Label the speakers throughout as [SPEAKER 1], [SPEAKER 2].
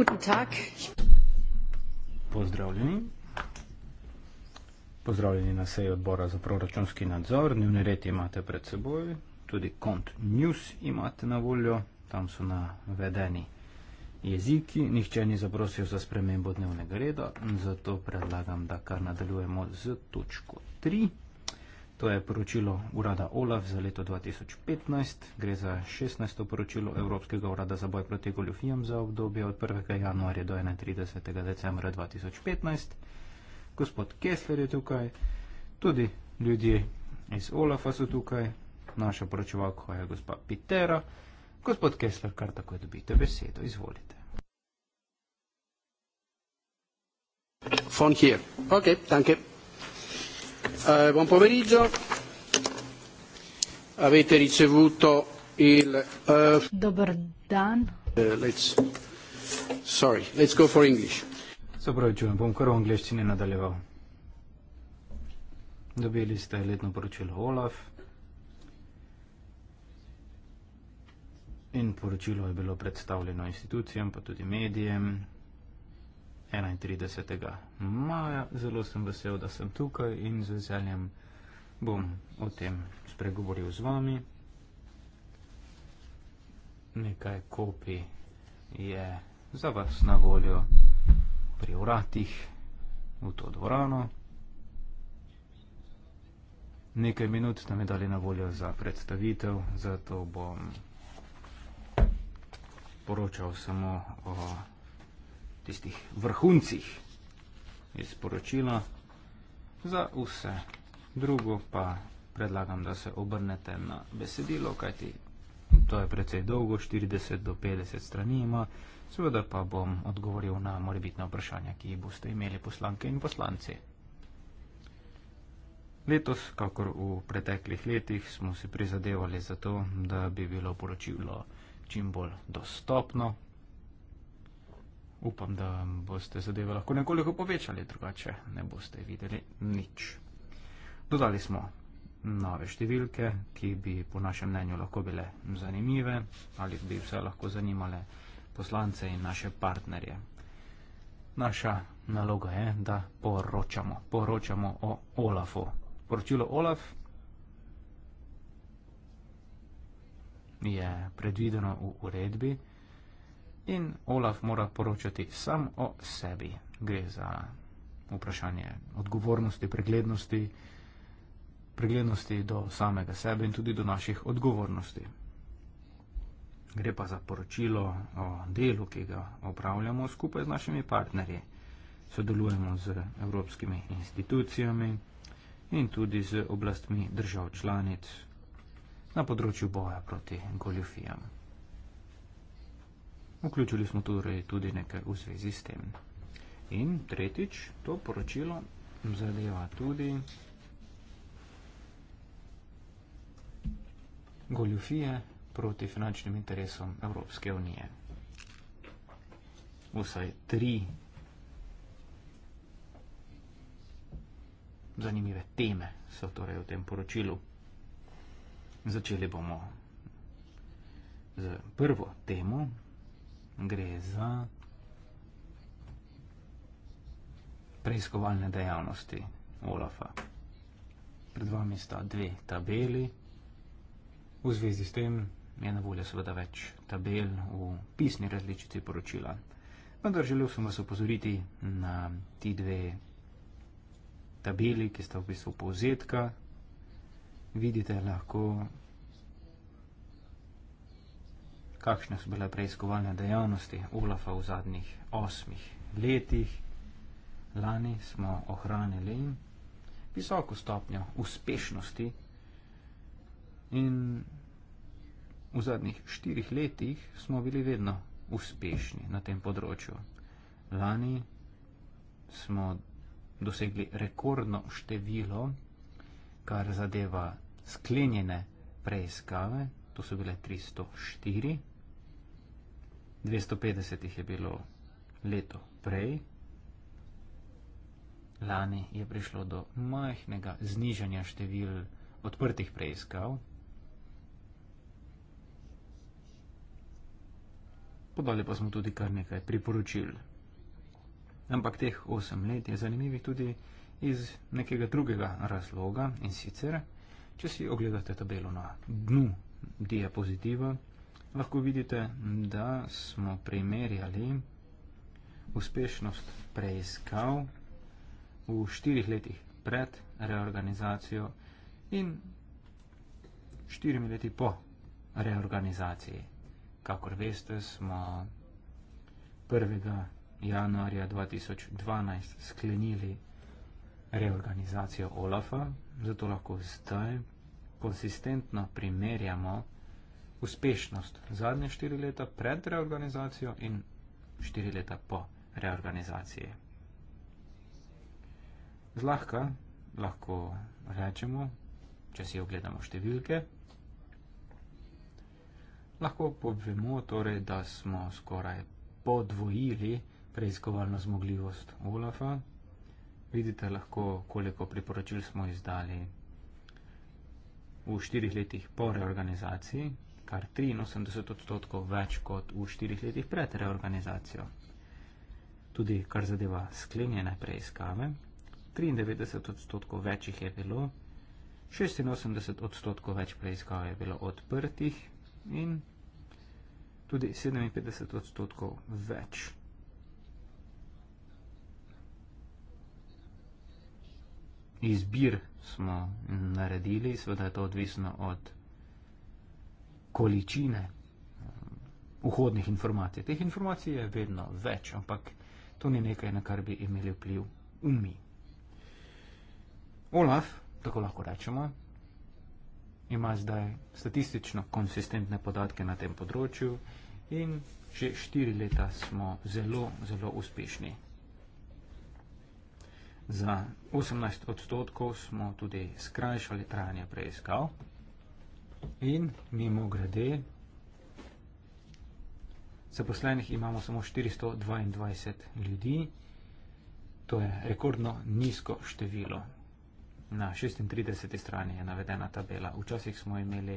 [SPEAKER 1] Guten Tag.
[SPEAKER 2] Pozdravljeni. Pozdravljeni na seji odbora za proračunski nadzor. Dnevni red imate pred seboj, tudi kont news imate na voljo, tam so navedeni jeziki. Nihče ni zaprosil za spremembo dnevnega reda, zato predlagam, da kar nadaljujemo z točko 3. To je poročilo urada OLAF za leto 2015. Gre za 16. poročilo Evropskega urada za boj proti goljofijam za obdobje od 1. januarja do 31. decembra 2015. Gospod Kessler je tukaj, tudi ljudje iz OLAFA so tukaj, naša poročevalka je gospa Pitera. Gospod Kessler, kar takoj dobite besedo, izvolite. Von hier. Ok, danke. Eh, buon pomeriggio. Avete ricevuto il... Uh, Dobar dan. Uh, let's, sorry, let's go for English. Soprojčujem, bom kar v angliščini nadaljeval. Dobili ste letno poročilo Olaf. In poročilo je bilo predstavljeno institucijam, pa tudi medijem, 31. maja. Zelo sem vesel, da sem tukaj in z veseljem bom o tem spregovoril z vami. Nekaj kopij je za vas na voljo pri vratih v to dvorano. Nekaj minut ste mi dali na voljo za predstavitev, zato bom poročal samo o tistih vrhuncih iz poročila za vse. Drugo pa predlagam, da se obrnete na besedilo, kajti to je precej dolgo, 40 do 50 strani ima. Seveda pa bom odgovoril na morebitne vprašanja, ki jih boste imeli poslanke in poslanci. Letos, kakor v preteklih letih, smo si prizadevali za to, da bi bilo poročilo čim bolj dostopno, upam, da boste zadeve lahko nekoliko povečali, drugače ne boste videli nič. Dodali smo nove številke, ki bi po našem mnenju lahko bile zanimive ali bi vse lahko zanimale poslance in naše partnerje. Naša naloga je, da poročamo. Poročamo o Olafu. Poročilo Olaf je predvideno v uredbi in Olaf mora poročati sam o sebi. Gre za vprašanje odgovornosti, preglednosti, preglednosti do samega sebe in tudi do naših odgovornosti. Gre pa za poročilo o delu, ki ga opravljamo skupaj z našimi partnerji. Sodelujemo z evropskimi institucijami in tudi z oblastmi držav članic na področju boja proti goljofijam. Vključili smo torej tudi nekaj v zvezi s tem. In tretjič, to poročilo zadeva tudi goljufije proti finančnim interesom Evropske unije. Vsaj tri zanimive teme so torej v tem poročilu. Začeli bomo z prvo temo, gre za preiskovalne dejavnosti Olafa. Pred vami sta dve tabeli. V zvezi s tem je na voljo seveda več tabel v pisni različici poročila. Vendar želel sem vas upozoriti na ti dve tabeli, ki sta v bistvu povzetka. Vidite lahko kakšne so bile preiskovalne dejavnosti Olafa v zadnjih osmih letih. Lani smo ohranili jim visoko stopnjo uspešnosti in v zadnjih štirih letih smo bili vedno uspešni na tem področju. Lani smo dosegli rekordno število, kar zadeva sklenjene preiskave, to so bile 304. 250 jih je bilo leto prej, lani je prišlo do majhnega znižanja števil odprtih preiskav. Podali pa smo tudi kar nekaj priporočil. Ampak teh 8 let je zanimivih tudi iz nekega drugega razloga in sicer, če si ogledate tabelo na dnu diapozitiva, lahko vidite, da smo primerjali uspešnost preiskav v štirih letih pred reorganizacijo in štirimi leti po reorganizaciji. Kakor veste, smo 1. januarja 2012 sklenili reorganizacijo OLAF-a, zato lahko zdaj konsistentno primerjamo uspešnost zadnje štiri leta pred reorganizacijo in štiri leta po reorganizaciji. Zlahka lahko rečemo, če si ogledamo številke, lahko povemo torej, da smo skoraj podvojili preiskovalno zmogljivost Olafa. Vidite lahko, koliko priporočil smo izdali v štirih letih po reorganizaciji, kar 83 odstotkov več kot v štirih letih pred reorganizacijo. Tudi kar zadeva sklenjene preiskave, 93 odstotkov večjih je bilo, 86 odstotkov več preiskav je bilo odprtih in tudi 57 odstotkov več. Izbir smo naredili, seveda je to odvisno od količine eh, vhodnih informacij. Teh informacij je vedno več, ampak to ni nekaj, na kar bi imeli vpliv umi. Olaf, tako lahko rečemo, ima zdaj statistično konsistentne podatke na tem področju in že štiri leta smo zelo, zelo uspešni. Za 18 odstotkov smo tudi skrajšali trajanje preiskav. In mimo grede, zaposlenih imamo samo 422 ljudi, to je rekordno nizko število. Na 36. strani je navedena tabela. Včasih smo imeli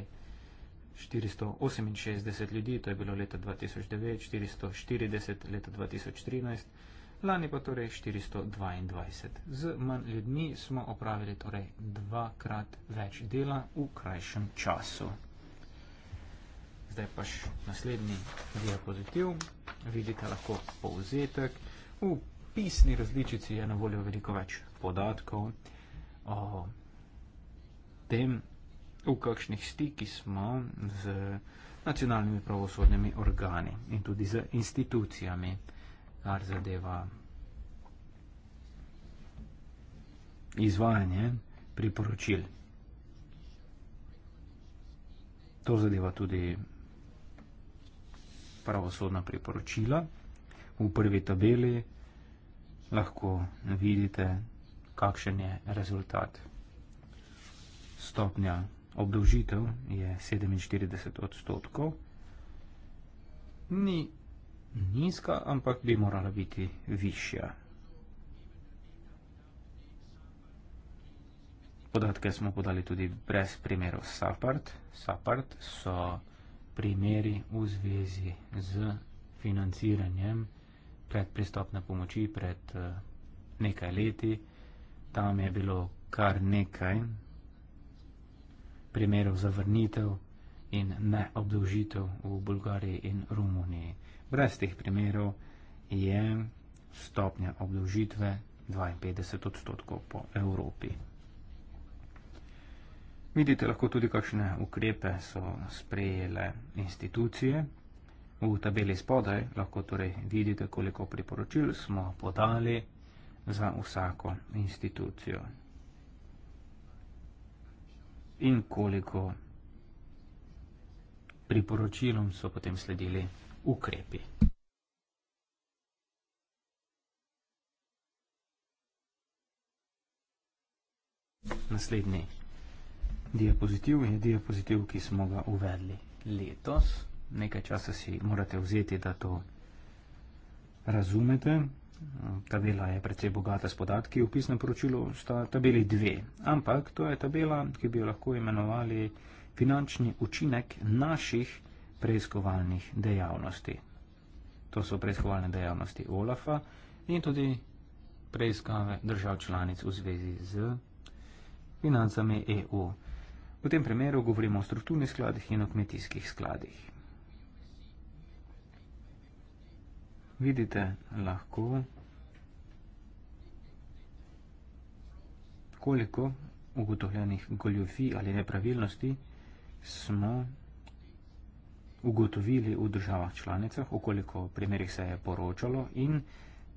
[SPEAKER 2] 468 ljudi, to je bilo leta 2009, 440 leta 2013 lani pa torej 422. Z manj ljudmi smo opravili torej dvakrat več dela v krajšem času. Zdaj pa še naslednji diapozitiv. Vidite lahko povzetek. V pisni različici je na voljo veliko več podatkov o tem, v kakšnih stiki smo z nacionalnimi pravosodnimi organi in tudi z institucijami kar zadeva izvajanje priporočil. To zadeva tudi pravosodna priporočila. V prvi tabeli lahko vidite, kakšen je rezultat. Stopnja obdolžitev je 47 odstotkov. Ni nizka, ampak bi morala biti višja. Podatke smo podali tudi brez primerov SAPART. SAPART so primeri v zvezi z financiranjem predpristopne pomoči pred eh, nekaj leti. Tam je bilo kar nekaj primerov zavrnitev in neobdolžitev v Bulgariji in Rumuniji brez teh primerov je stopnja obdolžitve 52 odstotkov po Evropi. Vidite lahko tudi, kakšne ukrepe so sprejele institucije. V tabeli spodaj lahko torej vidite, koliko priporočil smo podali za vsako institucijo in koliko priporočilom so potem sledili ukrepi. Naslednji diapozitiv je diapozitiv, ki smo ga uvedli letos. Nekaj časa si morate vzeti, da to razumete. Tabela je precej bogata s podatki, v pisnem poročilu sta tabeli dve. Ampak to je tabela, ki bi jo lahko imenovali finančni učinek naših preiskovalnih dejavnosti. To so preiskovalne dejavnosti OLAF-a in tudi preiskave držav članic v zvezi z financami EU. V tem primeru govorimo o strukturnih skladih in o kmetijskih skladih. Vidite lahko, koliko ugotovljenih goljofij ali nepravilnosti smo ugotovili v državah članicah, okoliko primerih se je poročalo in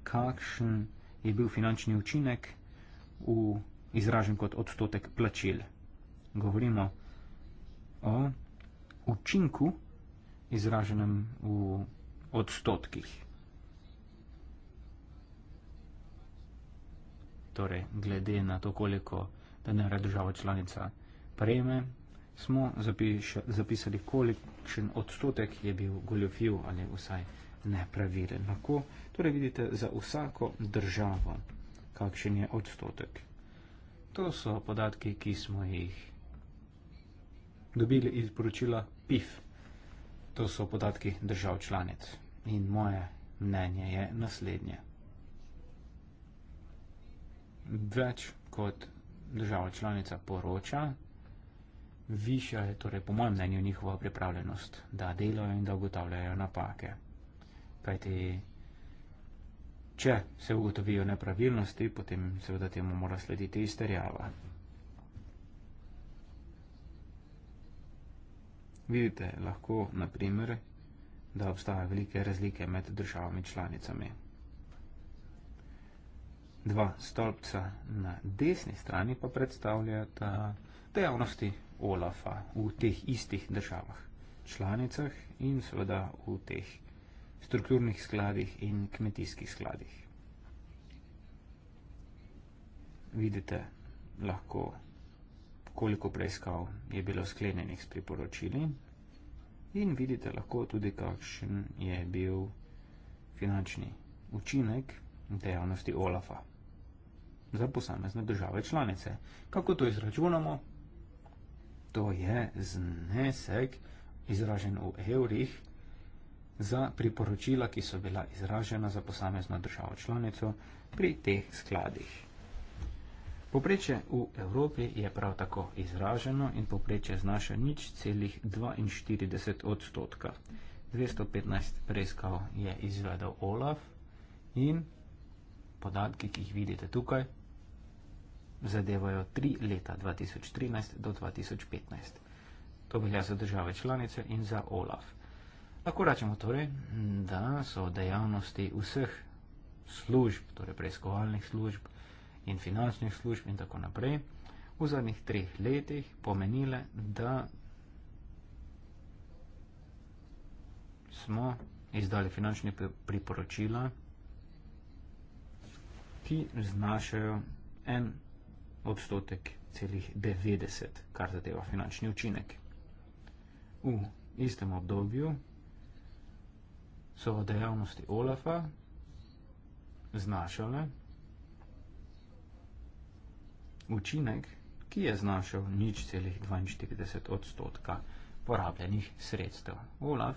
[SPEAKER 2] kakšen je bil finančni učinek v, izražen kot odstotek plačil. Govorimo o učinku izraženem v odstotkih. Torej, glede na to, koliko denarja država članica prejme, smo zapiš, zapisali, kolikšen odstotek je bil goljofiv ali vsaj nepraviren. Lahko torej vidite za vsako državo, kakšen je odstotek. To so podatki, ki smo jih dobili iz poročila PIF. To so podatki držav članic. In moje mnenje je naslednje. Več kot država članica poroča, Višja je torej po mojem mnenju njihova pripravljenost, da delajo in da ugotavljajo napake. Kajti, če se ugotovijo nepravilnosti, potem seveda temu mora slediti izterjava. Vidite, lahko naprimer, da obstaja velike razlike med državami članicami. Dva stolpca na desni strani pa predstavljata dejavnosti OLAF-a v teh istih državah, članicah in seveda v teh strukturnih skladih in kmetijskih skladih. Vidite lahko, koliko preiskav je bilo sklenjenih s priporočili in vidite lahko tudi, kakšen je bil finančni učinek dejavnosti OLAF-a za posamezne države članice. Kako to izračunamo? to je znesek izražen v evrih za priporočila, ki so bila izražena za posamezno državo članico pri teh skladih. Poprečje v Evropi je prav tako izraženo in poprečje znaša nič celih 42 odstotka. 215 preiskav je izvedel Olaf in podatki, ki jih vidite tukaj, zadevajo tri leta 2013 do 2015. To velja za države članice in za OLAF. Lahko rečemo torej, da so dejavnosti vseh služb, torej preiskovalnih služb in finančnih služb in tako naprej, v zadnjih treh letih pomenile, da smo izdali finančne priporočila, ki znašajo en odstotek celih 90, kar zadeva finančni učinek. V istem obdobju so v dejavnosti OLAFA znašale učinek, ki je znašal nič celih 42 odstotka porabljenih sredstev. OLAF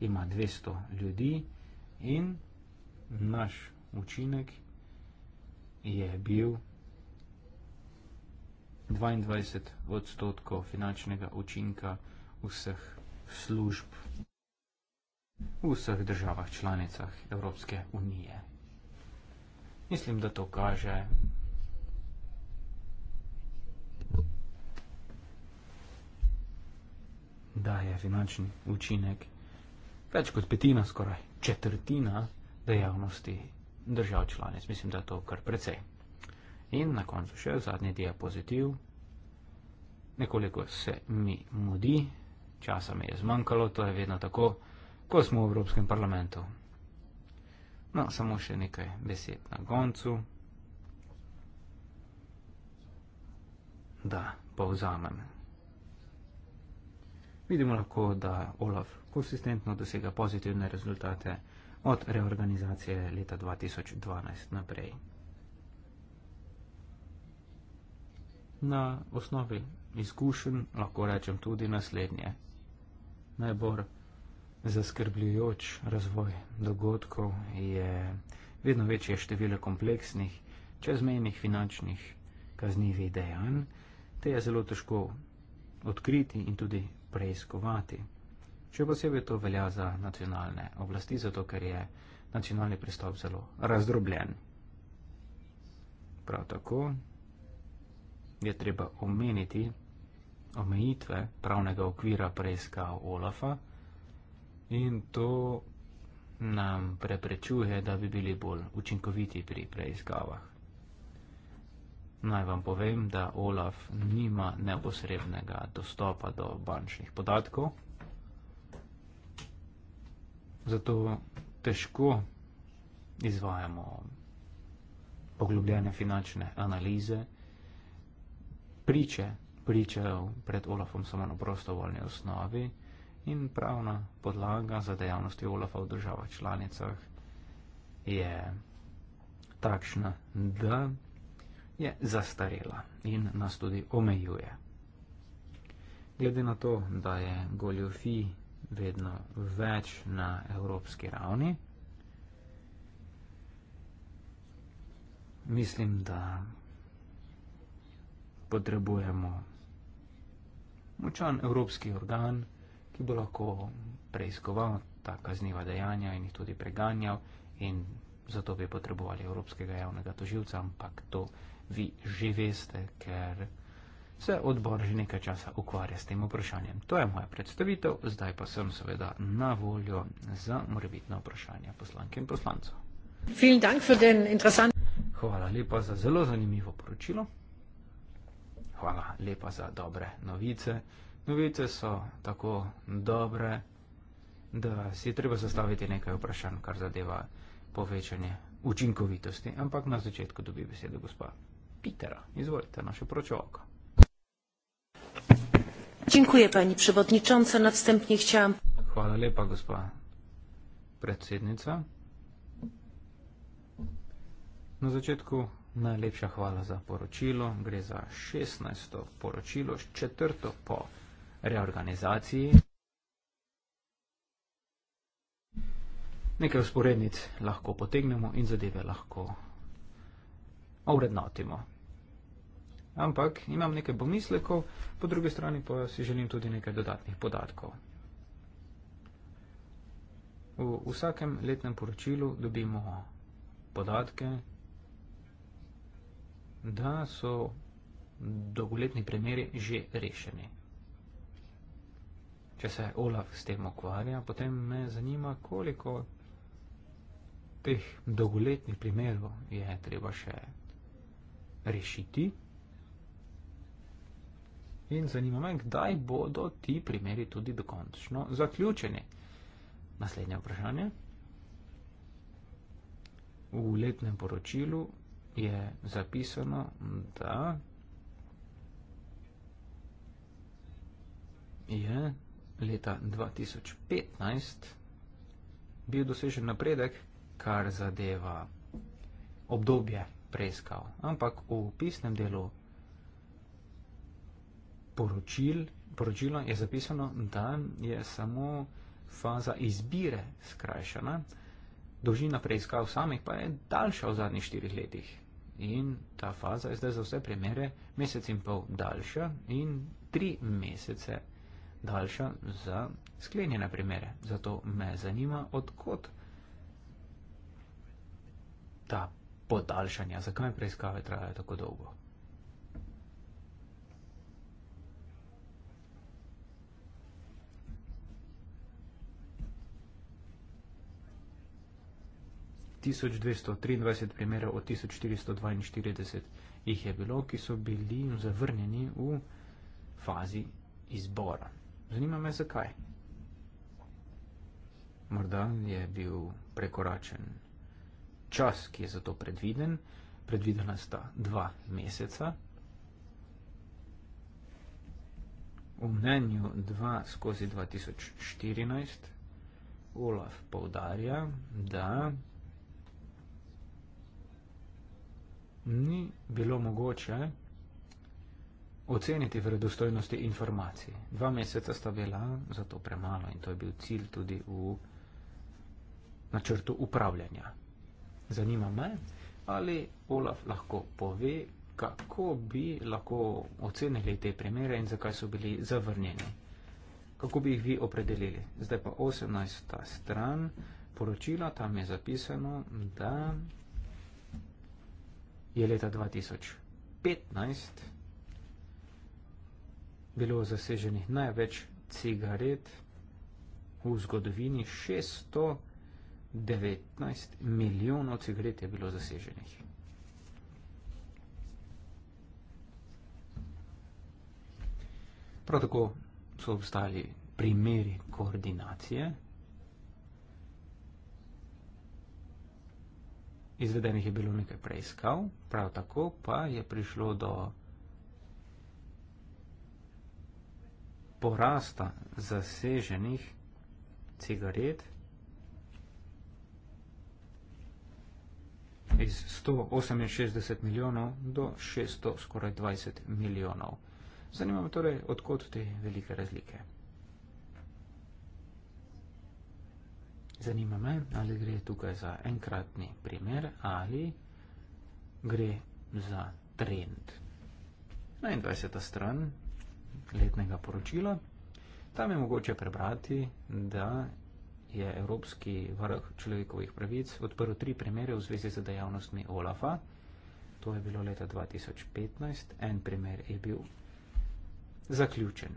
[SPEAKER 2] ima 200 ljudi in naš učinek je bil 22 odstotkov finančnega učinka vseh služb v vseh državah članicah Evropske unije. Mislim, da to kaže da je finančni učinek več kot petina, skoraj četrtina dejavnosti držav članic. Mislim, da je to kar precej. In na koncu še zadnji diapozitiv. Nekoliko se mi mudi, časa mi je zmanjkalo, to je vedno tako, ko smo v Evropskem parlamentu. No, samo še nekaj besed na koncu. Da, povzamem. Vidimo lahko, da Olaf konsistentno dosega pozitivne rezultate od reorganizacije leta 2012 naprej. Na osnovi izkušenj lahko rečem tudi naslednje. Najbolj zaskrbljujoč razvoj dogodkov je vedno večje število kompleksnih, čezmejnih finančnih kaznjivih dejanj, te je zelo težko odkriti in tudi preiskovati. Še posebej to velja za nacionalne oblasti, zato ker je nacionalni pristop zelo razdrobljen. Prav tako je treba omeniti omejitve pravnega okvira preiskav OLAFA in to nam preprečuje, da bi bili bolj učinkoviti pri preiskavah. Naj vam povem, da OLAF nima neposrednega dostopa do bančnih podatkov, zato težko izvajamo poglobljene finančne analize, priče pričajo pred Olafom samo na prostovoljni osnovi in pravna podlaga za dejavnosti Olafa v državah članicah je takšna, da je zastarela in nas tudi omejuje. Glede na to, da je goljofi vedno več na evropski ravni, mislim, da potrebujemo močan evropski organ, ki bo lahko preiskoval ta kazniva dejanja in jih tudi preganjal in zato bi potrebovali evropskega javnega toživca, ampak to vi že veste, ker se odbor že nekaj časa ukvarja s tem vprašanjem. To je moja predstavitev, zdaj pa sem seveda na voljo za morebitno vprašanje poslank in poslancov. Hvala lepa za zelo zanimivo poročilo hvala lepa za dobre novice. Novice so tako dobre, da si je treba zastaviti nekaj vprašanj, kar zadeva povečanje učinkovitosti. Ampak na začetku dobi besedo gospa Pitera. Izvolite, naše pročovka.
[SPEAKER 3] Dziękuję pani przewodnicząca. Na wstępie chciałam.
[SPEAKER 2] Hvala lepa, gospa predsednica. Na začetku Najlepša hvala za poročilo. Gre za 16. poročilo, četrto po reorganizaciji. Nekaj usporednic lahko potegnemo in zadeve lahko ovrednotimo. Ampak imam nekaj pomislekov, po drugi strani pa si želim tudi nekaj dodatnih podatkov. V vsakem letnem poročilu dobimo podatke, da so dolgoletni primeri že rešeni. Če se Olaf s tem ukvarja, potem me zanima, koliko teh dolgoletnih primerov je treba še rešiti. In zanima me, kdaj bodo ti primeri tudi dokončno zaključeni. Naslednje vprašanje. V letnem poročilu je zapisano, da je leta 2015 bil dosežen napredek, kar zadeva obdobje preiskav. Ampak v pisnem delu poročil, poročila je zapisano, da je samo faza izbire skrajšana, dolžina preiskav samih pa je daljša v zadnjih štirih letih. In ta faza je zdaj za vse primere mesec in pol daljša in tri mesece daljša za sklenjene primere. Zato me zanima, odkot ta podaljšanja, zakaj preiskave trajajo tako dolgo. 1223 primerov od 1442 jih je bilo, ki so bili zavrnjeni v fazi izbora. Zanima me, zakaj. Morda je bil prekoračen čas, ki je za to predviden. Predvidena sta dva meseca. V mnenju 2 skozi 2014 Olaf poudarja, da ni bilo mogoče oceniti vredostojnosti informacij. Dva meseca sta bila za to premalo in to je bil cilj tudi v načrtu upravljanja. Zanima me, ali Olaf lahko pove, kako bi lahko ocenili te primere in zakaj so bili zavrnjeni. Kako bi jih vi opredelili? Zdaj pa 18. stran poročila, tam je zapisano, da je leta 2015 bilo zaseženih največ cigaret v zgodovini 619 milijonov cigaret je bilo zaseženih. Prav tako so obstajali primeri koordinacije, Izvedenih je bilo nekaj preiskav, prav tako pa je prišlo do porasta zaseženih cigaret iz 168 milijonov do 620 milijonov. Zanima me torej, odkot te velike razlike. Zanima me, ali gre tukaj za enkratni primer ali gre za trend. 21. stran letnega poročila. Tam je mogoče prebrati, da je Evropski vrh človekovih pravic odprl tri primere v zvezi z dejavnostmi OLAFA. To je bilo leta 2015. En primer je bil zaključen.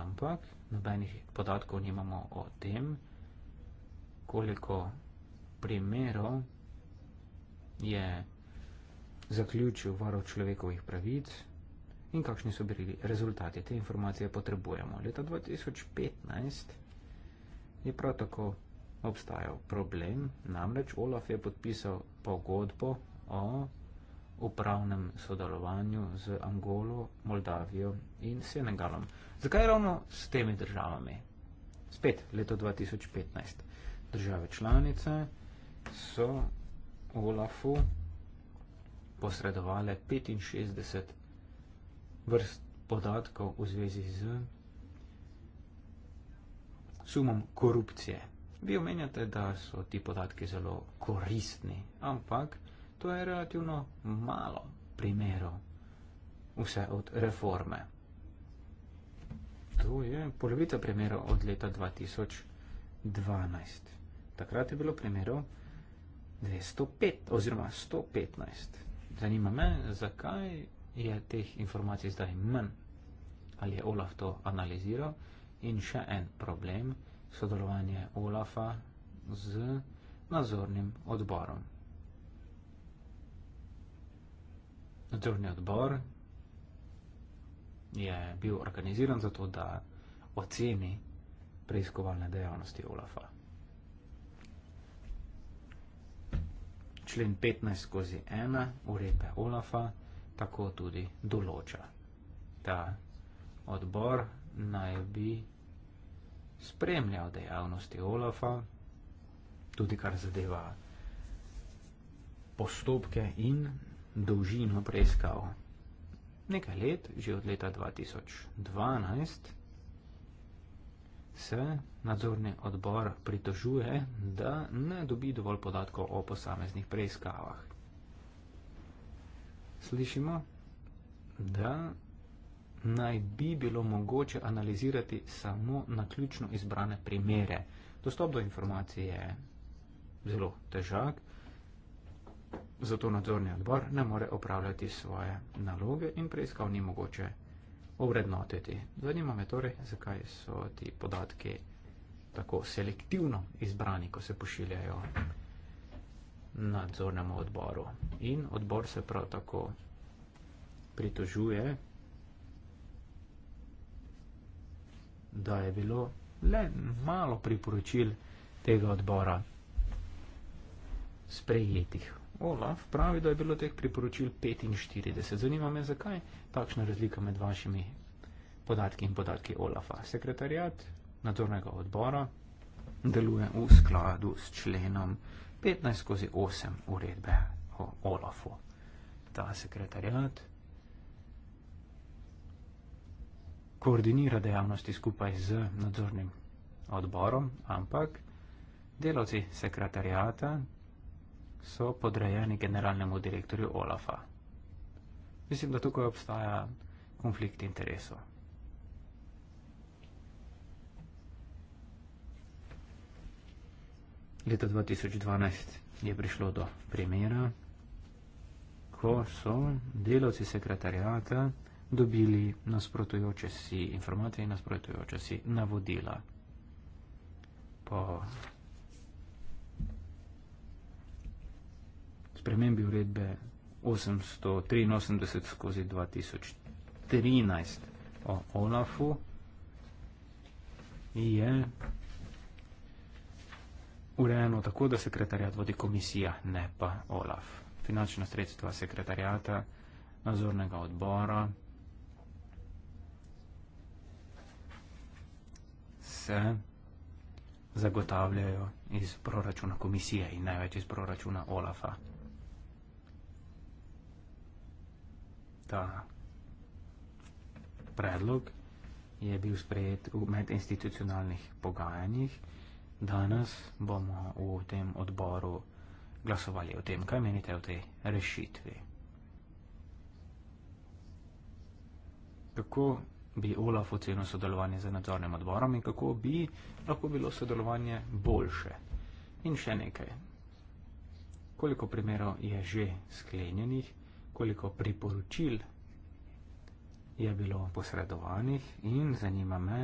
[SPEAKER 2] Ampak nobenih podatkov nimamo o tem, koliko primerov je zaključil varo človekovih pravic in kakšni so bili rezultati. Te informacije potrebujemo. Leta 2015 je prav tako obstajal problem, namreč Olaf je podpisal pogodbo o upravnem sodelovanju z Angolo, Moldavijo in Senegalom. Zakaj ravno s temi državami? Spet leto 2015 države članice so Olafu posredovale 65 vrst podatkov v zvezi z sumom korupcije. Vi omenjate, da so ti podatki zelo koristni, ampak to je relativno malo primerov vse od reforme. To je polovica primerov od leta 2012. Takrat je bilo primerov 205 oziroma 115. Zanima me, zakaj je teh informacij zdaj manj. Ali je Olaf to analiziral? In še en problem, sodelovanje Olafa z nadzornim odborom. Nadzorni odbor je bil organiziran zato, da oceni preiskovalne dejavnosti Olafa. člen 15 skozi 1 urepe Olafa tako tudi določa. Ta odbor naj bi spremljal dejavnosti Olafa, tudi kar zadeva postopke in dolžino preiskav. Nekaj let, že od leta 2012, se nadzorni odbor pritožuje, da ne dobi dovolj podatkov o posameznih preiskavah. Slišimo, da naj bi bilo mogoče analizirati samo na ključno izbrane primere. Dostop do informacije je zelo težak, zato nadzorni odbor ne more opravljati svoje naloge in preiskav ni mogoče ovrednotiti. Zanima me torej, zakaj so ti podatki tako selektivno izbrani, ko se pošiljajo nadzornemu odboru. In odbor se prav tako pritožuje, da je bilo le malo priporočil tega odbora sprejetih Olaf pravi, da je bilo teh priporočil 45. Zanima me, zakaj takšna razlika med vašimi podatki in podatki Olafa. Sekretarjat nadzornega odbora deluje v skladu s členom 15 skozi 8 uredbe o Olafu. Ta sekretarjat koordinira dejavnosti skupaj z nadzornim odborom, ampak delavci sekretarjata so podrejeni generalnemu direktorju Olafa. Mislim, da tukaj obstaja konflikt interesov. Leta 2012 je prišlo do primera, ko so delavci sekretarijata dobili nasprotujoče si informacije in nasprotujoče si navodila. Po spremembi uredbe 883 skozi 2013 o OLAFu je urejeno tako, da sekretarjat vodi komisija, ne pa OLAF. Finančna sredstva sekretarjata, nadzornega odbora se zagotavljajo iz proračuna komisije in največ iz proračuna OLAFa. ta predlog je bil sprejet v medinstitucionalnih pogajanjih. Danes bomo v tem odboru glasovali o tem, kaj menite o tej rešitvi. Kako bi Olaf ocenil sodelovanje z nadzornim odborom in kako bi lahko bilo sodelovanje boljše? In še nekaj. Koliko primerov je že sklenjenih koliko priporočil je bilo posredovanih in zanima me,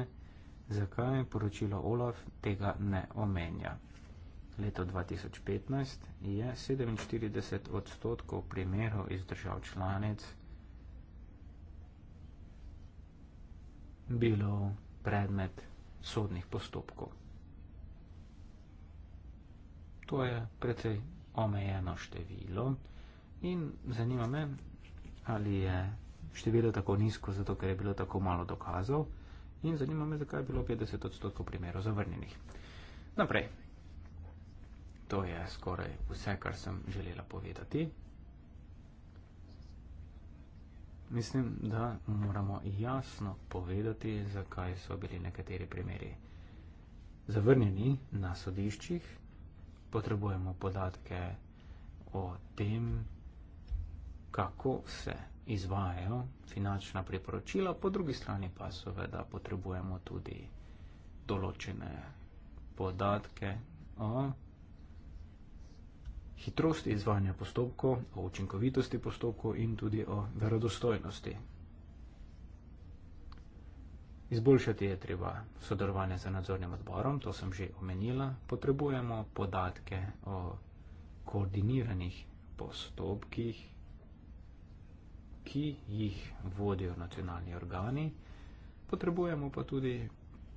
[SPEAKER 2] zakaj poročilo Olaf tega ne omenja. Leto 2015 je 47 odstotkov primerov iz držav članic bilo predmet sodnih postopkov. To je precej omejeno število. In zanima me, ali je število tako nizko, zato ker je bilo tako malo dokazov. In zanima me, zakaj je bilo 50 odstotkov primerov zavrnjenih. Naprej. To je skoraj vse, kar sem želela povedati. Mislim, da moramo jasno povedati, zakaj so bili nekateri primeri zavrnjeni na sodiščih. Potrebujemo podatke o tem, kako se izvajajo finančna priporočila, po drugi strani pa seveda potrebujemo tudi določene podatke o hitrosti izvajanja postopkov, o učinkovitosti postopkov in tudi o verodostojnosti. Izboljšati je treba sodelovanje z nadzornim odborom, to sem že omenila. Potrebujemo podatke o koordiniranih postopkih, ki jih vodijo nacionalni organi, potrebujemo pa tudi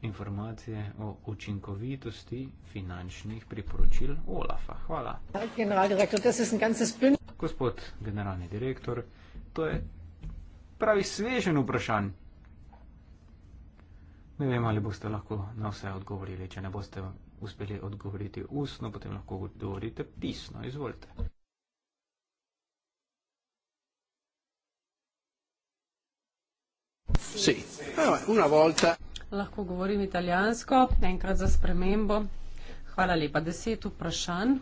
[SPEAKER 2] informacije o učinkovitosti finančnih priporočil OLAF-a. Hvala. Gospod generalni direktor, to je pravi svežen vprašanj. Ne vem, ali boste lahko na vse odgovorili. Če ne boste uspeli odgovoriti ustno, potem lahko odgovorite pisno. Izvolite. Sì.
[SPEAKER 3] Ah, una volta. Lahko govorim italijansko, enkrat za spremembo. Hvala lepa. Deset vprašanj.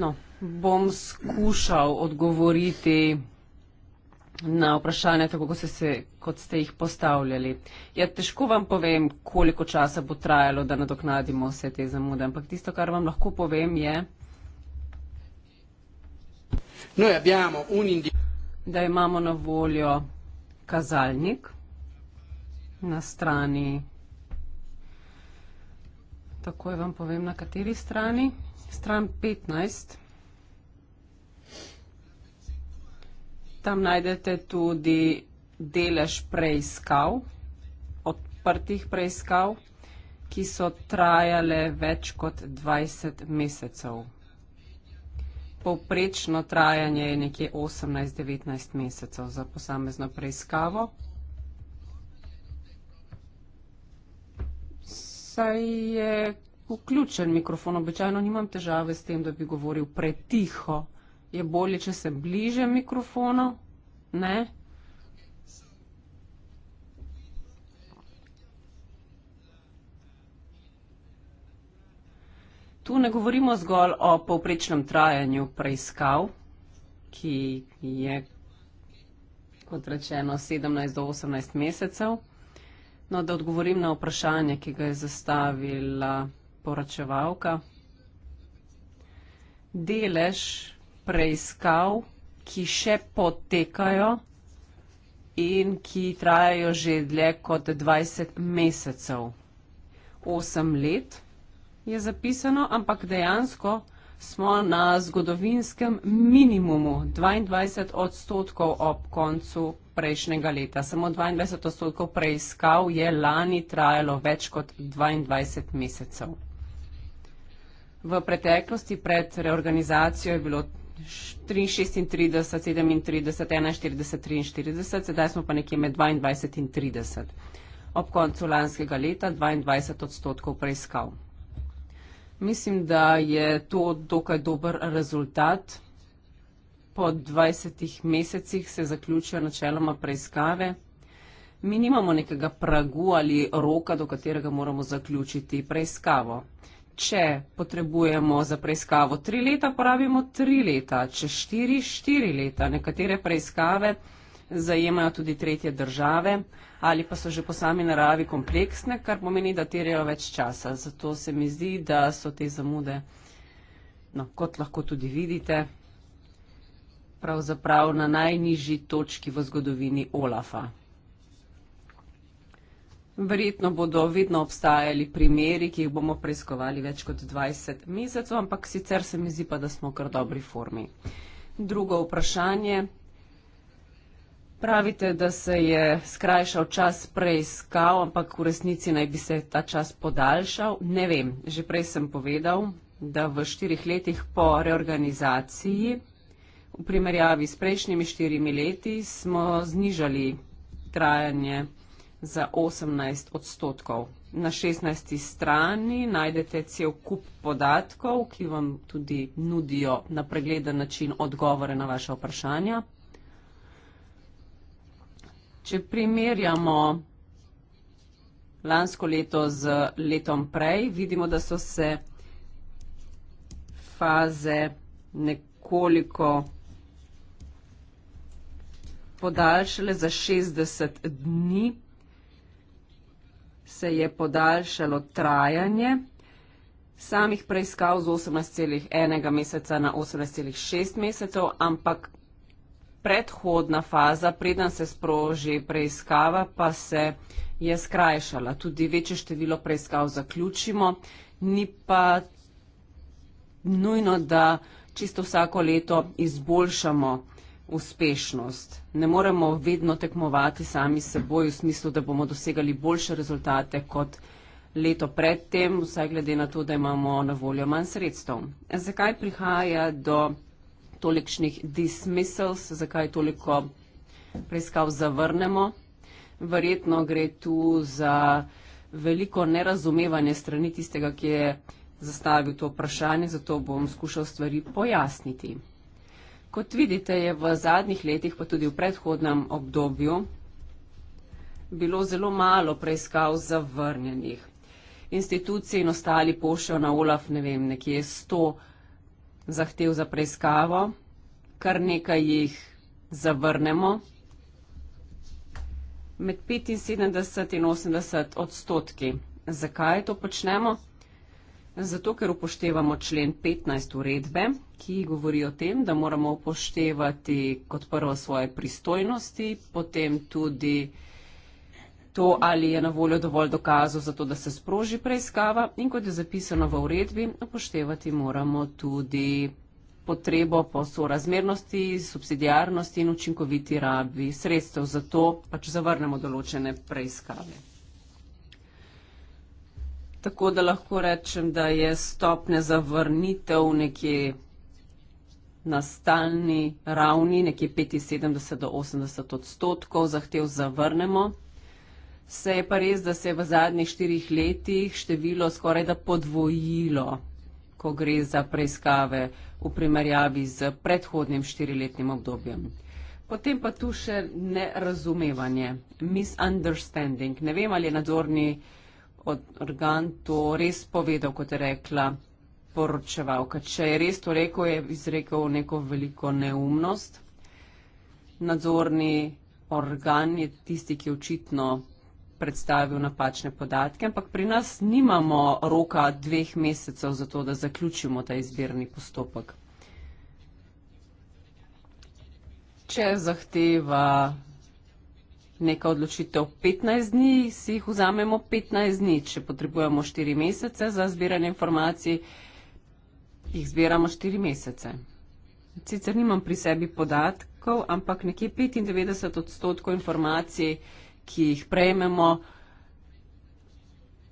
[SPEAKER 3] No, bom skušal odgovoriti na vprašanje, tako kot ste, se, kot ste jih postavljali. Ja, težko vam povem, koliko časa bo trajalo, da nadoknadimo vse te zamude, ampak tisto, kar vam lahko povem, je, Noi abbiamo un da imamo na voljo kazalnik na strani, takoj vam povem na kateri strani, stran 15. Tam najdete tudi delež preiskav, odprtih preiskav, ki so trajale več kot 20 mesecev povprečno trajanje je nekje 18-19 mesecev za posamezno preiskavo. Saj je vključen mikrofon, običajno nimam težave s tem, da bi govoril pretiho. Je bolje, če se bliže mikrofonu? Ne? Tu ne govorimo zgolj o povprečnem trajanju preiskav, ki je, kot rečeno, 17 do 18 mesecev. No, da odgovorim na vprašanje, ki ga je zastavila poročevalka. Delež preiskav, ki še potekajo in ki trajajo že dlje kot 20 mesecev, 8 let je zapisano, ampak dejansko smo na zgodovinskem minimumu 22 odstotkov ob koncu prejšnjega leta. Samo 22 odstotkov preiskav je lani trajalo več kot 22 mesecev. V preteklosti pred reorganizacijo je bilo 36, 37, 41, 43, sedaj smo pa nekje med 22 in 30. Ob koncu lanskega leta 22 odstotkov preiskav. Mislim, da je to dokaj dober rezultat. Po 20 mesecih se zaključijo načeloma preiskave. Mi nimamo nekega pragu ali roka, do katerega moramo zaključiti preiskavo. Če potrebujemo za preiskavo tri leta, porabimo tri leta, če štiri, štiri leta. Nekatere preiskave zajemajo tudi tretje države ali pa so že po sami naravi kompleksne, kar pomeni, da terjajo več časa. Zato se mi zdi, da so te zamude, no, kot lahko tudi vidite, pravzaprav na najnižji točki v zgodovini Olafa. Verjetno bodo vedno obstajali primeri, ki jih bomo preiskovali več kot 20 mesecev, ampak sicer se mi zdi pa, da smo v kar dobri formi. Drugo vprašanje. Pravite, da se je skrajšal čas preiskav, ampak v resnici naj bi se ta čas podaljšal. Ne vem, že prej sem povedal, da v štirih letih po reorganizaciji, v primerjavi s prejšnjimi štirimi leti, smo znižali trajanje za 18 odstotkov. Na 16. strani najdete cel kup podatkov, ki vam tudi nudijo na pregleden način odgovore na vaše vprašanja. Če primerjamo lansko leto z letom prej, vidimo, da so se faze nekoliko podaljšale za 60 dni, se je podaljšalo trajanje samih preiskav z 18,1 meseca na 18,6 mesecev, ampak predhodna faza, preden se sproži preiskava, pa se je skrajšala. Tudi večje število preiskav zaključimo, ni pa nujno, da čisto vsako leto izboljšamo uspešnost. Ne moremo vedno tekmovati sami seboj v smislu, da bomo dosegali boljše rezultate kot leto predtem, vsaj glede na to, da imamo na voljo manj sredstev. Zakaj prihaja do tolikšnih dismissals, zakaj toliko preiskav zavrnemo. Verjetno gre tu za veliko nerazumevanje strani tistega, ki je zastavil to vprašanje, zato bom skušal stvari pojasniti. Kot vidite, je v zadnjih letih, pa tudi v predhodnem obdobju, bilo zelo malo preiskav zavrnjenih. Institucije in ostali pošljajo na OLAF, ne vem, nekje 100 zahtev za preiskavo, kar nekaj jih zavrnemo. Med 75 in 80 odstotki. Zakaj to počnemo? Zato, ker upoštevamo člen 15 uredbe, ki govori o tem, da moramo upoštevati kot prvo svoje pristojnosti, potem tudi to, ali je na voljo dovolj dokazov za to, da se sproži preiskava in kot je zapisano v uredbi, upoštevati moramo tudi potrebo po sorazmernosti, subsidijarnosti in učinkoviti rabi sredstev. Zato pač zavrnemo določene preiskave. Tako da lahko rečem, da je stopnja zavrnitev nekje na stalni ravni, nekje 75 do 80 odstotkov, zahtev zavrnemo. Se je pa res, da se je v zadnjih štirih letih število skoraj da podvojilo, ko gre za preiskave v primerjavi z predhodnim štiriletnim obdobjem. Potem pa tu še nerazumevanje, misunderstanding. Ne vem, ali je nadzorni organ to res povedal, kot je rekla poročevalka. Če je res to rekel, je izrekel neko veliko neumnost. Nadzorni organ je tisti, ki je očitno predstavil napačne podatke, ampak pri nas nimamo roka dveh mesecev za to, da zaključimo ta izbirni postopek. Če zahteva neka odločitev 15 dni, si jih vzamemo 15 dni. Če potrebujemo 4 mesece za zbiranje informacij, jih zbiramo 4 mesece. Sicer nimam pri sebi podatkov, ampak nekje 95 odstotkov informacij ki jih prejmemo,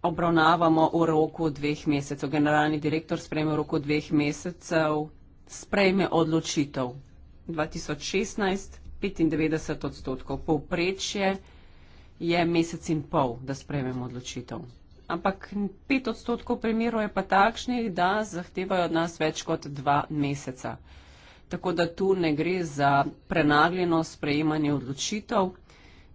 [SPEAKER 3] obravnavamo v roku dveh mesecev. Generalni direktor sprejme v roku dveh mesecev, sprejme odločitev. 2016 95 odstotkov. Povprečje je mesec in pol, da sprejmemo odločitev. Ampak pet odstotkov primerov je pa takšnih, da zahtevajo od nas več kot dva meseca. Tako da tu ne gre za prenagljeno sprejemanje odločitev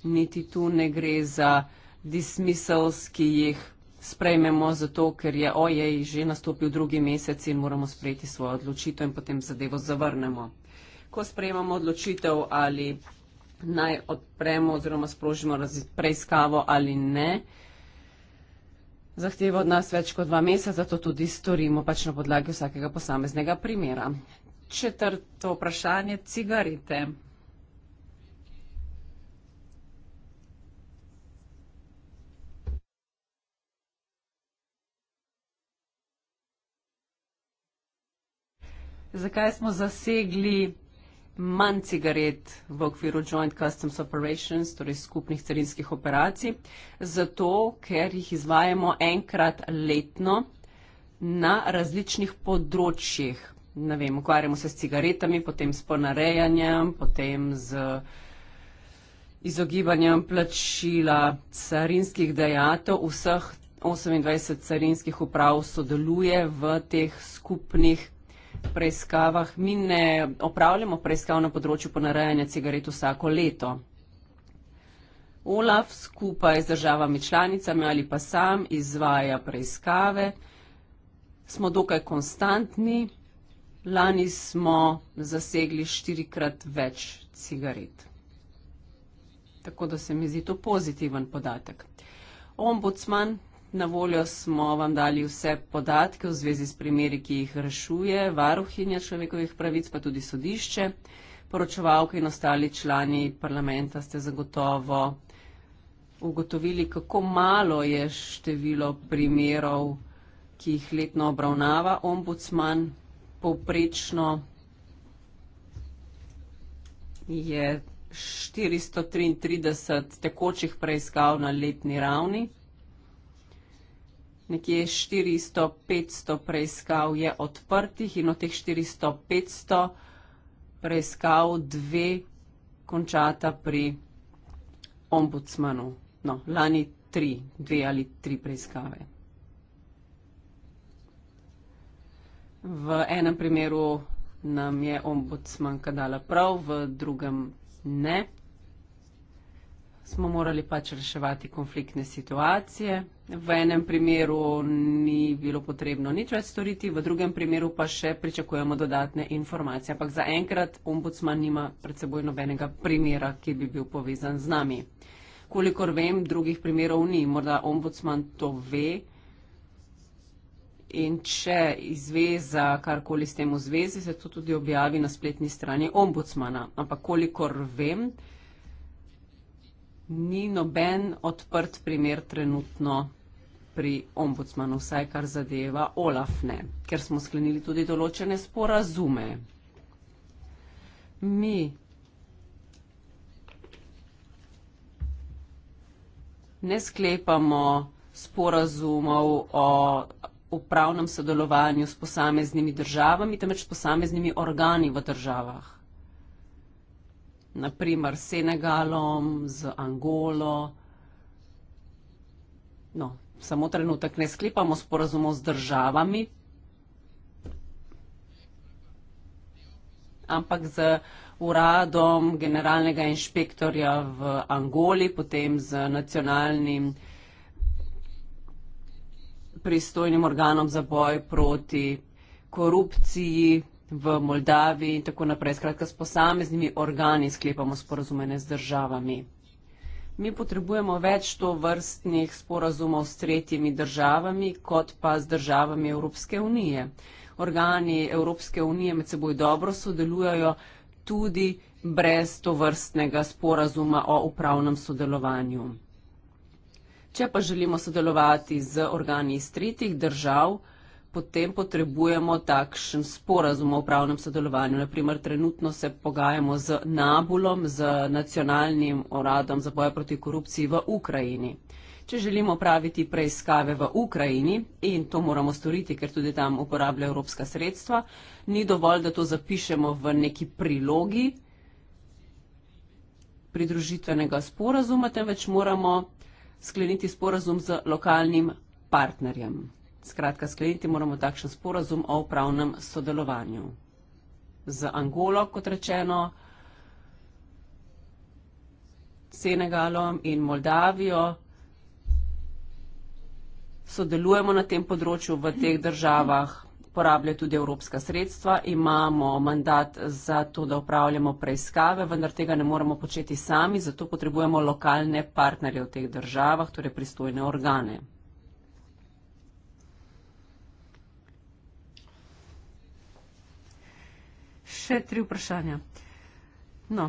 [SPEAKER 3] niti tu ne gre za dismisels, ki jih sprejmemo zato, ker je ojej že nastopil drugi mesec in moramo sprejeti svojo odločitev in potem zadevo zavrnemo. Ko sprejemamo odločitev ali naj odpremo oziroma sprožimo preiskavo ali ne, zahteva od nas več kot dva meseca, to tudi storimo pač na podlagi vsakega posameznega primera. Četrto vprašanje, cigarete. Zakaj smo zasegli manj cigaret v okviru Joint Customs Operations, torej skupnih carinskih operacij? Zato, ker jih izvajamo enkrat letno na različnih področjih. Ne vem, ukvarjamo se s cigaretami, potem s ponarejanjem, potem z izogibanjem plačila carinskih dejatov. Vseh 28 carinskih uprav sodeluje v teh skupnih preiskavah. Mi ne opravljamo preiskav na področju ponarejanja cigaret vsako leto. OLAF skupaj z državami članicami ali pa sam izvaja preiskave. Smo dokaj konstantni. Lani smo zasegli štirikrat več cigaret. Tako da se mi zdi to pozitiven podatek. Ombudsman Na voljo smo vam dali vse podatke v zvezi s primeri, ki jih rešuje varuhinja človekovih pravic, pa tudi sodišče. Poročevalke in ostali člani parlamenta ste zagotovo ugotovili, kako malo je število primerov, ki jih letno obravnava ombudsman. Poprečno je 433 tekočih preiskav na letni ravni nekje 400-500 preiskav je odprtih in od teh 400-500 preiskav dve končata pri ombudsmanu. No, lani tri, dve ali tri preiskave. V enem primeru nam je ombudsmanka dala prav, v drugem ne. Smo morali pač reševati konfliktne situacije. V enem primeru ni bilo potrebno nič več storiti, v drugem primeru pa še pričakujemo dodatne informacije. Ampak zaenkrat ombudsman nima pred seboj nobenega primera, ki bi bil povezan z nami. Kolikor vem, drugih primerov ni. Morda ombudsman to ve in če izve za karkoli s tem v zvezi, se to tudi objavi na spletni strani ombudsmana. Ampak kolikor vem. Ni noben odprt primer trenutno pri ombudsmanu, vsaj kar zadeva OLAF, ne, ker smo sklenili tudi določene sporazume. Mi ne sklepamo sporazumov o upravnem sodelovanju s posameznimi državami, temveč s posameznimi organi v državah. Naprimer s Senegalom, z Angolo. No, samo trenutek, ne sklepamo sporazumov z državami, ampak z uradom generalnega inšpektorja v Angoli, potem z nacionalnim pristojnim organom za boj proti korupciji v Moldaviji in tako naprej. Skratka, s posameznimi organi sklepamo sporazume, ne z državami mi potrebujemo več to vrstnih sporazumov s tretjimi državami, kot pa z državami Evropske unije. Organi Evropske unije med seboj dobro sodelujajo tudi brez to vrstnega sporazuma o upravnem sodelovanju. Če pa želimo sodelovati z organi iz tretjih držav, potem potrebujemo takšen sporazum o upravnem sodelovanju. Naprimer, trenutno se pogajamo z Nabulom, z nacionalnim uradom za boje proti korupciji v Ukrajini. Če želimo praviti preiskave v Ukrajini, in to moramo storiti, ker tudi tam uporablja evropska sredstva, ni dovolj, da to zapišemo v neki prilogi pridružitvenega sporazuma, temveč moramo skleniti sporazum z lokalnim partnerjem. Skratka, skleniti moramo takšen sporazum o upravnem sodelovanju. Z Angolo, kot rečeno, Senegalom in Moldavijo sodelujemo na tem področju v teh državah, porabljajo tudi evropska sredstva, imamo mandat za to, da upravljamo preiskave, vendar tega ne moramo početi sami, zato potrebujemo lokalne partnerje v teh državah, torej pristojne organe. še tri vprašanja. No.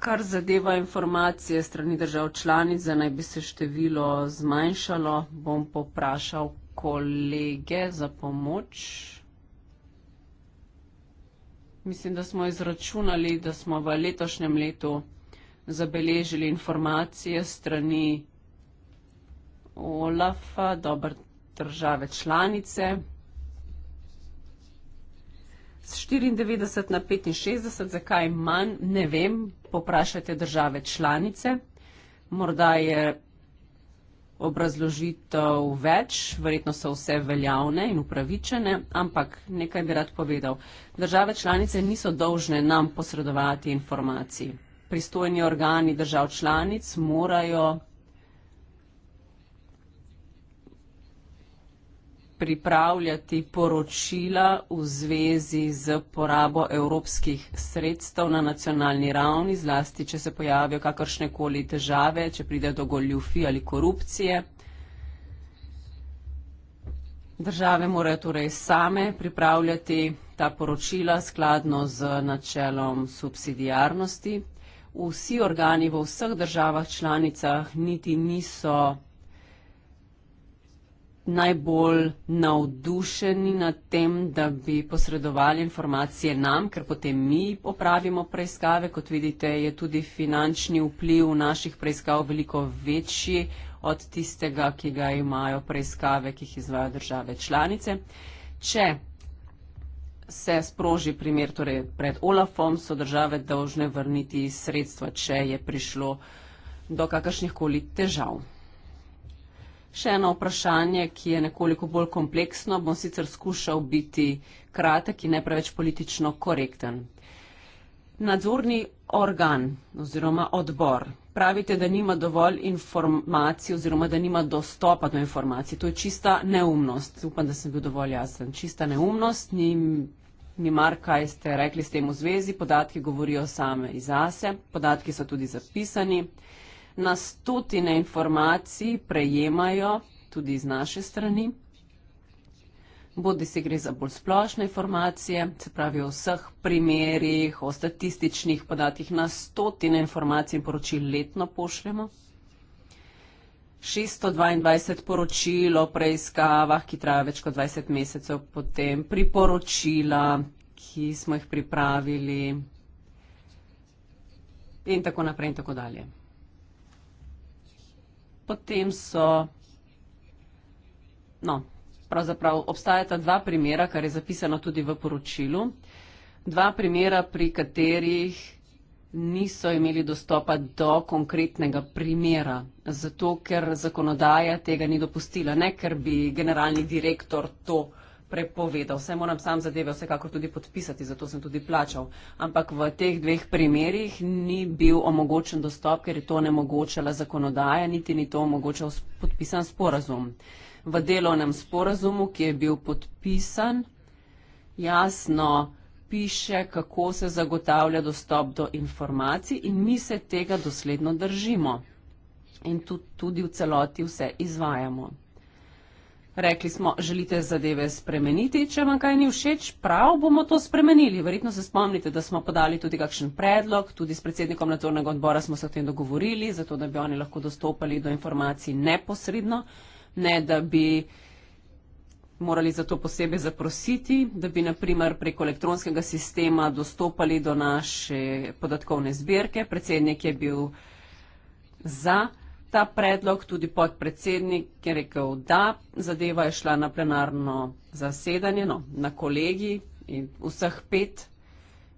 [SPEAKER 3] Kar zadeva informacije strani držav članic, da naj bi se število zmanjšalo, bom poprašal kolege za pomoč. Mislim, da smo izračunali, da smo v letošnjem letu zabeležili informacije strani OLAF-a, dobre države članice, z 94 na 65, zakaj manj, ne vem, poprašajte države članice. Morda je obrazložitev več, verjetno so vse veljavne in upravičene, ampak nekaj bi rad povedal. Države članice niso dolžne nam posredovati informacij. Pristojni organi držav članic morajo pripravljati poročila v zvezi z porabo evropskih sredstev na nacionalni ravni, zlasti, če se pojavijo kakršne koli težave, če pride do goljufi ali korupcije. Države morajo torej same pripravljati ta poročila skladno z načelom subsidijarnosti. Vsi organi v vseh državah članicah niti niso najbolj navdušeni nad tem, da bi posredovali informacije nam, ker potem mi opravimo preiskave. Kot vidite, je tudi finančni vpliv naših preiskav veliko večji od tistega, ki ga imajo preiskave, ki jih izvajo države članice. Če se sproži primer, torej pred Olafom so države dolžne vrniti sredstva, če je prišlo do kakršnih koli težav. Še eno vprašanje, ki je nekoliko bolj kompleksno, bom sicer skušal biti kratek in ne preveč politično korekten. Nadzorni organ oziroma odbor. Pravite, da nima dovolj informacij oziroma da nima dostopa do informacij. To je čista neumnost. Upam, da sem bil dovolj jasen. Čista neumnost. Ni, ni mar, kaj ste rekli s tem v zvezi. Podatki govorijo same iz ase. Podatki so tudi zapisani. Uh, na stotine informacij prejemajo tudi z naše strani. Bodi si gre za bolj splošne informacije, se pravi o vseh primerjih, o statističnih podatkih, na stotine informacij in poročil letno pošljemo. 622 poročil o preiskavah, ki trajajo več kot 20 mesecev, potem priporočila, ki smo jih pripravili in tako naprej in tako dalje potem so. No, pravzaprav obstajata dva primera, kar je zapisano tudi v poročilu. Dva primera, pri katerih niso imeli dostopa do konkretnega primera, zato ker zakonodaja tega ni dopustila, ne ker bi generalni direktor to prepovedal. Vse moram sam zadeve vsekakor tudi podpisati, zato sem tudi plačal. Ampak v teh dveh primerjih ni bil omogočen dostop, ker je to onemogočala zakonodaja, niti ni to omogočal podpisan sporazum. V delovnem sporazumu, ki je bil podpisan, jasno piše, kako se zagotavlja dostop do informacij in mi se tega dosledno držimo. In tudi v celoti vse izvajamo. Rekli smo, želite zadeve spremeniti, če vam kaj ni všeč, prav bomo to spremenili. Verjetno se spomnite, da smo podali tudi kakšen predlog, tudi s predsednikom nadzornega odbora smo se o tem dogovorili, zato da bi oni lahko dostopali do informacij neposredno, ne da bi morali za to posebej zaprositi, da bi naprimer prek elektronskega sistema dostopali do naše podatkovne zbirke. Predsednik je bil za ta predlog, tudi podpredsednik je rekel, da zadeva je šla na plenarno zasedanje, no, na kolegi in vseh pet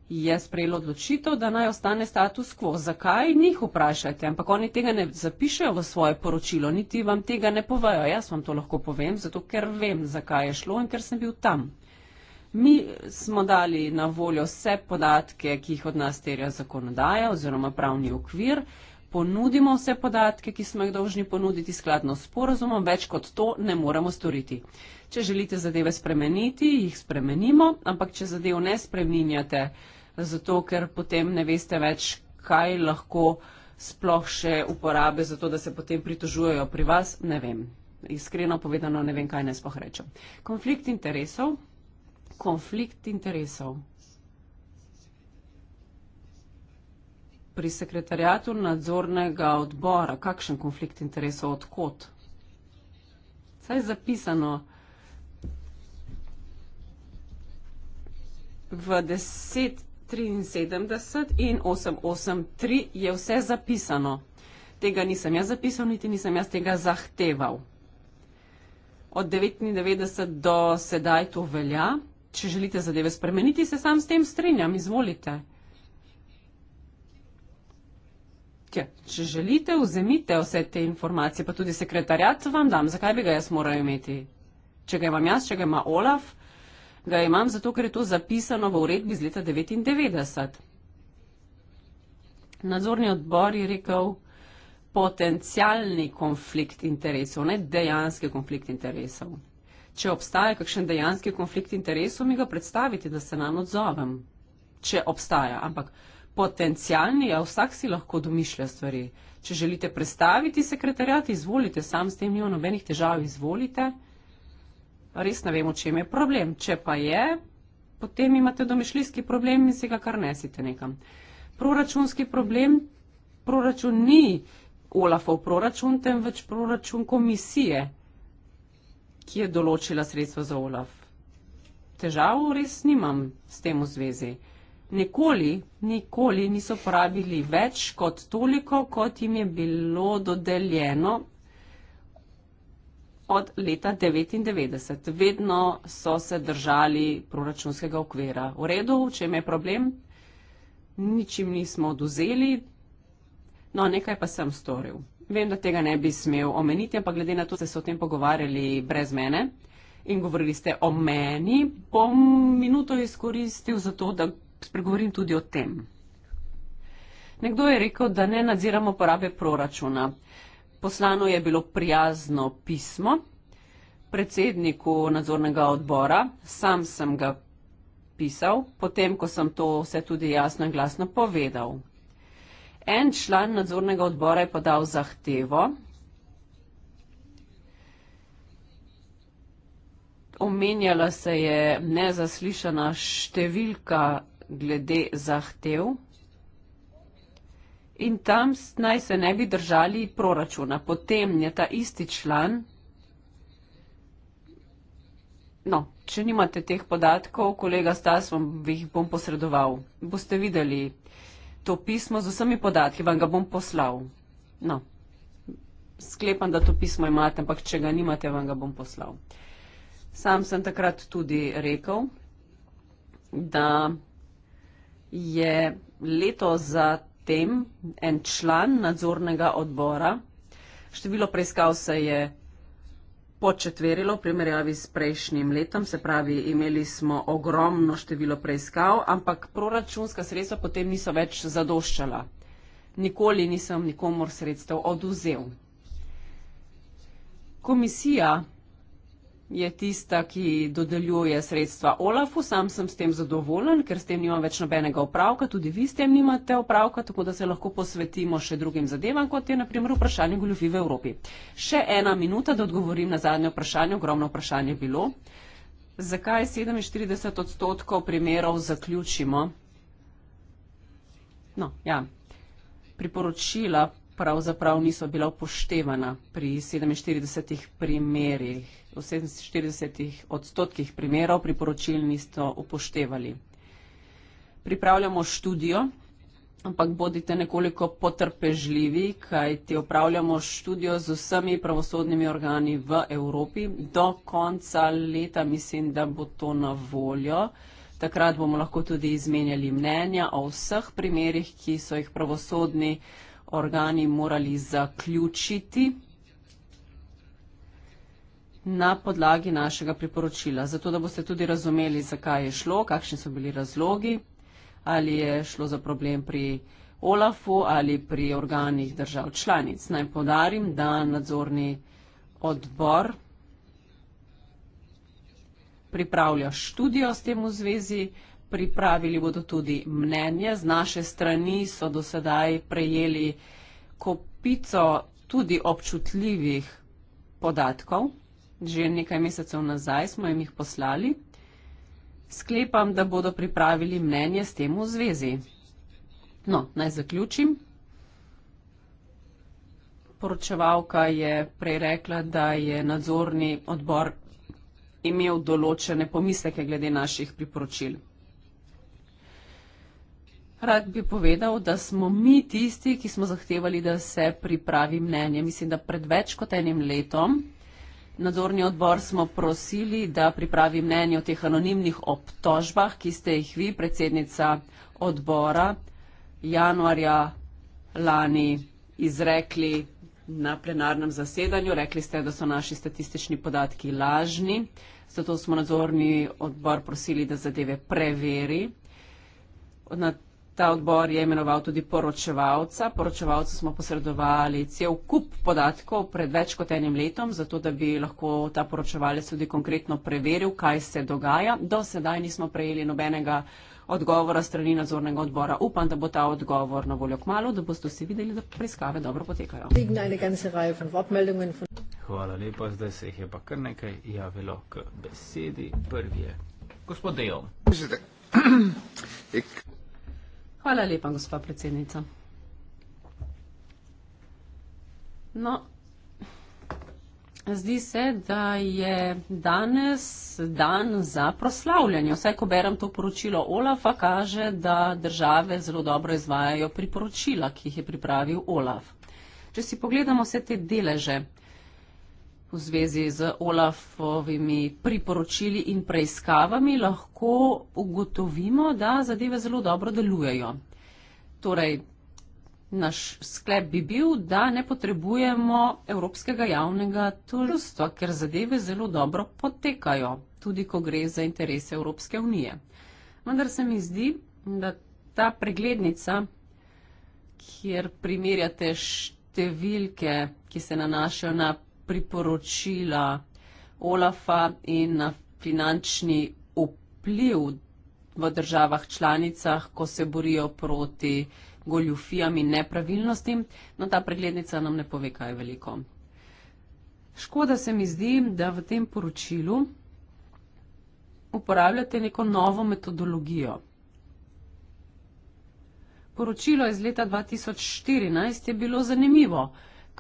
[SPEAKER 3] je sprejelo odločitev, da naj ostane status quo. Zakaj njih vprašajte? Ampak oni tega ne zapišajo v svoje poročilo, niti vam tega ne povejo. Jaz vam to lahko povem, zato ker vem, zakaj je šlo in ker sem bil tam. Mi smo dali na voljo vse podatke, ki jih od nas terja zakonodaja oziroma pravni okvir ponudimo vse podatke, ki smo jih dolžni ponuditi skladno s porazumom, več kot to ne moremo storiti. Če želite zadeve spremeniti, jih spremenimo, ampak če zadev ne spreminjate, zato ker potem ne veste več, kaj lahko sploh še uporabe, zato da se potem pritožujejo pri vas, ne vem. Iskreno povedano, ne vem, kaj ne spohrečem. Konflikt interesov. Konflikt interesov. pri sekretarjatu nadzornega odbora, kakšen konflikt interesov, odkot? Saj je zapisano v 1073 in 883 je vse zapisano. Tega nisem jaz zapisal, niti nisem jaz tega zahteval. Od 99 do sedaj to velja. Če želite zadeve spremeniti, se sam s tem strinjam, izvolite. Tja, če želite, vzemite vse te informacije, pa tudi sekretarjat vam dam. Zakaj bi ga jaz moral imeti? Če ga imam jaz, če ga ima Olaf, ga imam zato, ker je to zapisano v uredbi iz leta 99. Nadzorni odbor je rekel potencialni konflikt interesov, ne dejanski konflikt interesov. Če obstaja kakšen dejanski konflikt interesov, mi ga predstavite, da se nam odzovem. Če obstaja, ampak potencialni, a vsak si lahko domišlja stvari. Če želite predstaviti sekretarjat, izvolite, sam s tem nimam nobenih težav, izvolite. Res ne vemo, če je problem. Če pa je, potem imate domišljski problem in se ga kar nesite nekam. Proračunski problem, proračun ni Olafov proračun, temveč proračun komisije, ki je določila sredstva za Olaf. Težav res nimam s tem v zvezi. Nikoli, nikoli niso porabili več kot toliko, kot jim je bilo dodeljeno od leta 99. Vedno so se držali proračunskega okvira. V redu, če je problem, nič jim nismo oduzeli, no nekaj pa sem storil. Vem, da tega ne bi smel omeniti, ampak glede na to, da ste se o tem pogovarjali brez mene in govorili ste o meni, bom minuto izkoristil za to, da spregovorim tudi o tem. Nekdo je rekel, da ne nadziramo porabe proračuna. Poslano je bilo prijazno pismo predsedniku nadzornega odbora, sam sem ga pisal, potem ko sem to vse tudi jasno in glasno povedal. En član nadzornega odbora je podal zahtevo, omenjala se je nezaslišana številka glede zahtev in tam naj se ne bi držali proračuna. Potem je ta isti član, no, če nimate teh podatkov, kolega Stas, vam jih bom posredoval. Boste videli to pismo z vsemi podatki, vam ga bom poslal. No, sklepam, da to pismo imate, ampak če ga nimate, vam ga bom poslal. Sam sem takrat tudi rekel, da je leto za tem en član nadzornega odbora. Število preiskav se je početverilo v primerjavi s prejšnjim letom, se pravi, imeli smo ogromno število preiskav, ampak proračunska sredstva potem niso več zadoščala. Nikoli nisem nikomor sredstev oduzel. Komisija je tista, ki dodeljuje sredstva Olafu. Sam sem s tem zadovoljen, ker s tem nimam več nobenega opravka, tudi vi s tem nimate opravka, tako da se lahko posvetimo še drugim zadevam, kot je naprimer vprašanje goljufi v Evropi. Še ena minuta, da odgovorim na zadnje vprašanje. Ogromno vprašanje bilo. Zakaj 47 odstotkov primerov zaključimo? No, ja. Priporočila pravzaprav niso bila upoštevana pri 47 primerih. V 47 odstotkih primerov priporočil niso upoštevali. Pripravljamo študijo, ampak bodite nekoliko potrpežljivi, kajti upravljamo študijo z vsemi pravosodnimi organi v Evropi. Do konca leta mislim, da bo to na voljo. Takrat bomo lahko tudi izmenjali mnenja o vseh primerih, ki so jih pravosodni organi organi morali zaključiti na podlagi našega priporočila. Zato, da boste tudi razumeli, zakaj je šlo, kakšni so bili razlogi, ali je šlo za problem pri OLAF-u ali pri organih držav članic. Naj podarim, da nadzorni odbor pripravlja študijo s tem v zvezi, pripravili bodo tudi mnenje. Z naše strani so do sedaj prejeli kopico tudi občutljivih podatkov. Že nekaj mesecev nazaj smo jim jih poslali. Sklepam, da bodo pripravili mnenje s tem v zvezi. No, naj zaključim. Poročevalka je prej rekla, da je nadzorni odbor imel določene pomisleke glede naših priporočil. Rad bi povedal, da smo mi tisti, ki smo zahtevali, da se pripravi mnenje. Mislim, da pred več kot enim letom. Nadzorni odbor smo prosili, da pripravi mnenje o teh anonimnih obtožbah, ki ste jih vi, predsednica odbora, januarja lani izrekli na plenarnem zasedanju. Rekli ste, da so naši statistični podatki lažni, zato smo nadzorni odbor prosili, da zadeve preveri. Na Ta odbor je imenoval tudi poročevalca. Poročevalcu smo posredovali cel kup podatkov pred več kot enim letom, zato da bi lahko ta poročevalec tudi konkretno preveril, kaj se dogaja. Do sedaj nismo prejeli nobenega odgovora strani nadzornega odbora. Upam, da bo ta odgovor na voljo kmalo, da boste vsi videli, da preiskave dobro potekajo.
[SPEAKER 2] Hvala lepa, zdaj se jih je pa kar nekaj javilo k besedi. Prvi je gospod Dejo.
[SPEAKER 3] Hvala lepa, gospa predsednica. No, zdi se, da je danes dan za proslavljanje. Vsaj, ko berem to poročilo Olafa, kaže, da države zelo dobro izvajajo priporočila, ki jih je pripravil Olaf. Če si pogledamo vse te deleže, v zvezi z Olafovimi priporočili in preiskavami, lahko ugotovimo, da zadeve zelo dobro delujejo. Torej, naš sklep bi bil, da ne potrebujemo Evropskega javnega tožilstva, ker zadeve zelo dobro potekajo, tudi ko gre za interese Evropske unije. Vendar se mi zdi, da ta preglednica, kjer primerjate številke, ki se nanašajo na priporočila Olafa in na finančni vpliv v državah članicah, ko se borijo proti goljufijam in nepravilnostim. No, ta preglednica nam ne pove kaj veliko. Škoda se mi zdi, da v tem poročilu uporabljate neko novo metodologijo. Poročilo iz leta 2014 je bilo zanimivo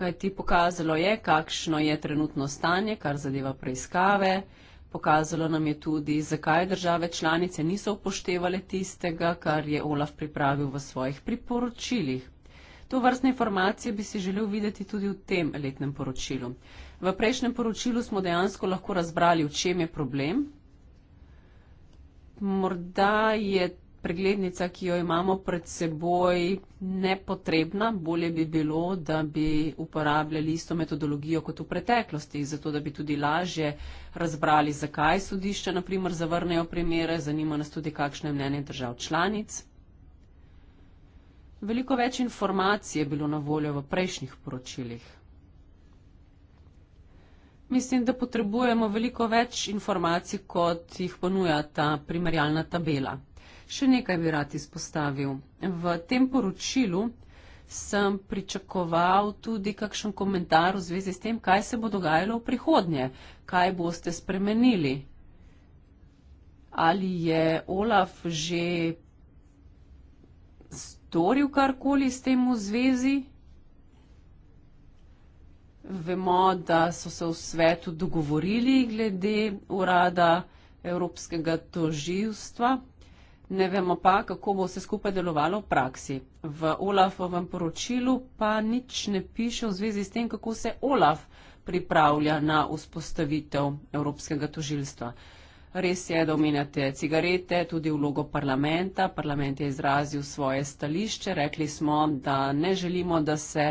[SPEAKER 3] kajti pokazalo je, kakšno je trenutno stanje, kar zadeva preiskave. Pokazalo nam je tudi, zakaj države članice niso upoštevale tistega, kar je Olaf pripravil v svojih priporočilih. To vrstne informacije bi si želel videti tudi v tem letnem poročilu. V prejšnjem poročilu smo dejansko lahko razbrali, v čem je problem. Morda je preglednica, ki jo imamo pred seboj, nepotrebna. Bolje bi bilo, da bi uporabljali isto metodologijo kot v preteklosti, zato da bi tudi lažje razbrali, zakaj sodišča naprimer zavrnejo primere, zanima nas tudi, kakšno je mnenje držav članic. Veliko več informacij je bilo na voljo v prejšnjih poročilih. Mislim, da potrebujemo veliko več informacij, kot jih ponuja ta primerjalna tabela. Še nekaj bi rad izpostavil. V tem poročilu sem pričakoval tudi kakšen komentar v zvezi s tem, kaj se bo dogajalo v prihodnje, kaj boste spremenili. Ali je Olaf že storil karkoli s tem v zvezi? Vemo, da so se v svetu dogovorili glede urada Evropskega toživstva ne vemo pa, kako bo vse skupaj delovalo v praksi. V Olafovem poročilu pa nič ne piše v zvezi s tem, kako se Olaf pripravlja na vzpostavitev Evropskega tožilstva. Res je, da omenjate cigarete, tudi vlogo parlamenta. Parlament je izrazil svoje stališče. Rekli smo, da ne želimo, da se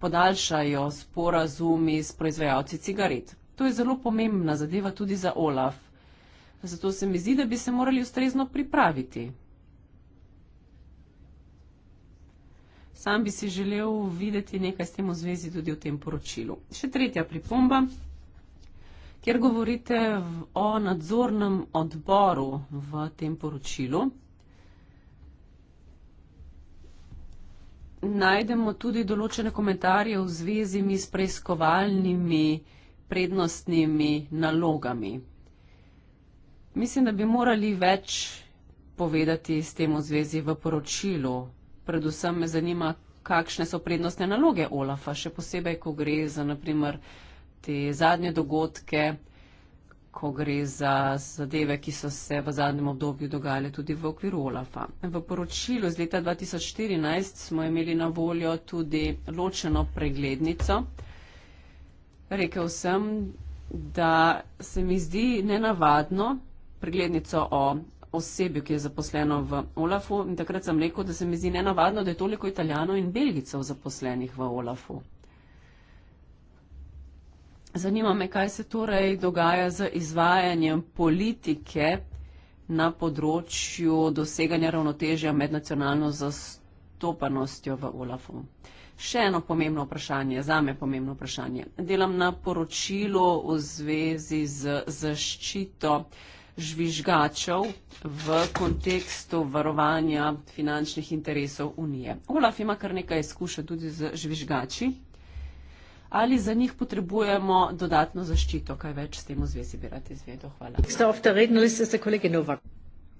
[SPEAKER 3] podaljšajo sporazumi s proizvajalci cigaret. To je zelo pomembna zadeva tudi za Olaf. Zato se mi zdi, da bi se morali ustrezno pripraviti. Sam bi si želel videti nekaj s tem v zvezi tudi v tem poročilu. Še tretja pripomba, kjer govorite o nadzornem odboru v tem poročilu. Najdemo tudi določene komentarje v zvezi s preiskovalnimi prednostnimi nalogami. Mislim, da bi morali več povedati s tem v zvezi v poročilu. Predvsem me zanima, kakšne so prednostne naloge Olafa, še posebej, ko gre za naprimer te zadnje dogodke, ko gre za zadeve, ki so se v zadnjem obdobju dogajale tudi v okviru Olafa. V poročilu z leta 2014 smo imeli na voljo tudi ločeno preglednico. Rekel sem, da se mi zdi nenavadno, preglednico o osebi, ki je zaposleno v OLAF-u in takrat sem rekel, da se mi zdi nenavadno, da je toliko italijanov in belgicev zaposlenih v OLAF-u. Zanima me, kaj se torej dogaja z izvajanjem politike na področju doseganja ravnotežja med nacionalno zastopanostjo v OLAF-u. Še eno pomembno vprašanje, zame pomembno vprašanje. Delam na poročilo v zvezi z zaščito vsega, žvižgačev v kontekstu varovanja finančnih interesov Unije. Olaf ima kar nekaj izkušenj tudi z žvižgači. Ali za njih potrebujemo dodatno zaščito? Kaj več s tem v zvezi bi rad izvedel? Hvala.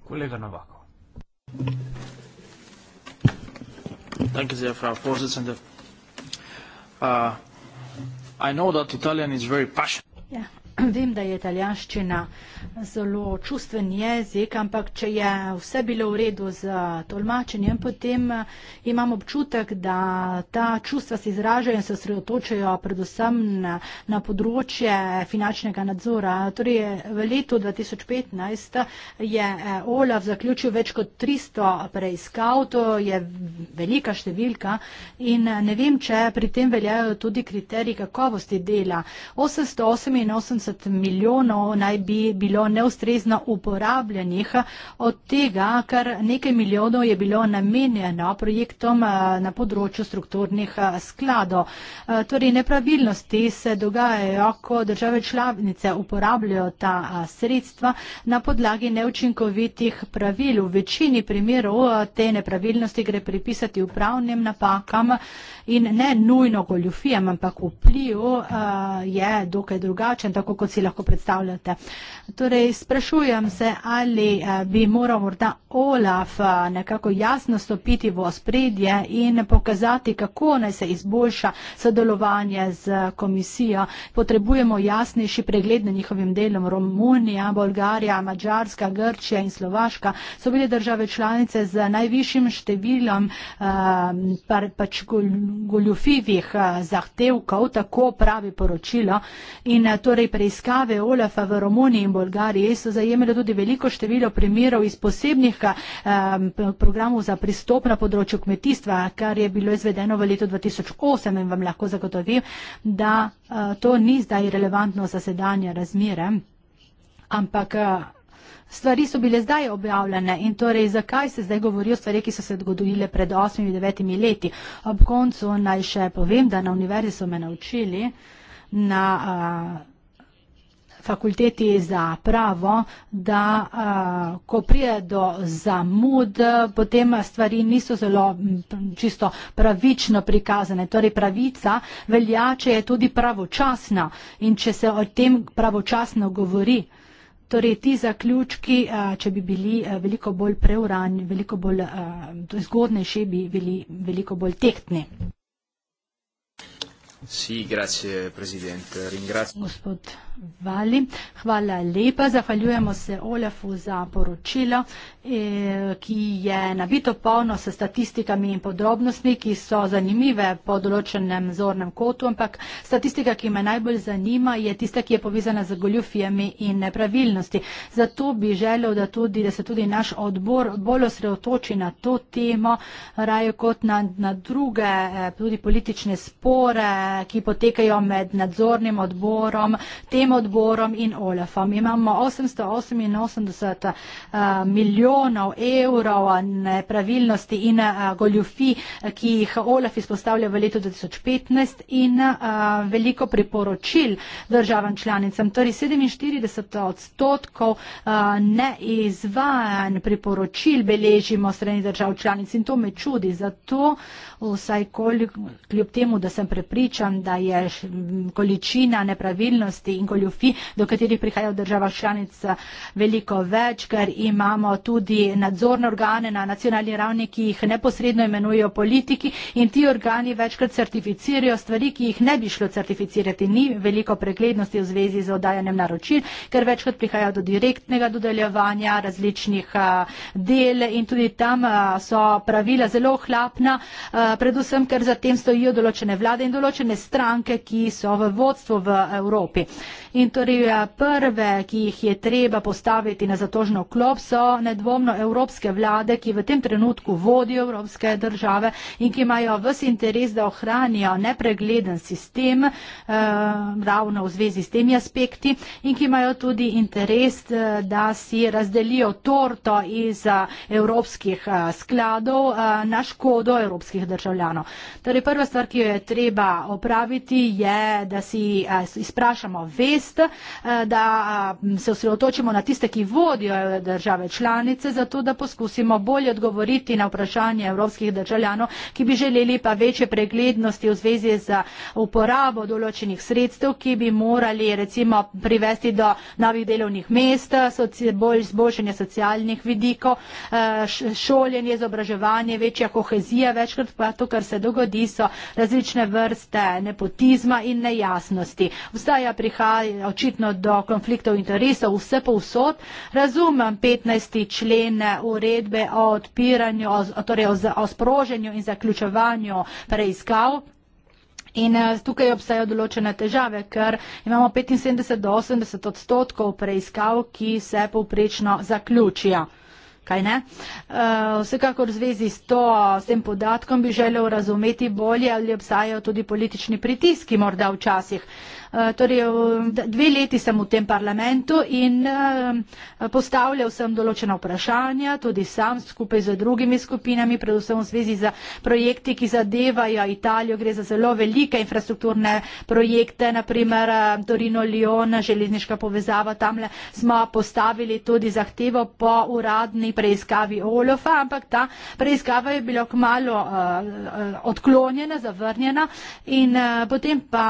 [SPEAKER 3] Kolega Novakov.
[SPEAKER 2] Uh,
[SPEAKER 1] ja, vem, da je italijanščina zelo čustven jezik, ampak če je vse bilo v redu z tolmačenjem, potem eh, imam občutek, da ta čustva se izražajo in se osredotočajo predvsem na, na področje finančnega nadzora. Torej, v letu 2015 je eh, Olaf zaključil več kot 300 preiskav, to je velika številka in eh, ne vem, če pri tem veljajo tudi kriteriji kakovosti dela. 888 80 milijonov naj bi bilo neustrezno uporabljenih, od tega kar nekaj milijonov je bilo namenjeno projektom eh, na področju strukturnih eh, skladov. Eh, torej, nepravilnosti se dogajajo, ko države članice uporabljajo ta sredstva na podlagi neučinkovitih pravil. V večini primerov te nepravilnosti gre pripisati upravnim napakam in ne nujno goljufijam, ampak vpliv je dokaj drugačen. Tako tako, kot si lahko predstavljate. Torej, sprašujem se, ali eh, bi moral morda Olaf eh, nekako jasno stopiti v ospredje in pokazati, kako naj se izboljša sodelovanje z komisijo. Potrebujemo jasnejši pregled na njihovim delom. Romunija, Bolgarija, Mačarska, Grčija in Slovaška so bile države članice z najvišjim številom eh, pač goljufivih zahtevkov, tako pravi poročilo. In, torej, preiskave OLAF-a v Romuniji in Bolgariji so zajemile tudi veliko število primerov iz posebnih um, programov za pristop na področju kmetijstva, kar je bilo izvedeno v letu 2008 in vam lahko zagotovim, da uh, to ni zdaj relevantno za sedanje razmire, ampak. Uh, Stvari so bile zdaj objavljene in torej zakaj se zdaj govori o stvari, ki so se zgodovile pred 8-9 leti. Ob koncu naj še povem, da na univerzi so me naučili na. Uh, fakulteti za pravo, da ko prije do zamud, potem stvari niso zelo čisto pravično prikazane. Torej pravica velja, če je tudi pravočasna in če se o tem pravočasno govori. Torej, ti zaključki, če bi bili veliko bolj preuranji, veliko bolj zgodnejši, bi bili veliko bolj tehtni.
[SPEAKER 2] Sì, grazie, Presidente. Ringrazio.
[SPEAKER 1] Gospod. Vali, hvala lepa, zahvaljujemo se Olafu za poročilo, eh, ki je nabito polno s statistikami in podrobnostmi, ki so zanimive po določenem zornem kotu, ampak statistika, ki me najbolj zanima, je tista, ki je povezana z goljufijami in nepravilnosti. Zato bi želel, da, tudi, da se tudi naš odbor bolj osredotoči na to temo, raje kot na, na druge, eh, tudi politične spore, ki potekajo med nadzornim odborom. Tem tem odborom in OLAFom. Imamo 888 eh, milijonov evrov nepravilnosti in eh, goljufi, ki jih OLAF izpostavlja v letu 2015 in eh, veliko priporočil državam članicam. Torej 47 odstotkov neizvajanj priporočil beležimo strani držav članic in to me čudi. Zato vsaj kolik, kljub temu, da sem prepričan, da je količina nepravilnosti in goljufi, do katerih prihaja v državah članic veliko več, ker imamo tudi nadzorne organe na nacionalni ravni, ki jih neposredno imenujejo politiki in ti organi večkrat certificirajo stvari, ki jih ne bi šlo certificirati. Ni veliko preglednosti v zvezi z oddajanjem naročil, ker večkrat prihaja do direktnega dodeljevanja različnih del in tudi tam so pravila zelo ohlapna, predvsem, ker za tem stojijo določene vlade in določene stranke, ki so v vodstvu v Evropi. In torej ja, prve, ki jih je treba postaviti na zatožno klop, so nedvomno evropske vlade, ki v tem trenutku vodijo evropske države in ki imajo ves interes, da ohranijo nepregleden sistem, eh, ravno v zvezi s temi aspekti, in ki imajo tudi interes, eh, da si razdelijo torto iz eh, evropskih eh, skladov eh, na škodo evropskih državljanov. Torej prva stvar, ki jo je treba opraviti, je, da si eh, izprašamo vest, vest, eh, da mm, se osredotočimo na tiste, ki vodijo eh, države članice, zato da poskusimo bolje odgovoriti na vprašanje evropskih državljanov, ki bi želeli pa večje preglednosti v zvezi z uporabo določenih sredstev, ki bi morali recimo privesti do novih delovnih mest, bolj zboljšanje socialnih vidikov, eh, šoljenje, izobraževanje, večja kohezija, večkrat pa to, kar se dogodi, so različne vrste nepotizma in nejasnosti. Vstaja prihaja očitno do konfliktov interesov vse povsod. Razumem 15. člen uredbe o odpiranju, o, torej o, o sproženju in zaključevanju preiskav. In eh, tukaj obstajajo določene težave, ker imamo 75 do 80 odstotkov preiskav, ki se povprečno zaključijo. Kaj ne? Eh, vsekakor v zvezi s, to, s tem podatkom bi želel razumeti bolje, ali obstajajo tudi politični pritiski morda včasih. Eh, torej dve leti sem v tem parlamentu in eh, postavljal sem določena vprašanja, tudi sam skupaj z drugimi skupinami, predvsem v zvezi z projekti, ki zadevajo Italijo, gre za zelo velike infrastrukturne projekte, naprimer eh, Torino-Lion, železniška povezava, tamle smo postavili tudi zahtevo po uradni preiskavi Olofa, ampak ta preiskava je bila kmalo odklonjena, zavrnjena in potem pa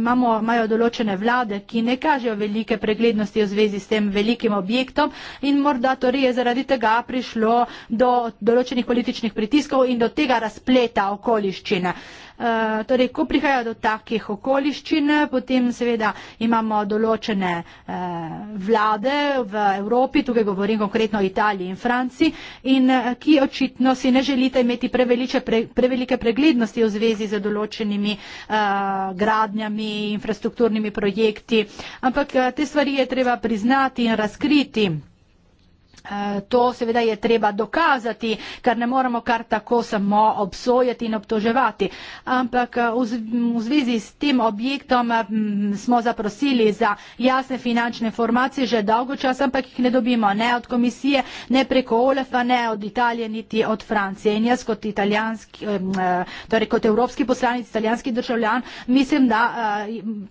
[SPEAKER 1] imamo imajo določene vlade, ki ne kažejo velike preglednosti v zvezi s tem velikim objektom in morda torej je zaradi tega prišlo do določenih političnih pritiskov in do tega razpleta okoliščine. Eh, torej, ko prihaja do takih okoliščin, potem seveda imamo določene eh, vlade v Evropi, tukaj govorim konkretno o Italiji in Franciji, in eh, ki očitno si ne želite imeti preveliče, pre, prevelike preglednosti v zvezi z določenimi gradnjami, infrastrukturnimi projekti, ampak te stvari je treba priznati in razkriti. Eh, to seveda je treba dokazati, ker ne moramo kar tako samo obsojati in obtoževati. Ampak eh, v zvezi s tem objektom eh, smo zaprosili za jasne finančne informacije že dolgo časa, ampak jih ne dobimo ne od komisije, ne preko OLEF-a, ne od Italije, niti od Francije. In jaz kot italijanski, torej kot evropski poslanic, italijanski državljan, mislim, da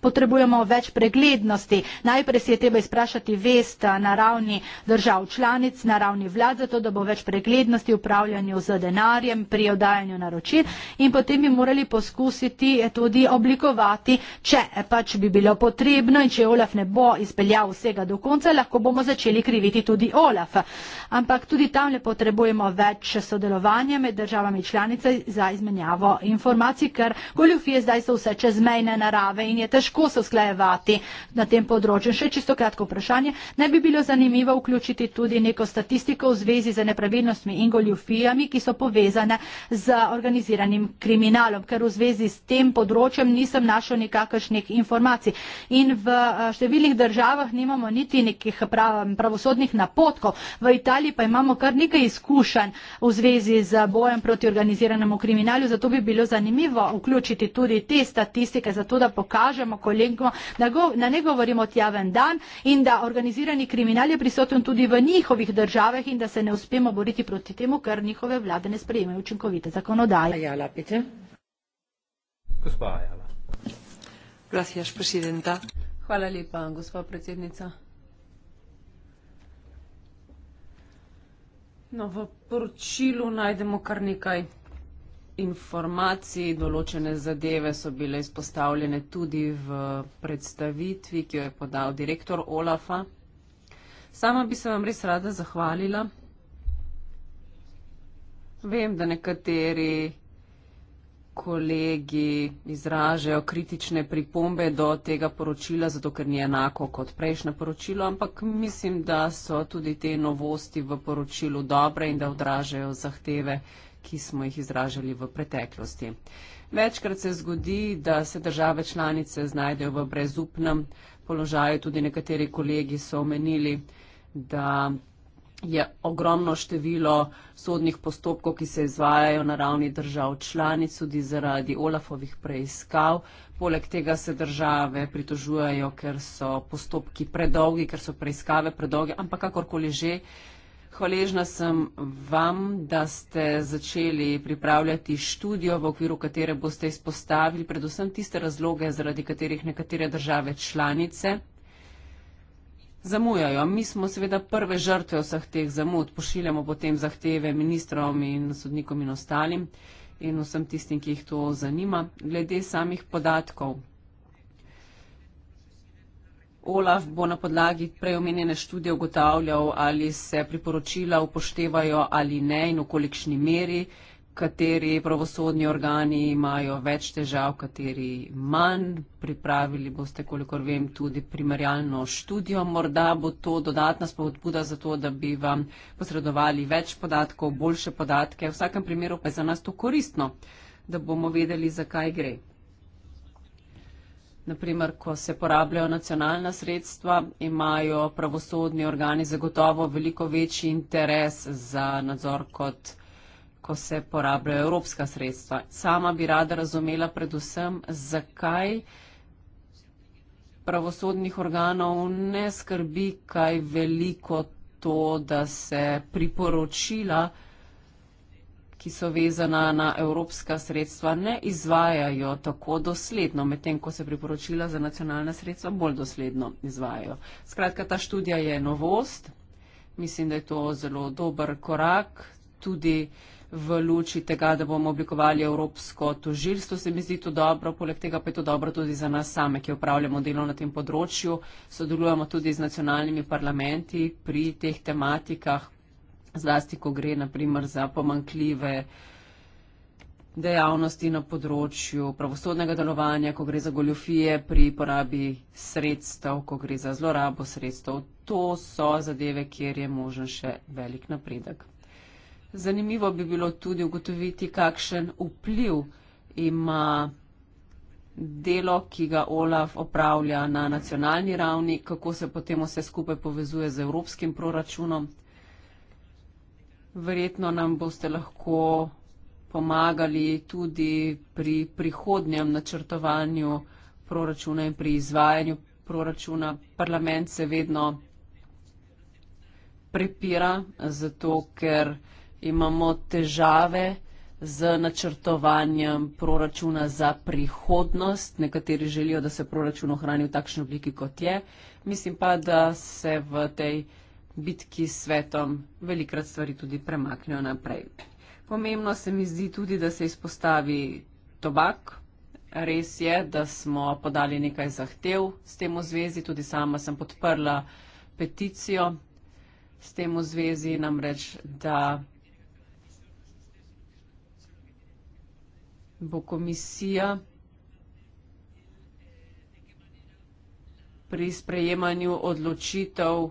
[SPEAKER 1] potrebujemo več preglednosti. Najprej se je treba izprašati vest na ravni držav članic, smernic na ravni vlad, zato da bo več preglednosti v upravljanju z denarjem pri oddajanju naročil in potem bi morali poskusiti eh, tudi oblikovati, če eh, pač bi bilo potrebno in če Olaf ne bo izpeljal vsega do konca, lahko bomo začeli kriviti tudi Olaf. Ampak tudi tam le potrebujemo več sodelovanja med državami članice za izmenjavo informacij, ker goljufije zdaj so vse čezmejne narave in je težko se usklajevati na tem področju. Še čisto kratko vprašanje, ne bi bilo zanimivo vključiti tudi nekaj neko statistiko v zvezi z nepravilnostmi in goljufijami, ki so povezane z organiziranim kriminalom, ker v zvezi s tem področjem nisem našel nikakršnih informacij. In v eh, številnih državah nimamo niti nekih prav, pravosodnih napotkov, v Italiji pa imamo kar nekaj izkušenj v zvezi z bojem proti organiziranemu kriminalu, zato bi bilo zanimivo vključiti tudi te statistike, zato da pokažemo kolegom, da go, ne govorimo o tjaven dan in da organizirani kriminal je prisoten tudi v njihovi njihovih državah in da se ne uspemo boriti proti temu, ker njihove vlade ne sprejemajo učinkovite zakonodaje.
[SPEAKER 3] Ajala, Gracias, presidenta. Hvala lepa, gospa predsednica. No, v poročilu najdemo kar nekaj informacij. Določene zadeve so bile izpostavljene tudi v predstavitvi, ki jo je podal direktor Olafa. Sama bi se vam res rada zahvalila. Vem, da nekateri kolegi izražajo kritične pripombe do tega poročila, zato ker ni enako kot prejšnje poročilo, ampak mislim, da so tudi te novosti v poročilu dobre in da odražajo zahteve, ki smo jih izražali v preteklosti. Večkrat se zgodi, da se države članice znajdejo v brezupnem položaju, tudi nekateri kolegi so omenili, da je ogromno število sodnih postopkov, ki se izvajajo na ravni držav članic, tudi zaradi Olafovih preiskav. Poleg tega se države pritožujejo, ker so postopki predolgi, ker so preiskave predolge, ampak kakorkoli že. Hvaležna sem vam, da ste začeli pripravljati študijo, v okviru katere boste izpostavili predvsem tiste razloge, zaradi katerih nekatere države članice zamujajo. Mi smo seveda prve žrtve vseh teh zamud, pošiljamo potem zahteve ministrom in sodnikom in ostalim in vsem tistim, ki jih to zanima. Glede samih podatkov. Olaf bo na podlagi preomenjene študije ugotavljal, ali se priporočila upoštevajo ali ne in v kolikšni meri kateri pravosodni organi imajo več težav, kateri manj. Pripravili boste, kolikor vem, tudi primerjalno študijo. Morda bo to dodatna spodbuda za to, da bi vam posredovali več podatkov, boljše podatke. V vsakem primeru pa je za nas to koristno, da bomo vedeli, zakaj gre. Naprimer, ko se porabljajo nacionalna sredstva, imajo pravosodni organi zagotovo veliko večji interes za nadzor kot ko se porabljajo evropska sredstva. Sama bi rada razumela predvsem, zakaj pravosodnih organov ne skrbi kaj veliko to, da se priporočila, ki so vezana na evropska sredstva, ne izvajajo tako dosledno, medtem ko se priporočila za nacionalna sredstva bolj dosledno izvajajo. Skratka, ta študija je novost. Mislim, da je to zelo dober korak. Tudi uh, v luči tega, da bomo oblikovali Evropsko tožilstvo, se mi zdi to dobro, poleg tega pa je to dobro tudi za nas same, ki upravljamo delo na tem področju, sodelujemo tudi z nacionalnimi parlamenti pri teh tematikah, zlasti, ko gre naprimer za pomankljive dejavnosti na področju pravosodnega delovanja, ko gre za goljofije pri porabi sredstev, ko gre za zlorabo sredstev. To so zadeve, kjer je možen še velik napredek. Zanimivo bi bilo tudi ugotoviti, kakšen vpliv ima delo, ki ga Olaf opravlja na nacionalni ravni, kako se potem vse skupaj povezuje z evropskim proračunom. Verjetno nam boste lahko pomagali tudi pri prihodnjem načrtovanju proračuna in pri izvajanju proračuna. Parlament se vedno prepira, zato ker imamo težave z načrtovanjem proračuna za prihodnost. Nekateri želijo, da se proračun ohrani v takšni obliki, kot je. Mislim pa, da se v tej bitki s svetom velikrat stvari tudi premaknejo naprej. Pomembno se mi zdi tudi, da se izpostavi tobak. Res je, da smo podali nekaj zahtev s tem v zvezi, tudi sama sem podprla peticijo s tem v zvezi, namreč da bo komisija pri sprejemanju odločitev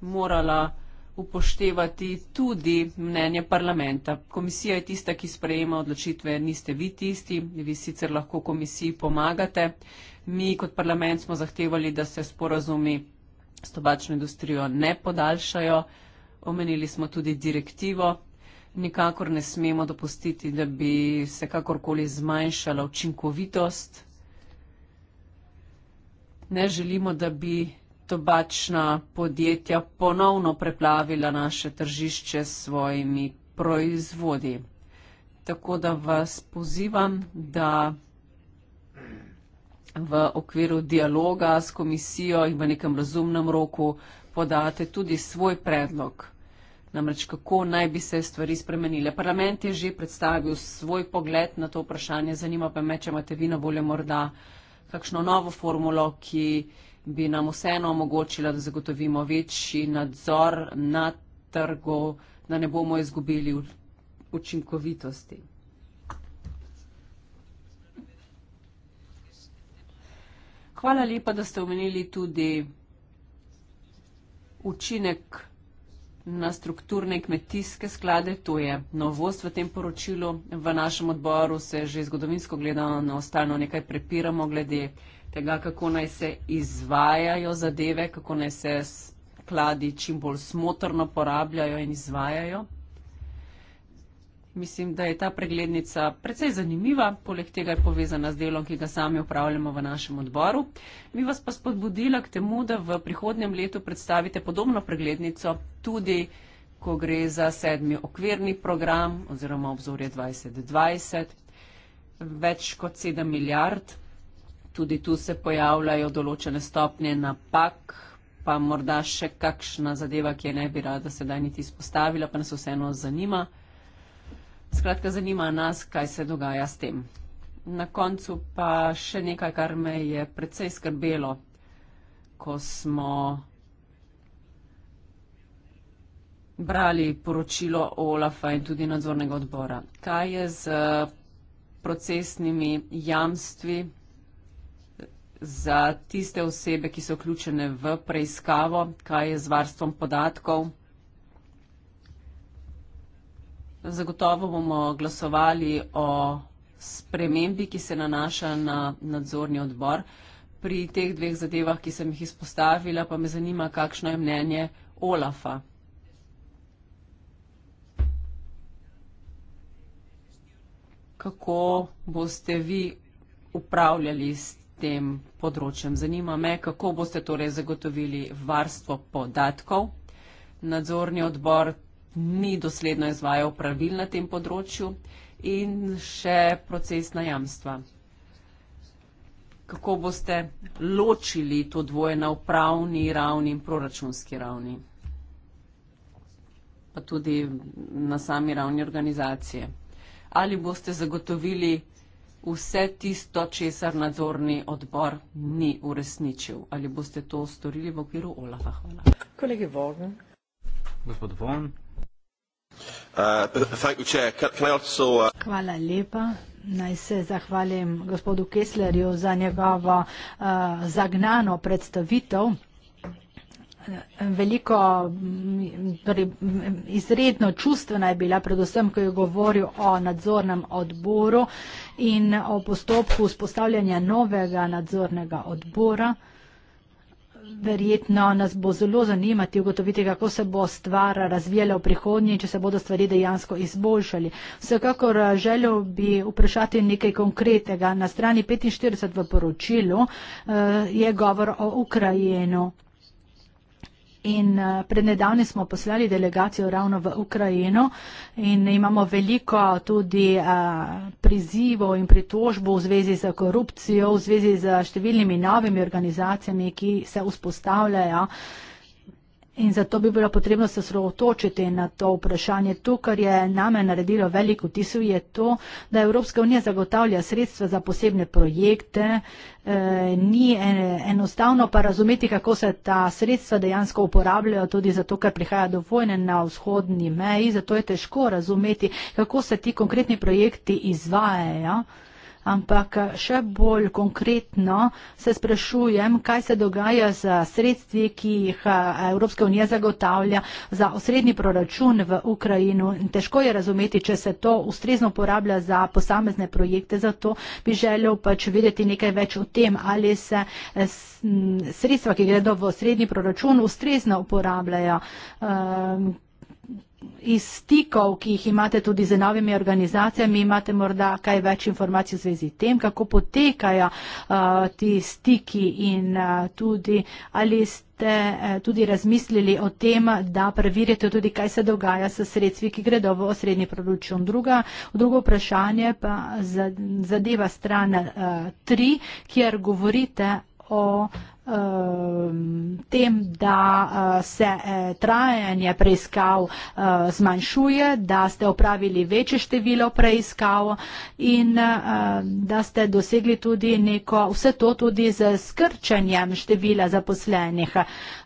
[SPEAKER 3] morala upoštevati tudi mnenje parlamenta. Komisija je tista, ki sprejema odločitve, niste vi tisti, vi sicer lahko komisiji pomagate. Mi kot parlament smo zahtevali, da se sporazumi s tobačno industrijo ne podaljšajo. Omenili smo tudi direktivo nikakor ne smemo dopustiti, da bi se kakorkoli zmanjšala učinkovitost. Ne želimo, da bi tobačna podjetja ponovno preplavila naše tržišče s svojimi proizvodi. Tako da vas pozivam, da v okviru dialoga s komisijo in v nekem razumnem roku podate tudi svoj predlog. Namreč kako naj bi se stvari spremenile? Parlament je že predstavil svoj pogled na to vprašanje, zanima pa me, če imate vi na voljo morda kakšno novo formulo, ki bi nam vseeno omogočila, da zagotovimo večji nadzor na trgu, da ne bomo izgubili učinkovitosti. Hvala lepa, da ste omenili tudi učinek na strukturne kmetijske sklade, to je novost v tem poročilu. V našem odboru se že zgodovinsko gledano na ostalno nekaj prepiramo glede tega, kako naj se izvajajo zadeve, kako naj se skladi čim bolj smotrno porabljajo in izvajajo. Mislim, da je ta preglednica precej zanimiva, poleg tega je povezana z delom, ki ga sami upravljamo v našem odboru. Mi vas pa spodbudila k temu, da v prihodnjem letu predstavite podobno preglednico tudi, ko gre za sedmi okvirni program oziroma obzorje 2020, več kot sedem milijard. Tudi tu se pojavljajo določene stopnje napak, pa morda še kakšna zadeva, ki je ne bi rada sedaj niti izpostavila, pa nas vseeno zanima. Skratka, zanima nas, kaj se dogaja s tem. Na koncu pa še nekaj, kar me je precej skrbelo, ko smo brali poročilo OLAF-a in tudi nadzornega odbora. Kaj je z eh, procesnimi jamstvi za tiste osebe, ki so vključene v preiskavo, kaj je z varstvom podatkov? Zagotovo bomo glasovali o spremembi, ki se nanaša na nadzorni odbor. Pri teh dveh zadevah, ki sem jih izpostavila, pa me zanima, kakšno je mnenje Olafa. Kako boste vi upravljali s tem področjem? Zanima me, kako boste torej zagotovili varstvo podatkov. Nadzorni odbor ni dosledno izvajal pravil na tem področju in še procesna jamstva. Kako boste ločili to dvoje na upravni ravni in proračunski ravni? Pa tudi na sami ravni organizacije. Ali boste zagotovili vse tisto, česar nadzorni odbor ni uresničil? Ali boste to storili v okviru OLAF-a? Hvala. Kolegi Vogen.
[SPEAKER 2] Gospod Vogen. Uh, uh,
[SPEAKER 1] Hvala lepa. Naj se zahvalim gospodu Kesslerju za njegovo uh, zagnano predstavitev. Veliko, torej, izredno čustvena je bila, predvsem, ko je govoril o nadzornem odboru in o postopku spostavljanja novega nadzornega odbora. Uh, verjetno nas bo zelo zanimati ugotoviti, kako se bo stvar razvijala v prihodnje in če se bodo stvari dejansko izboljšali. Vsekakor eh, želel bi vprašati nekaj konkretnega. Na strani 45 v poročilu eh, je govor o Ukrajinu. In eh, prednedavni smo poslali delegacijo ravno v Ukrajino in imamo veliko tudi eh, prizivov in pritožbo v zvezi z korupcijo, v zvezi z številnimi novimi organizacijami, ki se vzpostavljajo. In zato bi bilo potrebno se srootočiti na to vprašanje. To, kar je name naredilo veliko tisu, je to, da Evropska unija zagotavlja sredstva za posebne projekte. E, ni enostavno pa razumeti, kako se ta sredstva dejansko uporabljajo, tudi zato, ker prihaja do vojne na vzhodni meji. Zato je težko razumeti, kako se ti konkretni projekti izvajajo ampak eh, še bolj konkretno se sprašujem, kaj se dogaja z sredstvi, ki jih eh, Evropska unija zagotavlja za osrednji proračun v Ukrajino. Težko je razumeti, če se to ustrezno uporablja za posamezne projekte, zato bi želel pač videti nekaj več o tem, ali se eh, sredstva, ki gredo v osrednji proračun, ustrezno uporabljajo. Uh, Iz stikov, ki jih imate tudi z novimi organizacijami, imate morda kaj več informacij v zvezi tem, kako potekajo uh, ti stiki in uh, tudi ali ste uh, tudi razmislili o tem, da preverjate tudi, kaj se dogaja s sredstvi, ki gredo v osrednji proračun. Drugo vprašanje pa zadeva stran 3, uh, kjer govorite o. Ehm, tem, da eh, se eh, trajanje preiskav eh, zmanjšuje, da ste opravili večje število preiskav in da ste dosegli tudi neko, vse to tudi z skrčanjem števila zaposlenih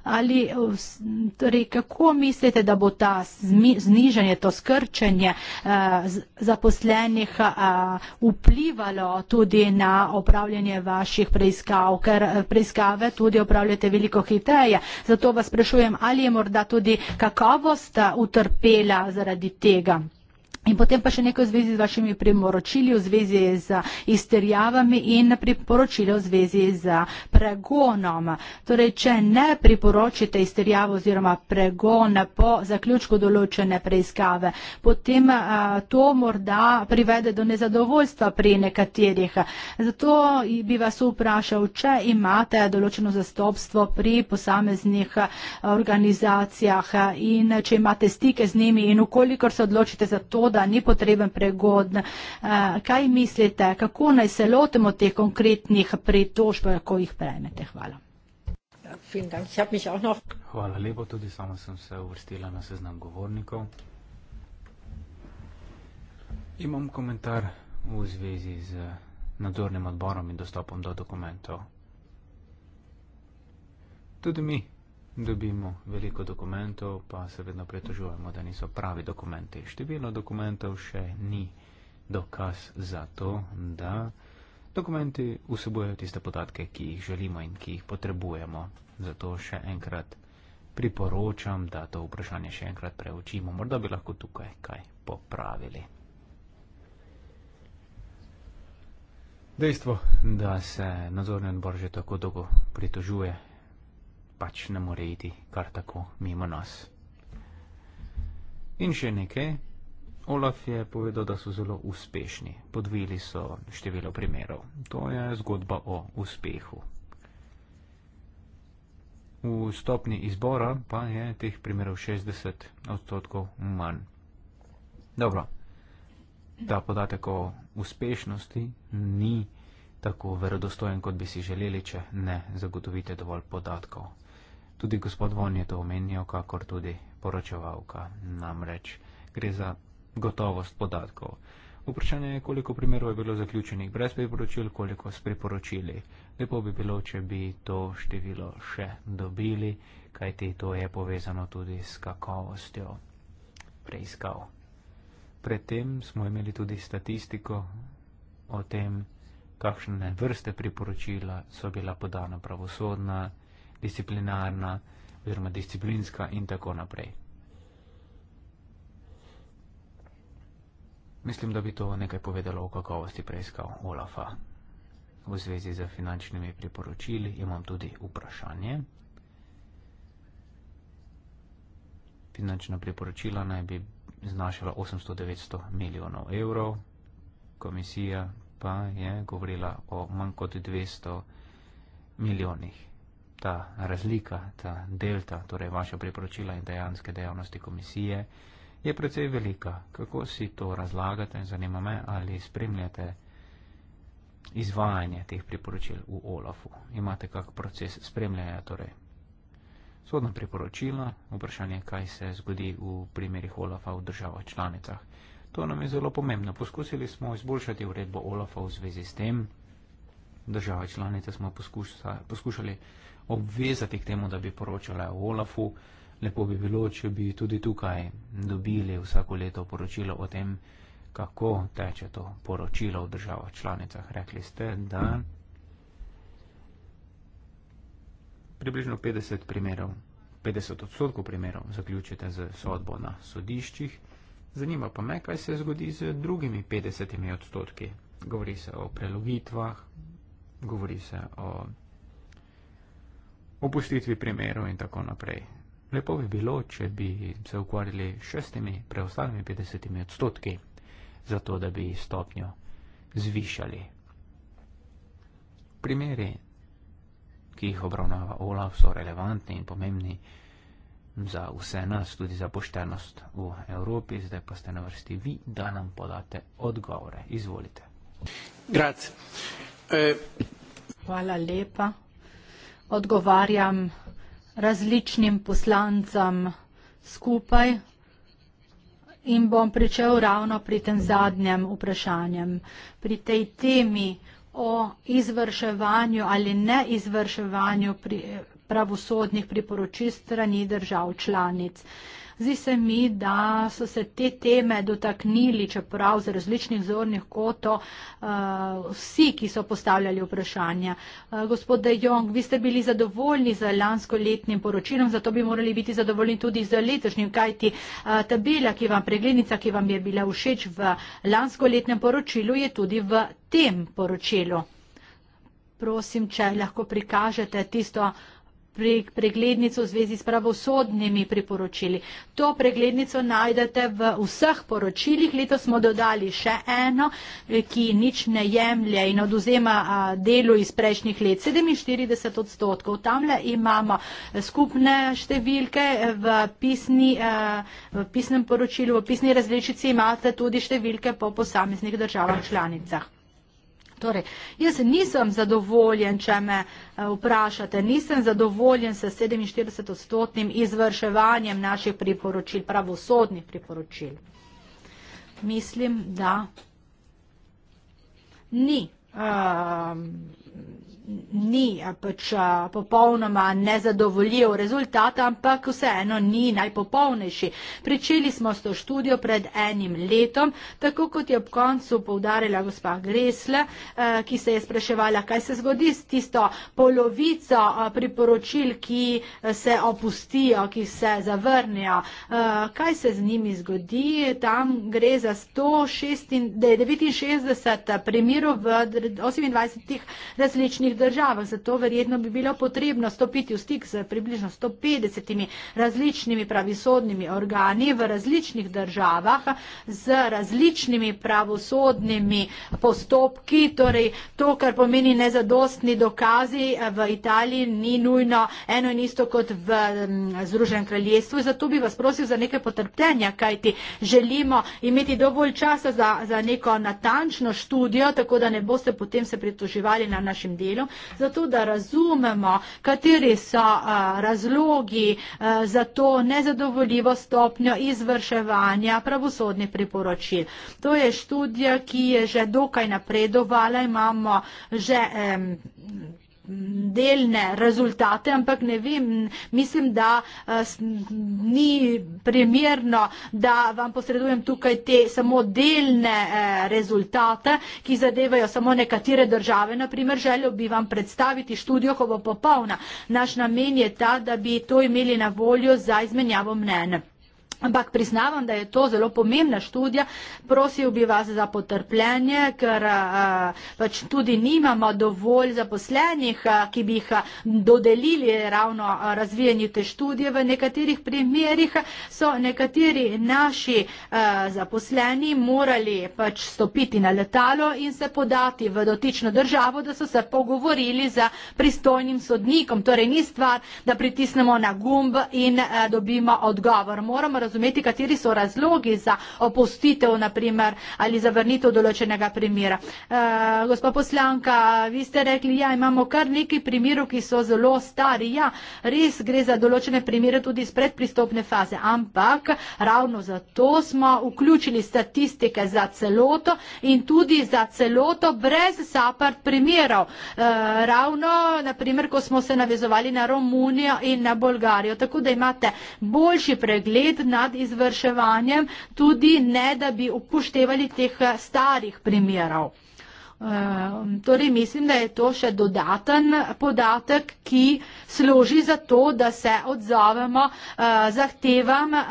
[SPEAKER 1] ali eh, torej, kako mislite, da bo ta znižanje, to skrčenje eh, zaposlenih eh, vplivalo tudi na opravljanje vaših preiskav, ker preiskave tudi opravljate veliko hitreje. Zato vas sprašujem, ali je morda tudi kakovost utrpela zaradi tega. In potem pa še nekaj v zvezi z vašimi priporočili v zvezi z izterjavami in priporočili v zvezi z pregonom. Torej, če ne priporočite izterjavo oziroma pregon po zaključku določene preiskave, potem a, to morda privede do nezadovoljstva pri nekaterih. Zato bi vas vprašal, če imate določeno zastopstvo pri posameznih organizacijah in če imate stike z njimi in ukolikor se odločite za to, da ni potreben pregod. Eh, kaj mislite, kako naj se lotimo teh konkretnih pritožb, ko jih prejmete? Hvala. Ja,
[SPEAKER 2] Hvala lepo, tudi sama sem se uvrstila na seznam govornikov. Imam komentar v zvezi z nadzornim odborom in dostopom do dokumentov. Tudi mi dobimo veliko dokumentov, pa se vedno pretožujemo, da niso pravi dokumenti. Število dokumentov še ni dokaz za to, da dokumenti vsebojajo tiste podatke, ki jih želimo in ki jih potrebujemo. Zato še enkrat priporočam, da to vprašanje še enkrat preučimo. Morda bi lahko tukaj kaj popravili. Dejstvo, da se nadzorni odbor že tako dolgo pritožuje pač ne more iti kar tako mimo nas. In še nekaj. Olaf je povedal, da so zelo uspešni. Podvili so število primerov. To je zgodba o uspehu. V stopni izbora pa je teh primerov 60 odstotkov manj. Dobro, ta podatek o uspešnosti ni tako verodostojen, kot bi si želeli, če ne zagotovite dovolj podatkov Tudi gospod Von je to omenil, kakor tudi poročevalka. Namreč gre za gotovost podatkov. Vprašanje je, koliko primerov je bilo zaključenih brez priporočil, koliko s priporočili. Lepo bi bilo, če bi to število še dobili, kajti to je povezano tudi s kakovostjo preiskav. Predtem smo imeli tudi statistiko o tem, kakšne vrste priporočila so bila podana pravosodna disciplinarna, oziroma disciplinska in tako naprej. Mislim, da bi to nekaj povedalo o kakovosti preiskav Olafa. V zvezi z finančnimi priporočili imam tudi vprašanje. Finančna priporočila naj bi znašala 800-900 milijonov evrov, komisija pa je govorila o manj kot 200 milijonih evrov ta razlika, ta delta, torej vaša priporočila in dejanske dejavnosti komisije, je precej velika. Kako si to razlagate in zanima me, ali spremljate izvajanje teh priporočil v OLAF-u? Imate kak proces spremljanja, torej? Sodna priporočila, vprašanje, kaj se zgodi v primerih OLAF-a v državah članicah. To nam je zelo pomembno. Poskusili smo izboljšati uredbo OLAF-a v zvezi s tem. Države članice smo poskušali obvezati k temu, da bi poročala Olafu. Lepo bi bilo, če bi tudi tukaj dobili vsako leto poročilo o tem, kako teče to poročilo v državah članicah. Rekli ste, da približno 50, primerov, 50 odstotkov primerov zaključite z sodbo na sodiščih. Zanima pa me, kaj se zgodi z drugimi 50 odstotki. Govori se o prelovitvah, govori se o opustitvi primeru in tako naprej. Lepo bi bilo, če bi se ukvarjali šestimi preostalimi 50 odstotki, zato da bi stopnjo zvišali. Primeri, ki jih obravnava Olaf, so relevantni in pomembni za vse nas, tudi za poštenost v Evropi. Zdaj pa ste na vrsti vi, da nam podate odgovore. Izvolite.
[SPEAKER 1] Grac. Eh, Hvala lepa odgovarjam različnim poslancam skupaj in bom pričel ravno pri tem zadnjem vprašanjem. Pri tej temi o izvrševanju ali neizvrševanju pravosodnih priporočil strani držav članic. Zdi se mi, da so se te teme dotaknili, čeprav z različnih zornih kotov, uh, vsi, ki so postavljali vprašanja. Uh, gospod De Jong, vi ste bili zadovoljni z lansko letnim poročilom, zato bi morali biti zadovoljni tudi z letošnjim, kajti uh, tabela, ki vam preglednica, ki vam je bila všeč v lansko letnem poročilu, je tudi v tem poročilu. Prosim, če lahko prikažete tisto preglednico v zvezi s pravosodnimi priporočili. To preglednico najdete v vseh poročilih. Leto smo dodali še eno, eh, ki nič ne jemlje in oduzema delu iz prejšnjih let. 47 odstotkov. Tamle imamo eh, skupne številke eh, v, pisni, v pisnem poročilu, v pisni različici imate tudi številke po posameznih državah članicah. Torej, jaz nisem zadovoljen, če me eh, vprašate, nisem zadovoljen s 47 odstotnim izvrševanjem naših priporočil, pravosodnih priporočil. Mislim, da ni. Um, ni pač popolnoma nezadovoljiv rezultat, ampak vseeno ni najpopolnejši. Pričeli smo s to študijo pred enim letom, tako kot je ob koncu povdarila gospa Gresle, ki se je spraševala, kaj se zgodi s tisto polovico priporočil, ki se opustijo, ki se zavrnijo. Kaj se z njimi zgodi? Tam gre za 169 primerov v 28 različnih drugih državah, zato verjetno bi bilo potrebno stopiti v stik z približno 150 različnimi pravosodnimi organi v različnih državah z različnimi pravosodnimi postopki. Torej, to, kar pomeni nezadostni dokazi eh, v Italiji, ni nujno eno in isto kot v mm, Združenem kraljestvu. Zato bi vas prosil za nekaj potrpljenja, kajti želimo imeti dovolj časa za, za neko natančno študijo, tako da ne boste potem se pritoževali na našem delu pridejo, zato da razumemo, kateri so razlogi za to nezadovoljivo stopnjo izvrševanja pravosodnih priporočil. To je študija, ki je že dokaj napredovala, imamo že. Um, delne rezultate, ampak ne vem, mislim, da uh, ni primerno, da vam posredujem tukaj te samo delne uh, rezultate, ki zadevajo samo nekatere države. Naprimer, želel bi vam predstaviti študijo, ko bo popolna. Naš namen je ta, da bi to imeli na voljo za izmenjavo mnenja. Ampak priznavam, da je to zelo pomembna študija. Prosil bi vas za potrpljenje, ker pač tudi nimamo dovolj zaposlenih, ki bi jih dodelili ravno razvijanju te študije. V nekaterih primerjih so nekateri naši zaposleni morali pač stopiti na letalo in se podati v dotično državo, da so se pogovorili za pristojnim sodnikom. Torej ni stvar, da pritisnemo na gumb in dobimo odgovor. Moramo razumeti, razumeti, kateri so razlogi za opustitev, naprimer, ali za vrnitev določenega primera. E, gospa poslanka, vi ste rekli, ja, imamo kar nekaj primerov, ki so zelo stari. Ja, res gre za določene primere tudi iz predpristopne faze, ampak ravno zato smo vključili statistike za celoto in tudi za celoto brez zapart primerov. E, ravno, naprimer, ko smo se navezovali na Romunijo in na Bolgarijo. Tako da imate boljši pregled nad izvrševanjem, tudi ne, da bi upoštevali teh starih primerov. Ehm, torej mislim, da je to še dodaten podatek, ki služi za to, da se odzovemo uh, zahtevam, uh,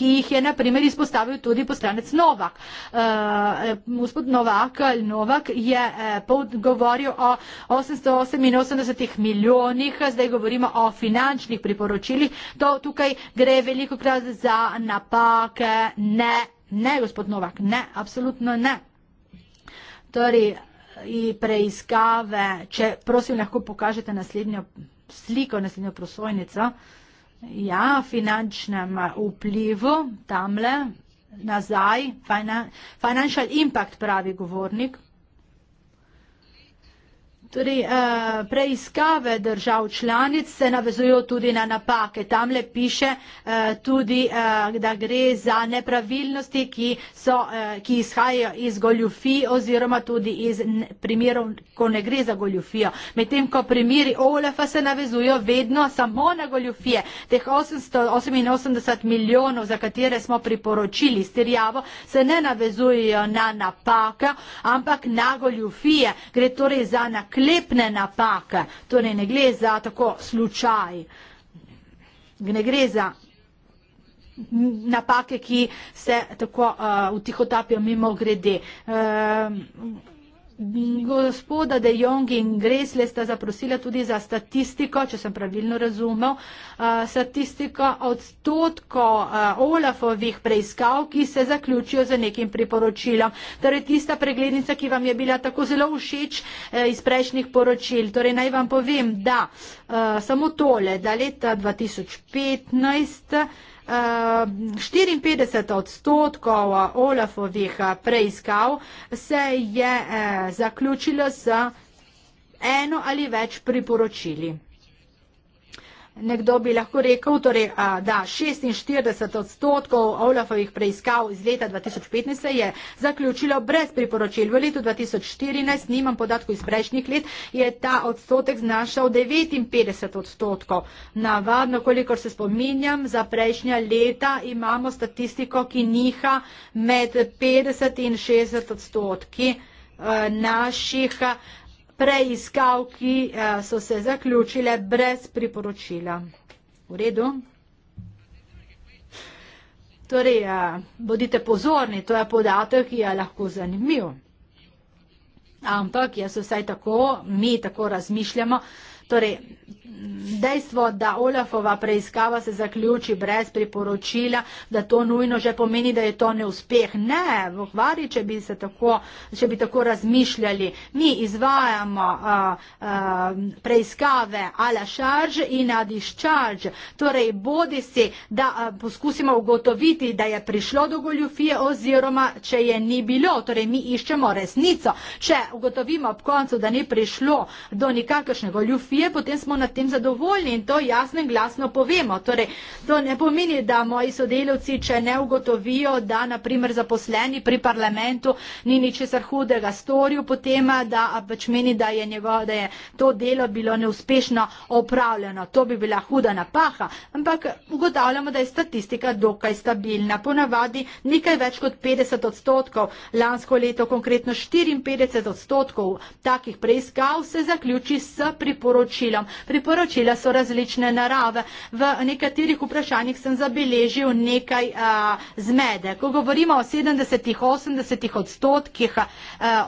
[SPEAKER 1] ki jih je naprimer izpostavil tudi poslanec Novak. Eh, gospod uh, Novak, Novak je uh, govoril o 888 milijonih, zdaj govorimo o finančnih priporočilih, to tukaj gre veliko krat za napake, ne. Ne, gospod Novak, ne, absolutno ne torej i preiskave, če prosim lahko pokažete naslednjo sliko, naslednjo prosojnico, ja, finančnem eh, vplivu, tamle, nazaj, financial impact pravi govornik, Tudi torej, uh, eh, preiskave držav članic se navezujo tudi na napake. Tamle piše uh, tudi, uh, da gre za nepravilnosti, ki, so, uh, ki izhajajo iz goljufij oziroma tudi iz primerov, ko ne gre za goljufijo. Medtem ko primiri OLF-a se navezujo vedno samo na goljufije. Teh 888 milijonov, za katere smo priporočili strjavo, se ne navezujejo na napake, ampak na goljufije. Gre torej za naklep sklepne napake. Torej ne gre za tako slučaj, ne gre za napake, ki se tako uh, vtihotapijo mimo grede. Uh, ehm, Gospoda De Jong in Gresle sta zaprosila tudi za statistiko, če sem pravilno razumel, statistiko odstotko Olafovih preiskav, ki se zaključijo z nekim priporočilom. Torej tista preglednica, ki vam je bila tako zelo všeč e, iz prejšnjih poročil. Torej naj vam povem, da e, samo tole, da leta 2015 54 odstotkov eh, Olafovih eh, preiskav se je eh, zaključilo z eno ali več priporočili. Nekdo bi lahko rekel, torej, da 46 odstotkov Olafovih preiskav iz leta 2015 je zaključilo brez priporočil. V letu 2014, nimam podatkov iz prejšnjih let, je ta odstotek znašal 59 odstotkov. Navadno, kolikor se spominjam, za prejšnja leta imamo statistiko, ki niha med 50 in 60 odstotki eh, naših preiskav, ki eh, so se zaključile brez priporočila. V redu? Torej, eh, bodite pozorni, to je podatek, ki je lahko zanimiv. Ampak jaz vsaj tako, mi tako razmišljamo. Torej, dejstvo, da Olafova preiskava se zaključi brez priporočila, da to nujno že pomeni, da je to neuspeh. Ne, vohvari, če bi se tako, če bi tako razmišljali. Mi izvajamo uh, uh, preiskave torej, a la charge in a discharge. Torej, bodi si, da uh, poskusimo ugotoviti, da je prišlo do goljufije oziroma, če je ni bilo. Torej, mi iščemo resnico. Če ugotovimo ob koncu, da ni prišlo do nikakršne goljufije, potem smo na tem njim zadovoljni in to jasno in glasno povemo. Torej, to ne pomeni, da moji sodelovci, če ne ugotovijo, da naprimer zaposleni pri parlamentu ni ničesar hudega storil, potem da pač meni, da je, njegovo, da je to delo bilo neuspešno opravljeno. To bi bila huda napaha, ampak ugotavljamo, da je statistika dokaj stabilna. Ponavadi nekaj več kot 50 odstotkov, lansko leto konkretno 54 odstotkov takih preiskav se zaključi s priporočilom. priporočilom sporočila so različne narave. V nekaterih vprašanjih sem zabeležil nekaj a, zmede. Ko govorimo o 70-80 odstotkih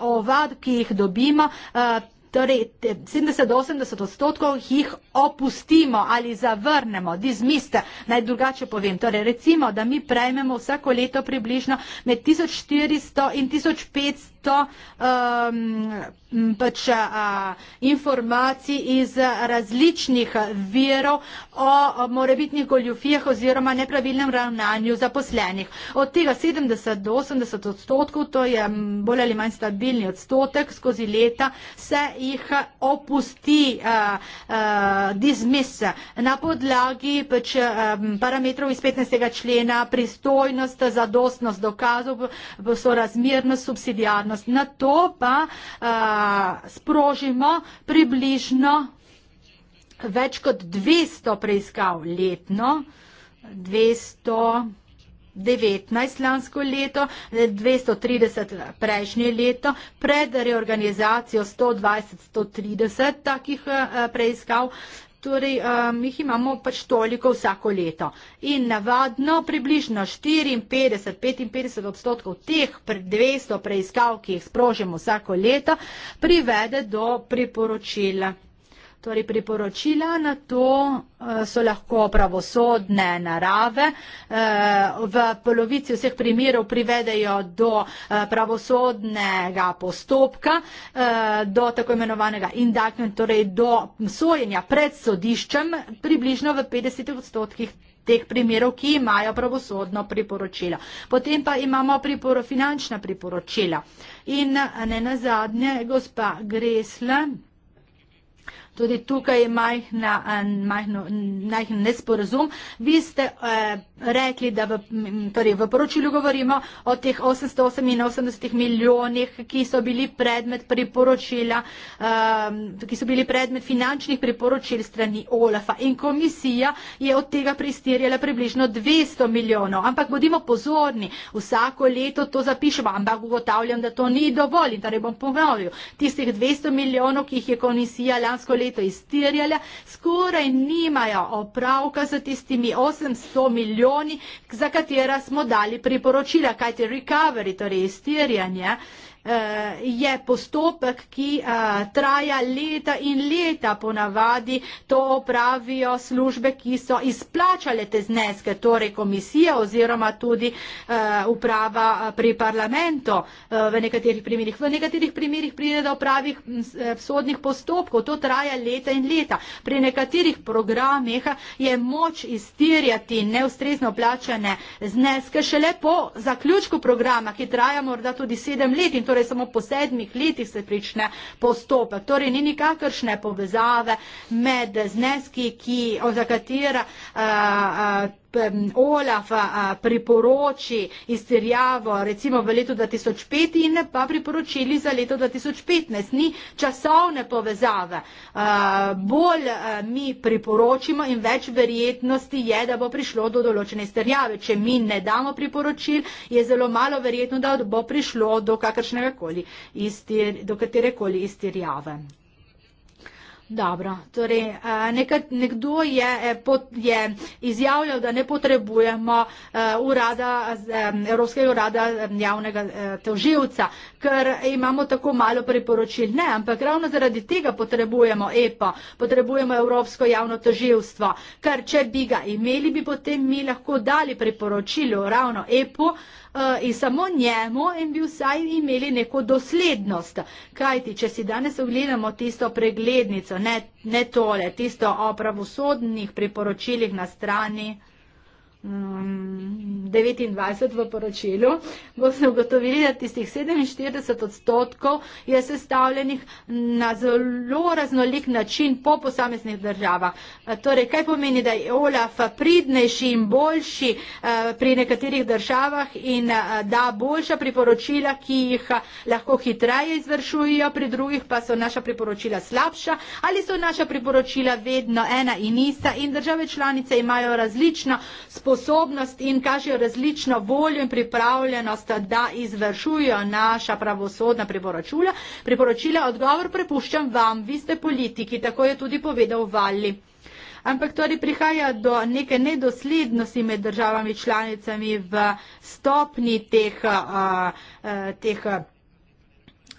[SPEAKER 1] ovad, ki jih dobimo, a, Torej, 70-80 odstotkov jih opustimo ali zavrnemo, dizmiste, naj drugače povem. Torej, recimo, da mi prejmemo vsako leto približno med 1400 in 1500 letto um, ehm, pač, uh, informacij iz različnih virov o morebitnih goljufijah oziroma nepravilnem ravnanju zaposlenih. Od tega 70 do 80 odstotkov, to je bolj ali manj stabilni odstotek skozi leta, se jih opusti dizmis uh, uh, na podlagi pač, um, parametrov iz 15. člena pristojnost, zadostnost dokazov, sorazmernost, subsidijarnost pozornost. Na to pa a, sprožimo približno več kot 200 preiskav letno, 200. 19 lansko leto, 230 prejšnje leto, pred reorganizacijo 120-130 takih preiskav, torej um, jih imamo pač toliko vsako leto. In navadno približno 54-55 odstotkov teh 200 preiskav, ki jih sprožimo vsako leto, privede do priporočila. Torej priporočila na to eh, so lahko pravosodne narave. Eh, v polovici vseh primerov privedejo do eh, pravosodnega postopka, do tako imenovanega indaknjen, torej do sojenja pred sodiščem približno v 50 odstotkih teh primerov, ki imajo pravosodno priporočilo. Potem pa imamo priporo, finančna priporočila. In ne nazadnje, gospa Gresle, Tudi tukaj je majhna, majhno, majhen nesporazum. Vi ste eh, rekli, da v, torej, v poročilu govorimo o teh 888 milijonih, ki so bili predmet priporočila, um, ki so bili predmet finančnih priporočil strani OLAFA. In komisija je od tega pristirjala približno 200 milijonov. Ampak bodimo pozorni, vsako leto to zapišemo, ampak ugotavljam, da to ni dovolj. In torej bom ponovil, tistih 200 milijonov, ki jih je komisija lansko leto iztirjala, skoraj nimajo opravka z tistimi 800 milijonov milijoni, za katera smo dali priporočila, kajti recovery, torej iztirjanje, Eh, je postopek, ki eh, traja leta in leta, ponavadi to opravijo službe, ki so izplačale te zneske, torej komisija oziroma tudi eh, uprava pri parlamentu v nekaterih primerjih. V nekaterih primerjih pride do pravih sodnih postopkov, to traja leta in leta. Pri nekaterih programih je moč iztirjati neustrezno plačane zneske šele po zaključku programa, ki traja morda tudi sedem let in torej torej samo po sedmih letih se prične postopek. Torej ni nikakršne povezave med zneski, ki, za katera uh, eh, uh, eh, OLAF priporoči izterjavo recimo v letu 2005 in pa priporočili za leto 2015. Ni časovne povezave. Bolj mi priporočimo in več verjetnosti je, da bo prišlo do določene izterjave. Če mi ne damo priporočil, je zelo malo verjetno, da bo prišlo do, do katerekoli izterjave. Dobro, torej nekaj, nekdo je, e, je izjavljal, da ne potrebujemo e, urada, e, Evropskega urada javnega toživca, ker imamo tako malo priporočil. Ne, ampak ravno zaradi tega potrebujemo EPO, potrebujemo Evropsko javno toživstvo, ker če bi ga imeli, bi potem mi lahko dali priporočilo ravno EPO, Eh, in samo njemu in bi vsaj imeli neko doslednost. Kajti, če si danes ogledamo tisto preglednico, ne, ne tole, tisto o pravosodnih priporočilih na strani um, 29 v poročilu, boste ugotovili, da tistih 47 odstotkov je sestavljenih na zelo raznolik način po posameznih državah. Torej, kaj pomeni, da je OLAF pridnejši in boljši uh, pri nekaterih državah in uh, da boljša priporočila, ki jih lahko hitreje izvršujejo, pri drugih pa so naša priporočila slabša ali so naša priporočila vedno ena in ista in države članice imajo različno spoštovanje sposobnost in kažejo različno voljo in pripravljenost, da izvršujo naša pravosodna priporočila. priporočila. Odgovor prepuščam vam, vi ste politiki, tako je tudi povedal Vali. Ampak torej prihaja do neke nedoslednosti med državami članicami v stopni teh, eh, eh, teh eh,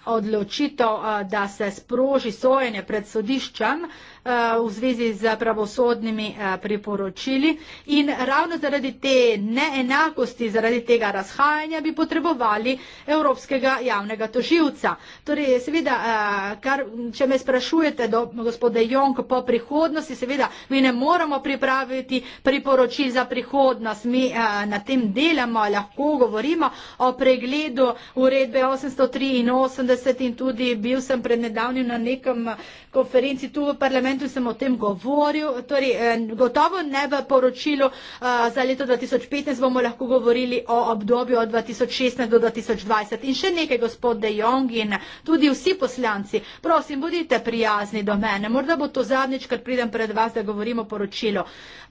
[SPEAKER 1] odločitev, da se sproži sojenje pred sodiščem. Eh, v zvezi z pravosodnimi eh, priporočili in ravno zaradi te neenakosti, zaradi tega razhajanja bi potrebovali Evropskega javnega toživca. Torej, seveda, eh, kar, če me sprašujete do gospode Jonk po prihodnosti, seveda, mi ne moramo pripraviti priporočil za prihodnost, mi na tem delamo, lahko govorimo o pregledu uredbe 883 in tudi bil sem prednedavnim na nekem konferenci tu v parlamentu, dokumentu sem o tem govoril, torej eh, gotovo ne v poročilu eh, za leto 2015 bomo lahko govorili o obdobju od 2016 do 2020. In še nekaj, gospod De Jong in tudi vsi poslanci, prosim, bodite prijazni do mene, morda bo to zadnjič, kar pridem pred vas, da govorimo o poročilu.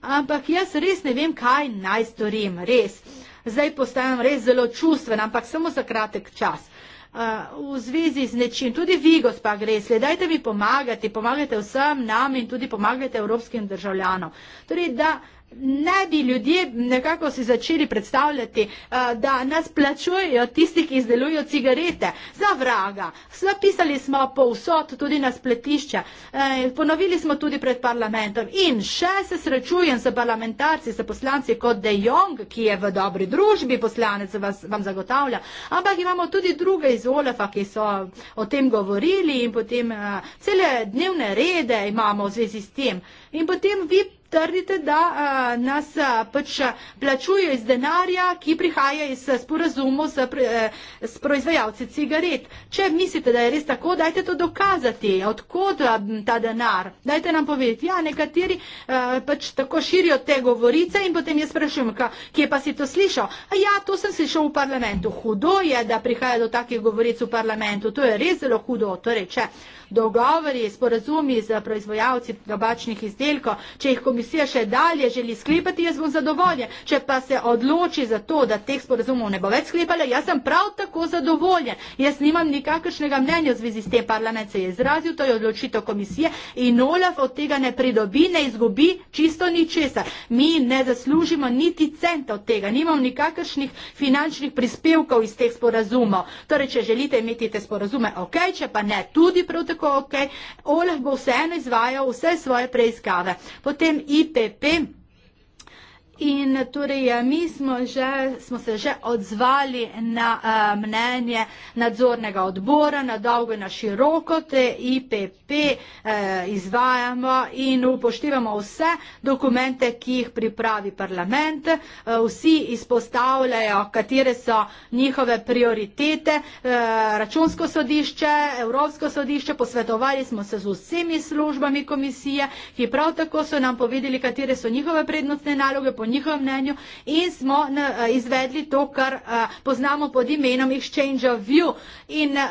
[SPEAKER 1] Ampak jaz res ne vem, kaj naj storim, res. Zdaj postajam res zelo čustven, ampak samo za kratek čas. Eh, v zvezi z nečim. Tudi vi, gospa Gresle, dajte mi pomagati, pomagajte vsem nam in tudi pomagajte evropskim državljanom. Torej, da naj bi ljudje nekako si začeli predstavljati, eh, da nas plačujejo tisti, ki izdelujo cigarete. Za vraga. Napisali smo povsod, tudi na spletišče. Eh, ponovili smo tudi pred parlamentom. In še se srečujem s parlamentarci, s poslanci kot De Jong, ki je v dobri družbi, poslanec vam zagotavlja. Ampak imamo tudi druge iz Olefa, ki so o tem govorili in potem eh, cele dnevne rede imamo v zvezi s tem. In potem vi trdite, da nas pač plačujejo iz denarja, ki prihaja iz sporazumov s, s proizvajalci cigaret. Če mislite, da je res tako, dajte to dokazati, odkud ta denar. Dajte nam povedati, ja, nekateri pač tako širijo te govorice in potem jaz sprašujem, kje pa si to slišal. A ja, to sem slišal v parlamentu. Hudo je, da prihaja do takih govoric v parlamentu. To je res zelo hudo. Torej, dogovori, sporazumi z proizvajalci tobačnih izdelkov, če jih komisija še dalje želi sklepati, jaz bom zadovoljen. Če pa se odloči za to, da teh sporazumov ne bo več sklepala, jaz sem prav tako zadovoljen. Jaz nimam nikakršnega mnenja v zvezi s tem. Parlament se je izrazil, to je odločitev komisije in Olaf od tega ne pridobi, ne izgubi čisto ničesar. Mi ne zaslužimo niti centa od tega, nimam nikakršnih finančnih prispevkov iz teh sporazumov. Torej, če želite imeti te sporazume, ok, če pa ne, tudi prav tako tako ok, OLAH bo vseeno izvajal vse svoje preiskave. Potem IPP, In torej, ja, mi smo, že, smo se že odzvali na a, eh, mnenje nadzornega odbora, na dolgo in na široko, te IPP a, eh, izvajamo in upoštevamo vse dokumente, ki jih pripravi parlament. A, eh, vsi izpostavljajo, katere so njihove prioritete. A, računsko sodišče, Evropsko sodišče, posvetovali smo se z vsemi službami komisije, ki prav tako so nam povedali, katere so njihove prednostne naloge njihovem mnenju in smo eh, izvedli to, kar eh, poznamo pod imenom Exchange of View. In eh,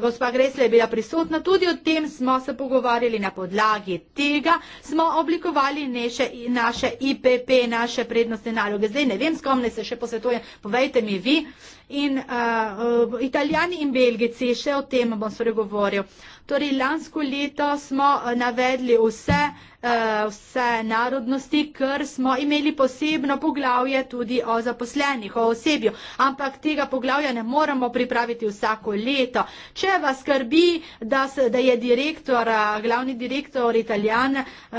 [SPEAKER 1] gospa Gresla je bila prisotna, tudi o tem smo se pogovarjali na podlagi tega, smo oblikovali neše, naše IPP, naše prednostne naloge. Zdaj ne vem, s kom ne se še posvetujem, povejte mi vi in uh, italijani in belgici, še o tem bom sorry govoril. Torej, lansko leto smo eh, navedli vse, uh, vse narodnosti, ker smo imeli posebno poglavje tudi o zaposlenih, o osebju. Ampak tega poglavja ne moremo pripraviti vsako leto. Če vas skrbi, da, se, da je direktor, glavni direktor italijan uh,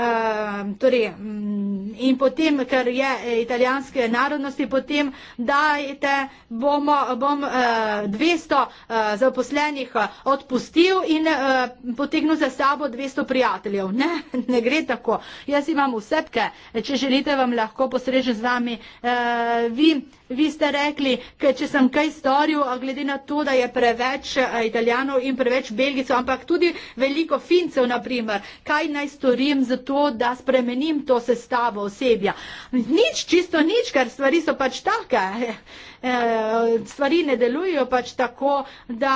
[SPEAKER 1] torej, mm, in potem, ker je italijanske narodnosti, potem dajte, bomo bom uh, 200 uh, zaposlenih eh, odpustil in uh, potegnil za sabo 200 prijateljev. Ne, ne gre tako. Jaz imam vsepke, če želite, vam lahko posrežem z vami. Uh, vi, uh, Vi ste rekli, ker če sem kaj storil, glede na to, da je preveč eh, italijanov in preveč belgicov, ampak tudi veliko fincev, naprimer, kaj naj storim za to, da spremenim to sestavo osebja. Nič, čisto nič, ker stvari so pač take. E, stvari ne delujejo pač tako, da.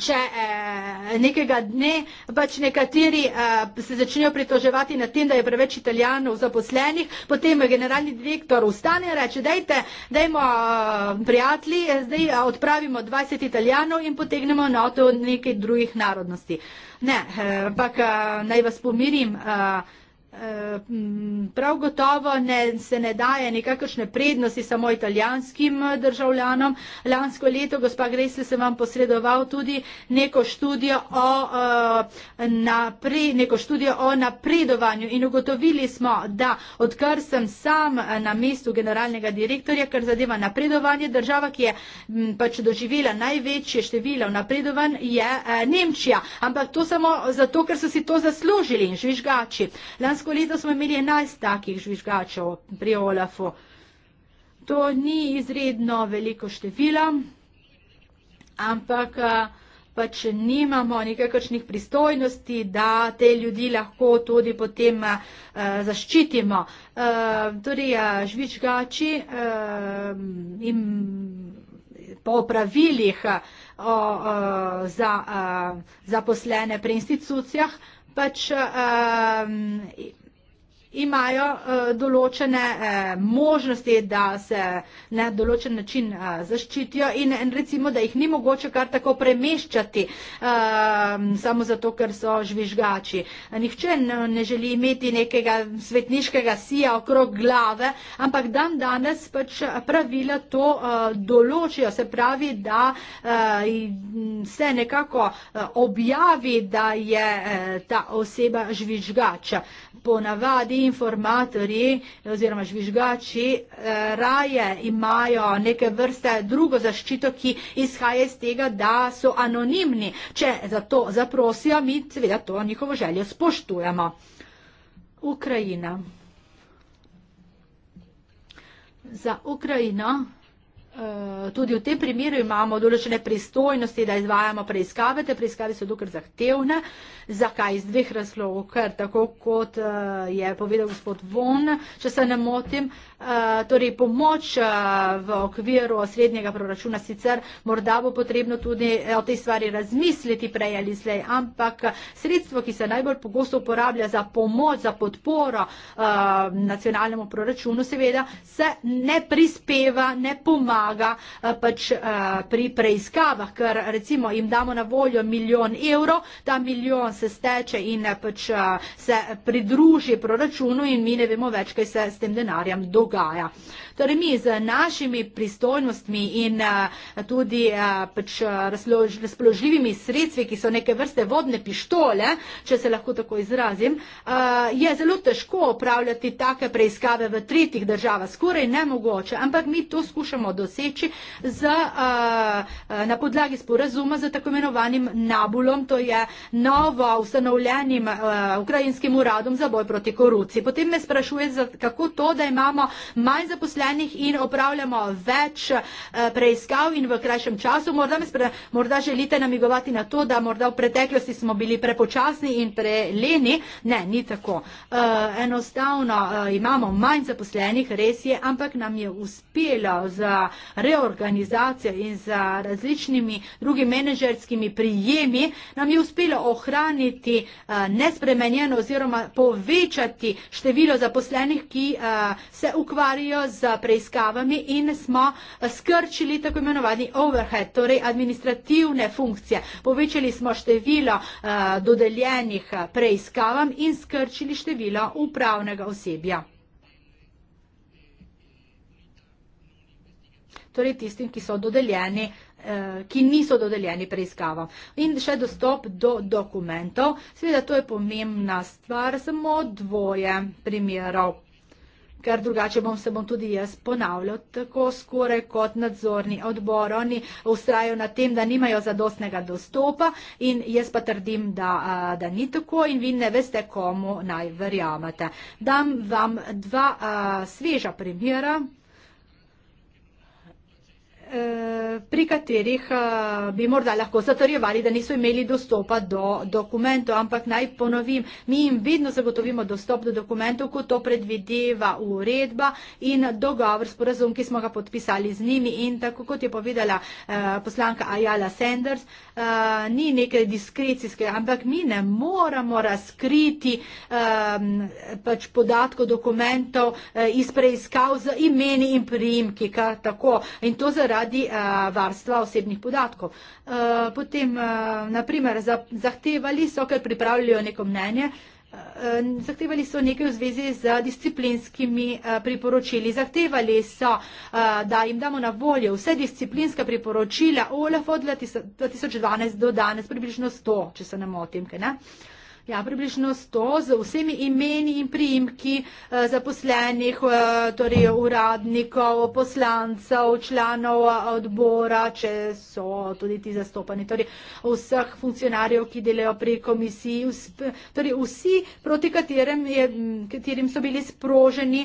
[SPEAKER 1] Če eh, nekega dne pač nekateri eh, se začnejo pritoževati nad tem, da je preveč italijanov zaposlenih, potem generalni direktor ustane in reče, dajte, dajmo eh, prijatelji, zdaj eh, odpravimo 20 italijanov in potegnemo noto nekih drugih narodnosti. Ne, eh, ampak eh, eh, naj vas pomirim. Eh, Eh, prav gotovo ne, se ne daje nekakršne prednosti samo italijanskim eh, državljanom. Lansko leto, gospa Gresel, sem vam posredoval tudi neko študijo o, eh, napre, neko študijo o napredovanju in ugotovili smo, da odkar sem sam na mestu generalnega direktorja, kar zadeva napredovanje, država, ki je mm, pač doživela največje število napredovanj, je Nemčija. Ampak to samo zato, ker so si to zaslužili in žvižgači. Lansko lansko leto smo imeli 11 takih žvižgačev pri Olafu. To ni izredno veliko število, ampak eh, pač nimamo nekakršnih pristojnosti, da te ljudi lahko tudi potem uh, zaščitimo. Uh, torej, žvižgači uh, in po pravilih uh, uh, za uh, zaposlene pri institucijah uh, pač, um, imajo uh, določene uh, možnosti, da se na določen način uh, zaščitijo in, in recimo, da jih ni mogoče kar tako premeščati, uh, samo zato, ker so žvižgači. Nihče ne želi imeti nekega svetniškega sija okrog glave, ampak dan danes pač pravila to uh, določijo. Se pravi, da uh, se nekako uh, objavi, da je uh, ta oseba žvižgača. Uh, ponavadi informatorji oziroma žvižgači eh, raje imajo neke vrste drugo zaščito, ki izhaja iz tega, da so anonimni. Če za to zaprosijo, mi seveda to njihovo željo spoštujemo. Ukrajina. Za Ukrajino Eh, tudi v tem primeru imamo določene pristojnosti, da izvajamo preiskave. Te preiskave so dokaj zahtevne. Zakaj? Iz dveh razlogov. Ker tako kot eh, je povedal gospod Von, če se ne motim, uh, Eh, torej pomoč eh, v okviru srednjega proračuna sicer morda bo potrebno tudi eh, o tej stvari razmisliti prej ali slej, ampak sredstvo, ki se najbolj pogosto uporablja za pomoč, za podporo nacionalnemu proračunu, seveda se ne prispeva, ne pomaga pač pri preiskavah, ker recimo jim damo na voljo milijon evrov, ta milijon se steče in pač se pridruži proračunu in mi ne vemo več, kaj se s tem denarjem dogaja dogaja. Torej, mi z našimi pristojnostmi in tudi pač razpoložljivimi sredstvi, ki so neke vrste vodne pištole, če se lahko tako izrazim, je zelo težko opravljati take preiskave v tretjih državah, skoraj nemogoče, ampak mi to skušamo doseči z, na podlagi sporazuma z tako imenovanim nabulom, to je novo ustanovljenim ukrajinskim uradom za boj proti korupciji. Potem me sprašuje, kako to, da imamo manj zaposlenih, zaposlenih in opravljamo več eh, preiskav in v krajšem času. Morda, spre, morda želite namigovati na to, da morda v preteklosti smo bili prepočasni in preleni. Ne, ni tako. Eh, enostavno eh, imamo manj zaposlenih, res je, ampak nam je uspelo za reorganizacijo in za različnimi drugimi menedžerskimi prijemi, nam je uspelo ohraniti nespremenjeno oziroma povečati število zaposlenih, ki se ukvarjajo za preiskavami in smo skrčili tako imenovani overhead, torej administrativne funkcije. Povečali smo število eh, dodeljenih eh, preiskavam in skrčili število upravnega osebja. Torej tistim, ki so dodeljeni eh, ki niso dodeljeni preiskavam. In še dostop do dokumentov. Seveda to je pomembna stvar, samo dvoje primerov ker drugače bom se bom tudi jaz ponavljal, tako skoraj kot nadzorni odbor. Oni ustrajajo na tem, da nimajo zadostnega dostopa in jaz pa trdim, da, da ni tako in vi ne veste, komu naj verjamete. Dam vam dva a, sveža primjera. Eh, pri katerih eh, bi morda lahko zatorjevali, da niso imeli dostopa do dokumentov. Ampak naj ponovim, mi jim vedno zagotovimo dostop do dokumentov, ko to predvideva uredba in dogovor, sporazum, ki smo ga podpisali z njimi. In tako kot je povedala eh, poslanka Ajala Sanders, ni nekaj diskrecijske, ampak mi ne moramo razkriti pač podatkov dokumentov iz preiskav z imeni in primki. In to zaradi zaradi uh, varstva osebnih podatkov. Uh, potem, uh, eh, naprimer, za, zahtevali so, ker pripravljajo neko mnenje, Zahtevali so nekaj v zvezi z disciplinskimi priporočili. Zahtevali so, da jim damo na voljo vse disciplinska priporočila OLAF od 2012 do danes, približno 100, če se ne motim. Kaj, ne? Uh, Ja, približno 100 z vsemi imeni in priimki eh, zaposlenih, eh, torej uradnikov, poslancev, članov eh, odbora, če so tudi ti zastopani, torej vseh funkcionarjev, ki delajo pri komisiji, torej vsi, proti katerim, je, katerim so bili sproženi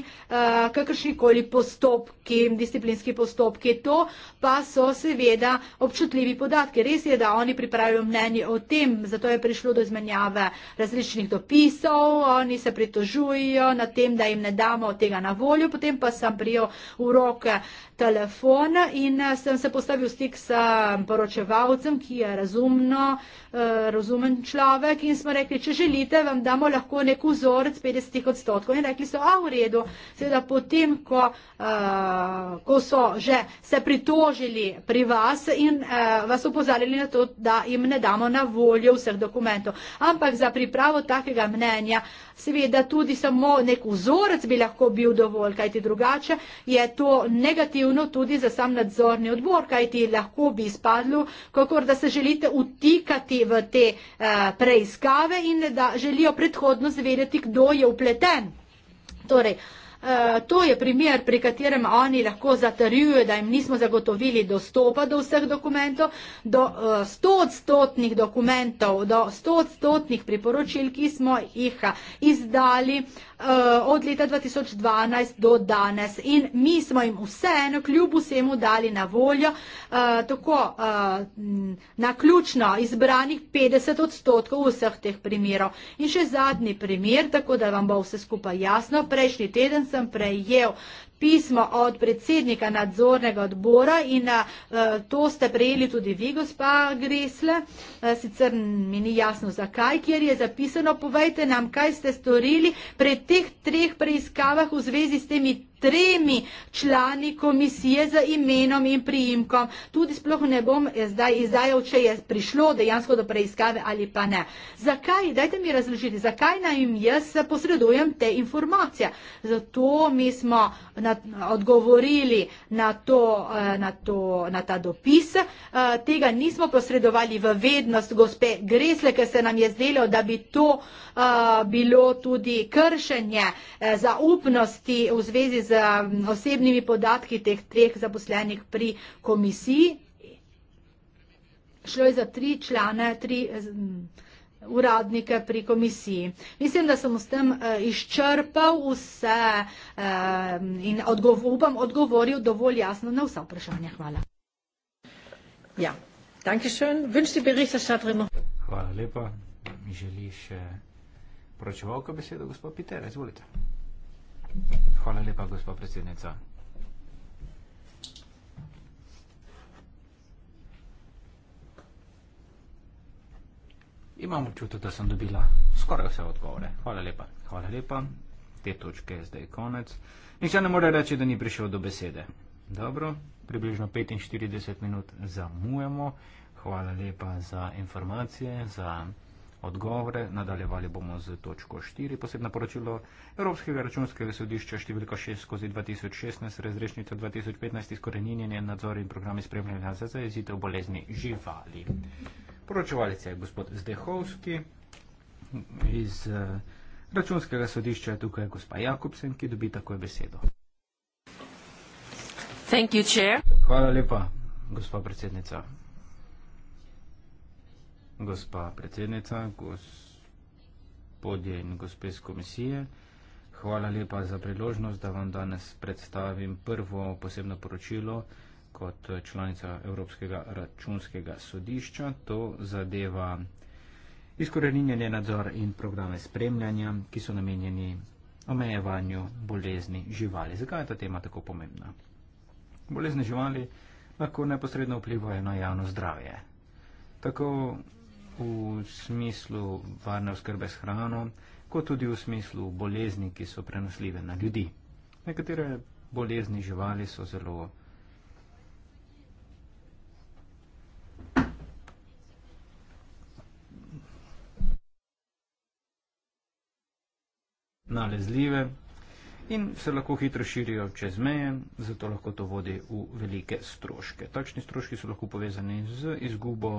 [SPEAKER 1] kakršnikoli postopki, disciplinski postopki. To pa so seveda občutljivi podatki. Res je, da oni pripravijo mnenje o tem, zato je prišlo do izmenjave različnih dopisov, oni se pritožujejo na tem, da jim ne damo tega na voljo, potem pa sem prijel v roke telefon in eh, sem se postavil v stik s eh, poročevalcem, ki je razumno, eh, razumen človek in smo rekli, če želite, vam damo lahko nek vzorec 50 odstotkov in rekli so, a v redu, seveda potem, ko, ko so že se pritožili pri vas in vas upozorili na to, da jim ne damo na voljo vseh dokumentov. Ampak za pripravo takega mnenja. Seveda tudi samo nek vzorec bi lahko bil dovolj, kajti drugače je to negativno tudi za sam nadzorni odbor, kajti lahko bi izpadlo, kakor da se želite utikati v te eh, preiskave in da želijo predhodno zvedeti, kdo je upleten. Torej, Eh, to je primer, pri katerem oni lahko zatrjujejo, da jim nismo zagotovili dostopa do vseh dokumentov, do eh, stotstotnih dokumentov, do stotstotnih priporočil, ki smo jih eh, izdali uh, od leta 2012 do danes. In mi smo jim vseeno, kljub vsemu, dali na voljo uh, tako uh, eh, na ključno izbranih 50 odstotkov vseh teh primerov. In še zadnji primer, tako da vam bo vse skupaj jasno. Prejšnji teden sem prejel pismo od predsednika nadzornega odbora in eh, to ste prejeli tudi vi, gospa Gresle, eh, sicer mi ni jasno zakaj, kjer je zapisano, povejte nam, kaj ste storili pri teh treh preiskavah v zvezi s temi tremi člani komisije z imenom in priimkom. Tudi sploh ne bom zdaj izdajal, če je prišlo dejansko do preiskave ali pa ne. Zakaj, dajte mi razložiti, zakaj naj jaz posredujem te informacije? Zato mi smo na, odgovorili na, to, eh, na, to, na ta dopis. Eh, tega nismo posredovali v vednost gospe Gresle, ker se nam je zdelo, da bi to bilo tudi kršenje e, zaupnosti v zvezi z osebnimi podatki teh treh zaposlenih pri komisiji. Šlo je za tri člane, tri e, uradnike pri komisiji. Mislim, da sem s tem e, izčrpal vse in odgov upam odgovoril dovolj jasno na vsa vprašanja. Hvala. Ja, danke schön. Wünscht die Berichterstatterin noch?
[SPEAKER 2] Hvala lepa. Mi želi še Poročeval ko besedo gospod Piter, izvolite. Hvala lepa, gospod predsednica. Imam občutek, da sem dobila skoraj vse odgovore. Hvala lepa. Hvala lepa. Te točke je zdaj konec. Nihče ne more reči, da ni prišel do besede. Dobro, približno 45 minut zamujamo. Hvala lepa za informacije, za odgovore. Nadaljevali bomo z točko 4, posebno poročilo Evropskega računskega sodišča številka 6 skozi 2016, razrešnica 2015, izkoreninjenje nadzor in programi spremljanja za zajezitev bolezni živali. Poročevalec je gospod Zdehovski iz eh, računskega sodišča, tukaj je gospa Jakobsen, ki dobi takoj besedo. Thank you, Hvala lepa, gospa predsednica gospa predsednica, gospodje in gospe z komisije. Hvala lepa za priložnost, da vam danes predstavim prvo posebno poročilo kot članica Evropskega računskega sodišča. To zadeva izkoreninjanje nadzor in programe spremljanja, ki so namenjeni omejevanju bolezni živali. Zakaj je ta tema tako pomembna? Bolezni živali lahko neposredno vplivajo na javno zdravje. Tako v smislu varne oskrbe s hrano, kot tudi v smislu bolezni, ki so prenosljive na ljudi. Nekatere bolezni živali so zelo nalezljive in se lahko hitro širijo čez meje, zato lahko to vodi v velike stroške. Takšni stroški so lahko povezani z izgubo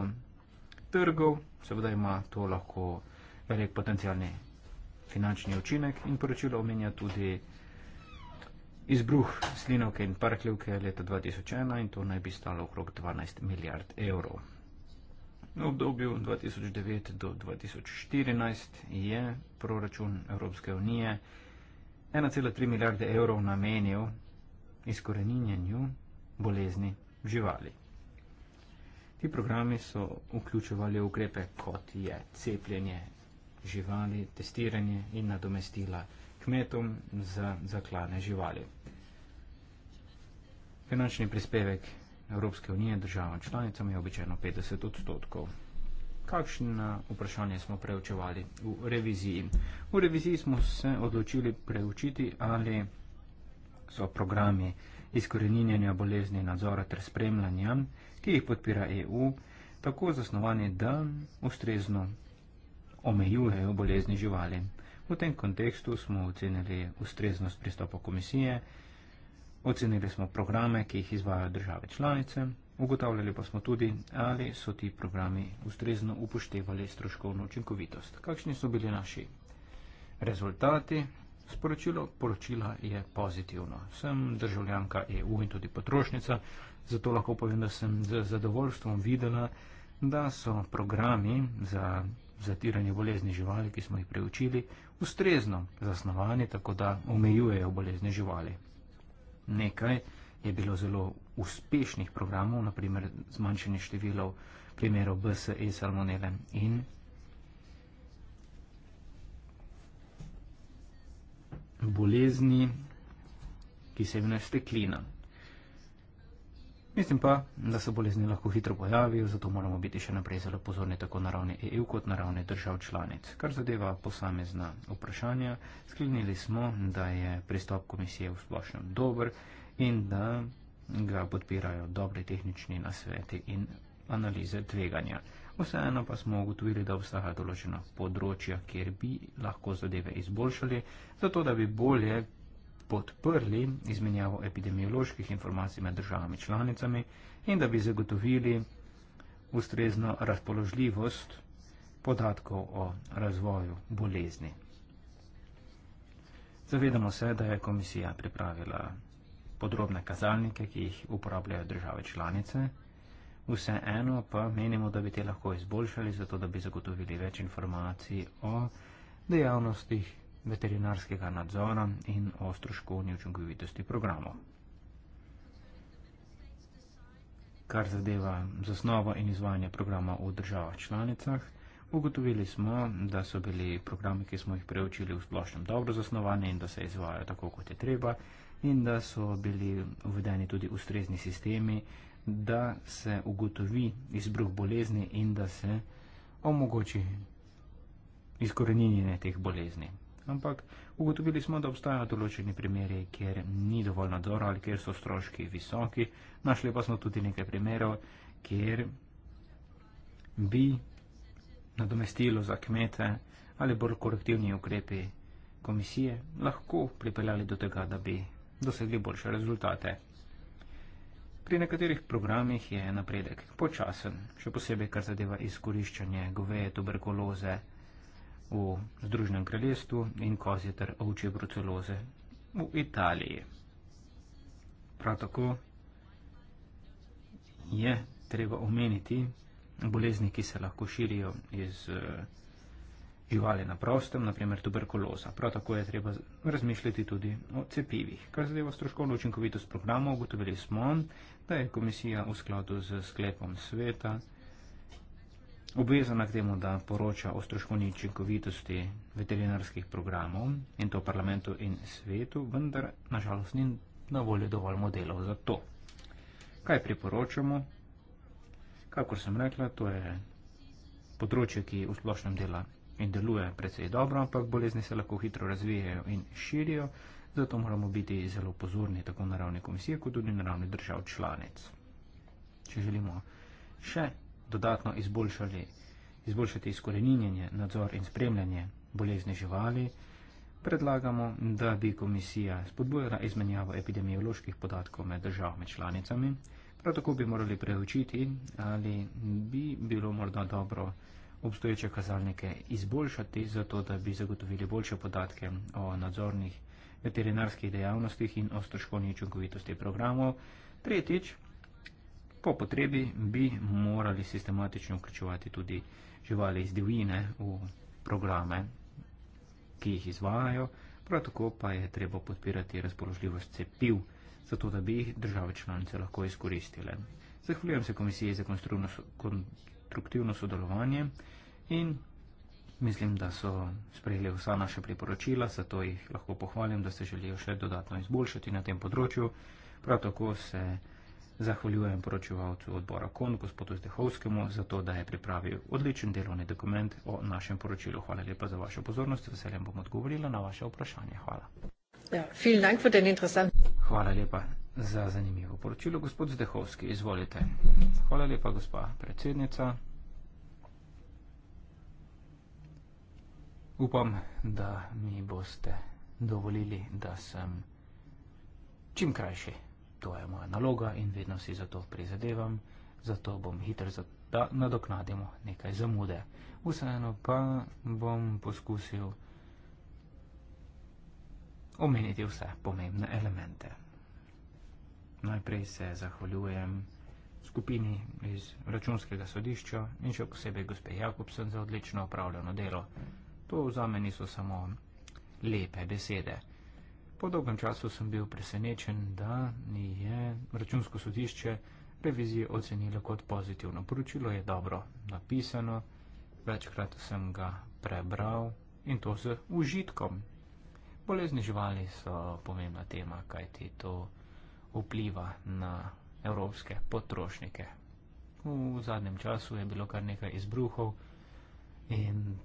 [SPEAKER 2] trgov, seveda ima to lahko velik potencijalni finančni učinek in poročilo omenja tudi izbruh slinovke in parkljivke leta 2001 in to naj bi stalo okrog 12 milijard evrov. V obdobju 2009 do 2014 je proračun Evropske unije 1,3 milijarde evrov namenil izkoreninjenju bolezni živali. Ti programi so vključevali ukrepe, kot je cepljenje živali, testiranje in nadomestila kmetom za zaklane živali. Finančni prispevek Evropske unije državam članicam je običajno 50 odstotkov. Kakšne vprašanje smo preučevali v reviziji? V reviziji smo se odločili preučiti, ali so programi izkoreninjanja bolezni, nadzora ter spremljanja, ki jih podpira EU, tako zasnovani, da ustrezno omejujejo bolezni živali. V tem kontekstu smo ocenili ustreznost pristopa komisije, ocenili smo programe, ki jih izvajo države članice, ugotavljali pa smo tudi, ali so ti programi ustrezno upoštevali stroškovno učinkovitost. Kakšni so bili naši rezultati? Sporočilo poročila je pozitivno. Sem državljanka EU in tudi potrošnica, zato lahko povem, da sem z zadovoljstvom videla, da so programi za zatiranje bolezni živali, ki smo jih preučili, ustrezno zasnovani, tako da omejujejo bolezni živali. Nekaj je bilo zelo uspešnih programov, naprimer zmanjšanje številov primerov BSE, salmonele in bolezni, ki se imenuje steklina. Mislim pa, da se bolezni lahko hitro pojavijo, zato moramo biti še naprej zelo pozorni tako na ravni EU kot na ravni držav članic. Kar zadeva posamezna vprašanja, sklenili smo, da je pristop komisije v splošnem dober in da ga podpirajo dobri tehnični nasveti in analize tveganja. Vseeno pa smo ugotovili, da obstaja določena področja, kjer bi lahko zadeve izboljšali, zato da bi bolje podprli izmenjavo epidemioloških informacij med državami članicami in da bi zagotovili ustrezno razpoložljivost podatkov o razvoju bolezni. Zavedamo se, da je komisija pripravila podrobne kazalnike, ki jih uporabljajo države članice vseeno pa menimo, da bi te lahko izboljšali, zato da bi zagotovili več informacij o dejavnostih veterinarskega nadzora in o stroškovni učinkovitosti programov. Kar zadeva zasnovo in izvajanje programa v državah članicah, ugotovili smo, da so bili programi, ki smo jih preučili v splošnem dobro zasnovani in da se izvajajo tako, kot je treba, in da so bili uvedeni tudi ustrezni sistemi da se ugotovi izbruh bolezni in da se omogoči izkoreninjenje teh bolezni. Ampak ugotovili smo, da obstajajo določeni primeri, kjer ni dovolj nadzora ali kjer so stroški visoki. Našli pa smo tudi nekaj primerov, kjer bi nadomestilo za kmete ali bolj korektivni ukrepi komisije lahko pripeljali do tega, da bi dosegli boljše rezultate. Pri nekaterih programih je napredek počasen, še posebej kar zadeva izkoriščanje goveje tuberkuloze v Združenem kraljestvu in kozje ter ovčje bruceloze v Italiji. Prav tako je treba omeniti bolezni, ki se lahko širijo iz. Uh, živali na prostem, naprimer tuberkuloza. Prav tako je treba razmišljati tudi o cepivih. Kar zadeva stroškovno učinkovitost programa, ugotovili smo, da je komisija v skladu z sklepom sveta obvezana k temu, da poroča o stroškovni učinkovitosti veterinarskih programov in to parlamentu in svetu, vendar nažalost ni na voljo dovolj modelov za to. Kaj priporočamo? Kakor sem rekla, to je področje, ki v splošnem dela in deluje precej dobro, ampak bolezni se lahko hitro razvijajo in širijo, zato moramo biti zelo pozorni tako na ravni komisije, kot tudi na ravni držav članic. Če želimo še dodatno izboljšati, izboljšati izkoreninjenje, nadzor in spremljanje bolezni živali, predlagamo, da bi komisija spodbujala izmenjavo epidemioloških podatkov med državami članicami. Prav tako bi morali preučiti, ali bi bilo morda dobro obstoječe kazalnike izboljšati, zato da bi zagotovili boljše podatke o nadzornih veterinarskih dejavnostih in o stroškovni učinkovitosti programov. Tretjič, po potrebi bi morali sistematično vključevati tudi živali iz divjine v programe, ki jih izvajajo, prav tako pa je treba podpirati razpoložljivost cepiv, zato da bi jih države članice lahko izkoristile. Zahvaljujem se komisiji za konstruktivno sodelovanje konstruktivno sodelovanje in mislim, da so sprejeli vsa naša priporočila, zato jih lahko pohvalim, da se želijo še dodatno izboljšati na tem področju. Prav tako se zahvaljujem poročevalcu odbora KON, gospodu Zdehovskemu, za to, da je pripravil odličen delovni dokument o našem poročilu. Hvala lepa za vašo pozornost, veseljem bom odgovorila na vaše vprašanje. Hvala.
[SPEAKER 1] Ja,
[SPEAKER 2] Hvala lepa za zanimivo poročilo. Gospod Zdehovski, izvolite. Hvala lepa, gospa predsednica. Upam, da mi boste dovolili, da sem čim krajši. To je moja naloga in vedno si za to prizadevam, zato bom hiter, da nadoknadimo nekaj zamude. Vseeno pa bom poskusil omeniti vse pomembne elemente. Najprej se zahvaljujem skupini iz računskega sodišča in še posebej gospe Jakobsen za odlično opravljeno delo. To za me niso samo lepe besede. Po dolgem času sem bil presenečen, da ni je računsko sodišče revizijo ocenilo kot pozitivno. Poročilo je dobro napisano, večkrat sem ga prebral in to z užitkom. Bolezni živali so pomembna tema, kajti to vpliva na evropske potrošnike. V zadnjem času je bilo kar nekaj izbruhov in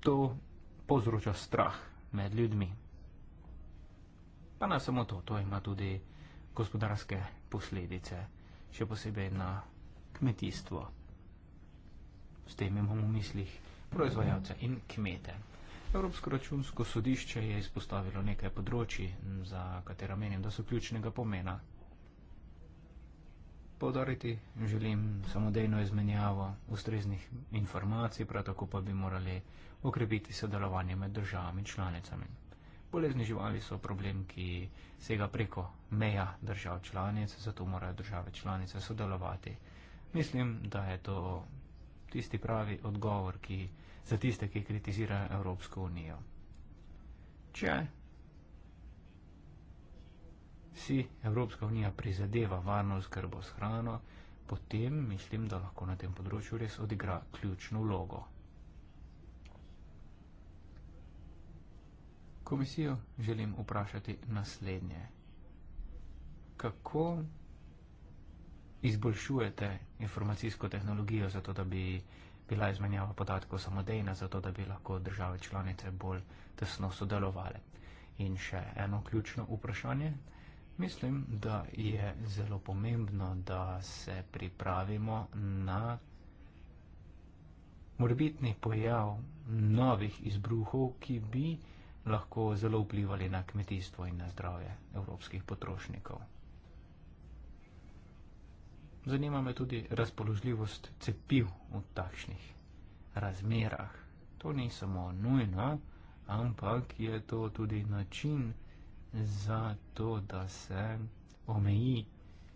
[SPEAKER 2] to povzroča strah med ljudmi. Pa ne samo to, to ima tudi gospodarske posledice, še posebej na kmetijstvo. S tem imamo v mislih proizvajalce in kmete. Evropsko računsko sodišče je izpostavilo nekaj področji, za katera menim, da so ključnega pomena. Podariti želim samodejno izmenjavo ustreznih informacij, prav tako pa bi morali okrepiti sodelovanje med državami in članicami. Bolezni živali so problem, ki sega preko meja držav članic, zato morajo države članice sodelovati. Mislim, da je to tisti pravi odgovor, ki za tiste, ki kritizirajo Evropsko unijo. Če si Evropska unija prizadeva varno skrbo s hrano, potem mislim, da lahko na tem področju res odigra ključno vlogo. Komisijo želim vprašati naslednje. Kako izboljšujete informacijsko tehnologijo, zato da bi bila izmenjava podatkov samodejna, zato da bi lahko države članice bolj tesno sodelovali. In še eno ključno vprašanje. Mislim, da je zelo pomembno, da se pripravimo na morbitni pojav novih izbruhov, ki bi lahko zelo vplivali na kmetijstvo in na zdravje evropskih potrošnikov. Zanima me tudi razpoložljivost cepiv v takšnih razmerah. To ni samo nujno, ampak je to tudi način za to, da se omeji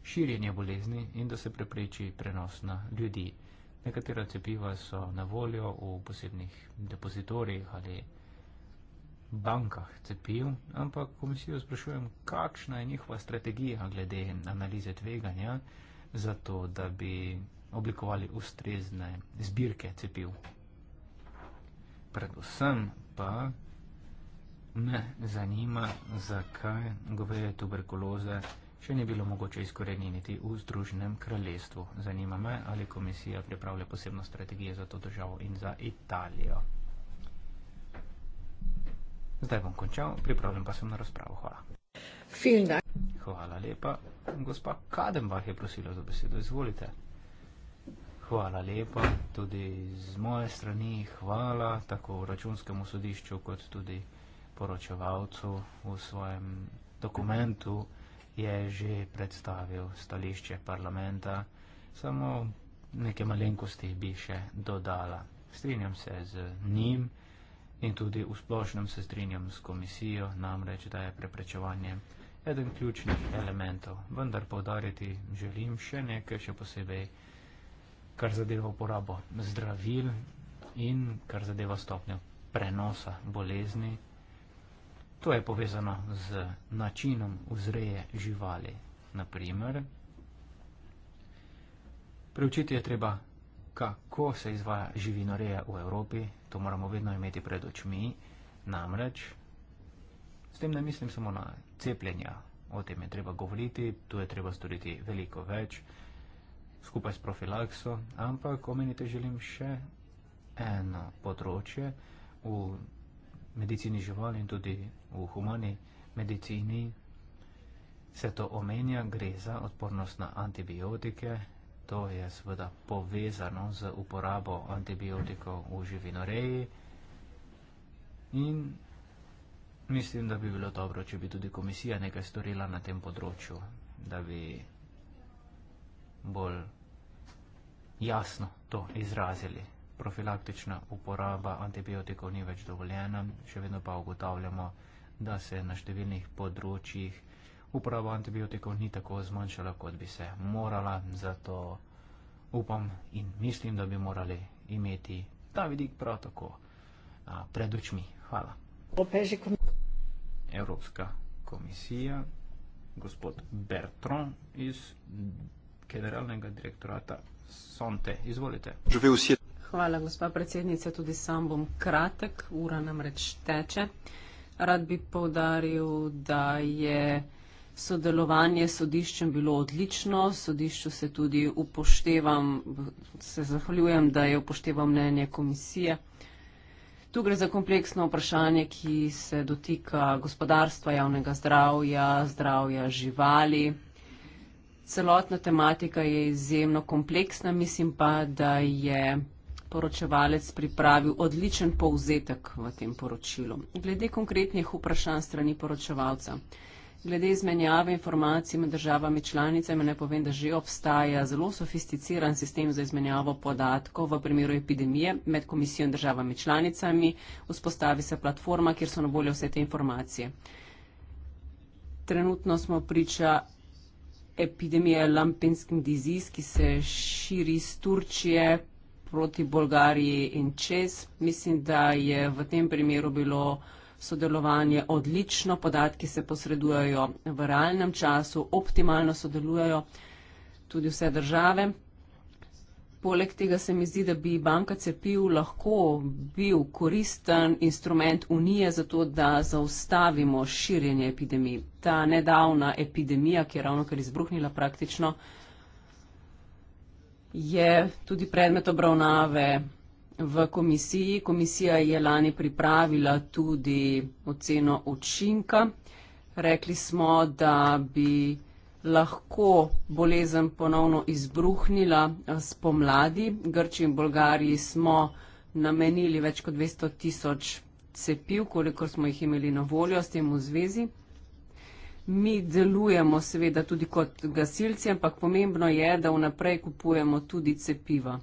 [SPEAKER 2] širjenje bolezni in da se prepreči prenos na ljudi. Nekatera cepiva so na voljo v posebnih depozitorjih ali bankah cepiv, ampak komisijo sprašujem, kakšna je njihova strategija glede analize tveganja za to, da bi oblikovali ustrezne zbirke cepiv. Predvsem pa me zanima, zakaj goveje tuberkuloze še ni bilo mogoče izkoreniniti v Združenem kraljestvu. Zanima me, ali komisija pripravlja posebno strategijo za to državo in za Italijo. Zdaj bom končal, pripravljam pa sem na razpravo. Hvala. Hvala lepa. Gospa Kadenbach je prosila za besedo. Izvolite. Hvala lepa. Tudi z moje strani hvala tako v računskemu sodišču, kot tudi poročevalcu v svojem dokumentu je že predstavil stališče parlamenta. Samo neke malenkosti bi še dodala. Strinjam se z njim in tudi v splošnem se strinjam s komisijo, namreč da je preprečevanje eden ključnih elementov. Vendar povdariti želim še nekaj, še posebej, kar zadeva uporabo zdravil in kar zadeva stopnjo prenosa bolezni. To je povezano z načinom vzreje živali. Naprimer, preučiti je treba, kako se izvaja živinoreja v Evropi, to moramo vedno imeti pred očmi, namreč, s tem ne mislim samo na cepljenja. O tem je treba govoriti, tu je treba storiti veliko več, skupaj s profilakso, ampak omeniti želim še eno področje v medicini živali in tudi v humani medicini. Se to omenja, gre za odpornost na antibiotike, to je seveda povezano z uporabo antibiotikov v živinoreji. In Mislim, da bi bilo dobro, če bi tudi komisija nekaj storila na tem področju, da bi bolj jasno to izrazili. Profilaktična uporaba antibiotikov ni več dovoljena, še vedno pa ugotavljamo, da se na številnih področjih uporaba antibiotikov ni tako zmanjšala, kot bi se morala. Zato upam in mislim, da bi morali imeti ta vidik prav tako a, pred očmi. Hvala.
[SPEAKER 1] Opeži komisijo.
[SPEAKER 2] Evropska komisija, gospod Bertrand iz generalnega direktorata Sonte. Izvolite.
[SPEAKER 3] Hvala, gospa predsednica. Tudi sam bom kratek, ura namreč teče. Rad bi povdaril, da je sodelovanje s sodiščem bilo odlično. Sodišču se tudi upoštevam, se zahvaljujem, da je upoštevam mnenje komisije. Tu gre za kompleksno vprašanje, ki se dotika gospodarstva, javnega zdravja, zdravja živali. Celotna tematika je izjemno kompleksna, mislim pa, da je poročevalec pripravil odličen povzetek v tem poročilu. Glede konkretnih vprašanj strani poročevalca. Glede izmenjave informacij med državami članicami, naj povem, da že obstaja zelo sofisticiran sistem za izmenjavo podatkov v primeru epidemije med komisijo in državami članicami. Vzpostavi se platforma, kjer so na voljo vse te informacije. Trenutno smo priča epidemije lampinskim diziz, ki se širi iz Turčije proti Bolgariji in čez. Mislim, da je v tem primeru bilo sodelovanje odlično, podatki se posredujejo v realnem času, optimalno sodelujejo tudi vse države. Poleg tega se mi zdi, da bi banka cepiv lahko bil koristen instrument Unije za to, da zaustavimo širjenje epidemij. Ta nedavna epidemija, ki je ravno kar izbruhnila praktično, je tudi predmet obravnave v komisiji. Komisija je lani pripravila tudi oceno učinka. Rekli smo, da bi lahko bolezen ponovno izbruhnila eh, spomladi. Grči in Bolgariji smo namenili več kot 200 tisoč cepiv, kolikor smo jih imeli na voljo s tem v zvezi. Mi delujemo seveda tudi kot gasilci, ampak pomembno je, da vnaprej kupujemo tudi cepiva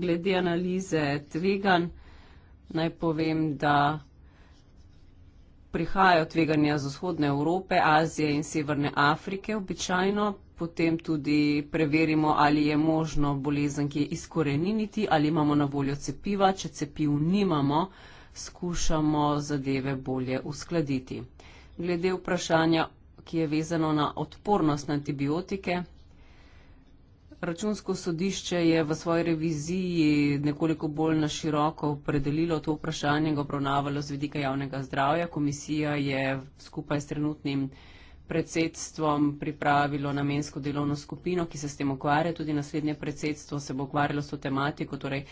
[SPEAKER 3] glede analize tvegan, naj povem, da prihajajo tveganja z vzhodne Evrope, Azije in severne Afrike običajno, potem tudi preverimo, ali je možno bolezen kje izkoreniniti, ali imamo na voljo cepiva, če cepiv nimamo, skušamo zadeve bolje uskladiti. Glede vprašanja, ki je vezano na odpornost na antibiotike, Računsko sodišče je v svoji reviziji nekoliko bolj naširoko opredelilo to vprašanje in ga obravnavalo z vidika javnega zdravja. Komisija je skupaj s trenutnim predsedstvom pripravilo namensko delovno skupino, ki se s tem ukvarja. Tudi naslednje predsedstvo se bo ukvarjalo s to tematiko, torej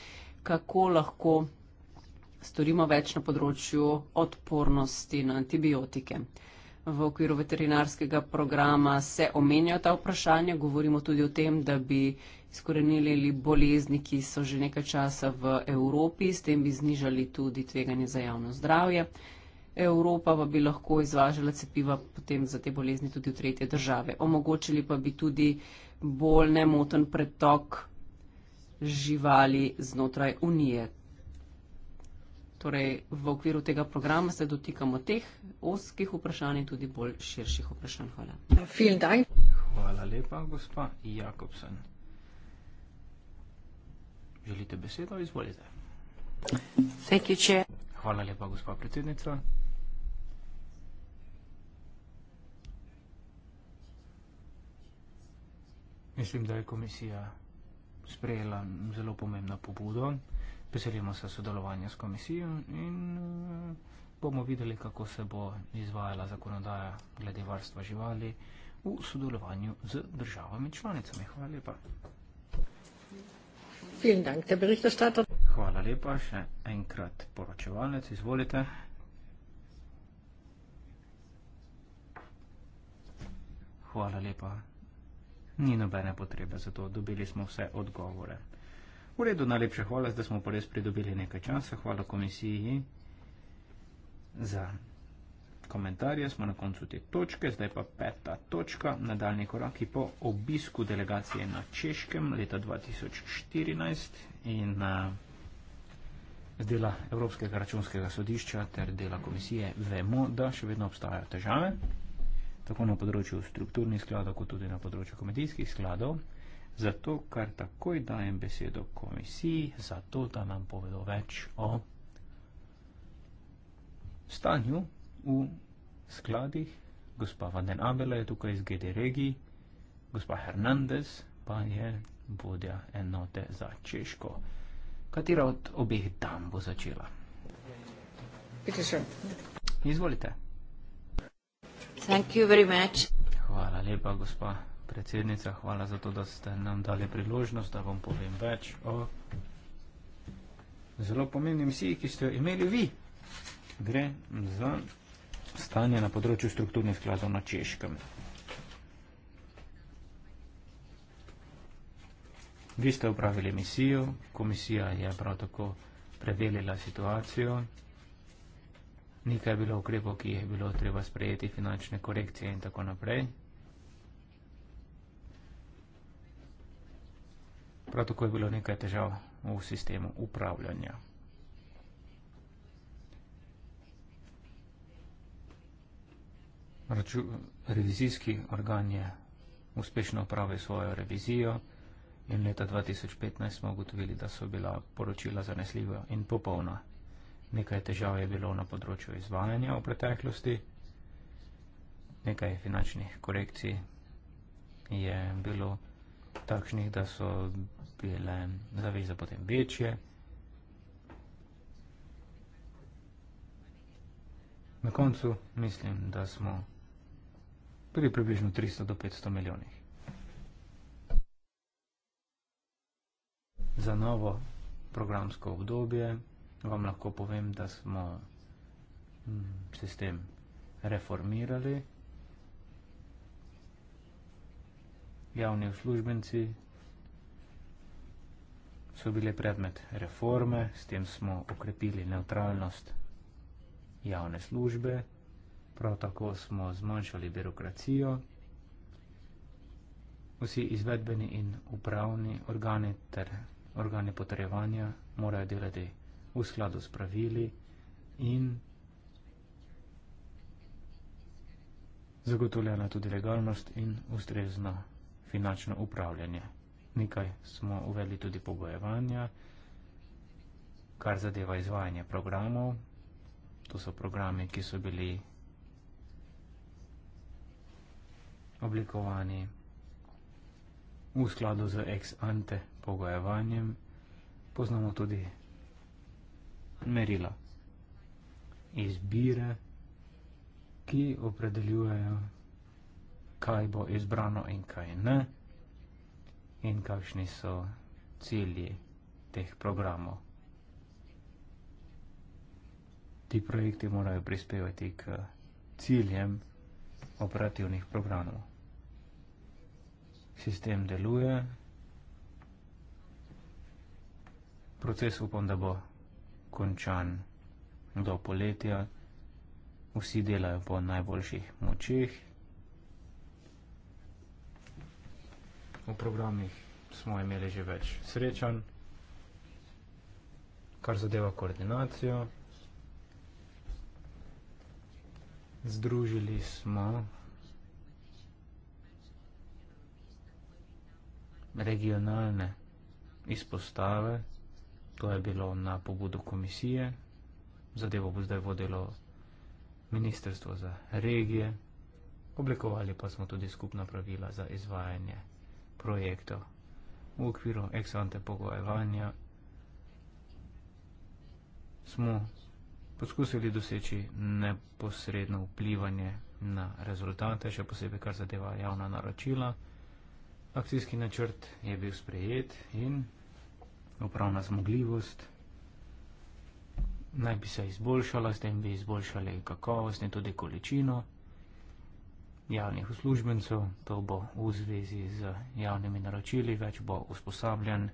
[SPEAKER 3] kako lahko storimo več na področju odpornosti na antibiotike v okviru veterinarskega programa se omenja ta vprašanja, govorimo tudi o tem, da bi izkorenili bolezni, ki so že nekaj časa v Evropi, s tem bi znižali tudi tveganje za javno zdravje. Evropa pa bi lahko izvažala cepiva potem za te bolezni tudi v tretje države. Omogočili pa bi tudi bolj nemoten pretok živali znotraj unije. Torej, v okviru tega programa se dotikamo teh oskih vprašanj in tudi bolj širših vprašanj. Hvala. Hvala lepa, gospa
[SPEAKER 2] Jakobsen. Želite besedo? Izvolite. Hvala lepa, gospa predsednica. Mislim, da je komisija sprejela zelo pomembno pobudo veselimo se sodelovanja s komisijo in eh, bomo videli, kako se bo izvajala zakonodaja glede varstva živali v sodelovanju z državami članicami. Hvala lepa. Hvala lepa, še enkrat poročevalec, izvolite. Hvala lepa. Ni nobene potrebe za to, dobili smo vse odgovore. V redu, najlepša hvala, zdaj smo pa res pridobili nekaj časa. Hvala komisiji za komentarje. Smo na koncu te točke, zdaj pa peta točka. Nadaljni koraki po obisku delegacije na Češkem leta 2014 in uh, z dela Evropskega računskega sodišča ter dela komisije vemo, da še vedno obstajajo težave, tako na področju strukturnih skladov, kot tudi na področju komedijskih skladov zato kar takoj dajem besedo komisiji, zato da nam povedo več o stanju v skladih. Gospa Van den Abela je tukaj iz GD regiji, gospa Hernandez pa je vodja enote za Češko. Katera od obeh dam bo začela? Izvolite. Hvala lepa, gospa predsednica, hvala za to, da ste nam dali priložnost, da vam povem več o zelo pomembni misiji, ki ste jo imeli vi. Gre za stanje na področju strukturnih skladov na Češkem. Vi ste upravili misijo, komisija je prav tako preverila situacijo. Nekaj je bilo ukrepov, ki jih je bilo treba sprejeti, finančne korekcije in tako naprej. Prav tako je bilo nekaj težav v sistemu upravljanja. Raču, revizijski organ je uspešno upravil svojo revizijo in leta 2015 smo ugotovili, da so bila poročila zanesljiva in popolna. Nekaj težav je bilo na področju izvajanja v preteklosti, nekaj finančnih korekcij je bilo takšnih, da so bile zaveze potem večje. Na koncu mislim, da smo pri približno 300 do 500 milijonih. Za novo programsko obdobje vam lahko povem, da smo mm, sistem reformirali. Javni uslužbenci so bile predmet reforme, s tem smo okrepili neutralnost javne službe, prav tako smo zmanjšali birokracijo. Vsi izvedbeni in upravni organi ter organi potrejevanja morajo delati v skladu s pravili in zagotovljena tudi legalnost in ustrezno finančno upravljanje. Nekaj smo uvedli tudi pogojevanja, kar zadeva izvajanje programov. To so programe, ki so bili oblikovani v skladu z ex ante pogojevanjem. Poznamo tudi merila izbire, ki opredeljujejo, kaj bo izbrano in kaj ne in kakšni so cilji teh programov. Ti projekti morajo prispevati k ciljem operativnih programov. Sistem deluje, proces upam, da bo končan do poletja, vsi delajo po najboljših močeh. o programih smo imeli že več srečanj, kar zadeva koordinacijo. Združili smo regionalne izpostave, to je bilo na pobudo komisije, zadevo bo zdaj vodilo Ministrstvo za regije, oblikovali pa smo tudi skupna pravila za izvajanje projekto v okviru eksante pogojevanja smo poskusili doseči neposredno vplivanje na rezultate, še posebej kar zadeva javna naročila. Akcijski načrt je bil sprejet in upravna zmogljivost naj bi se izboljšala, s tem bi izboljšali kakovost in tudi količino javnih uslužbencev, to bo v zvezi z javnimi naročili, več bo usposabljen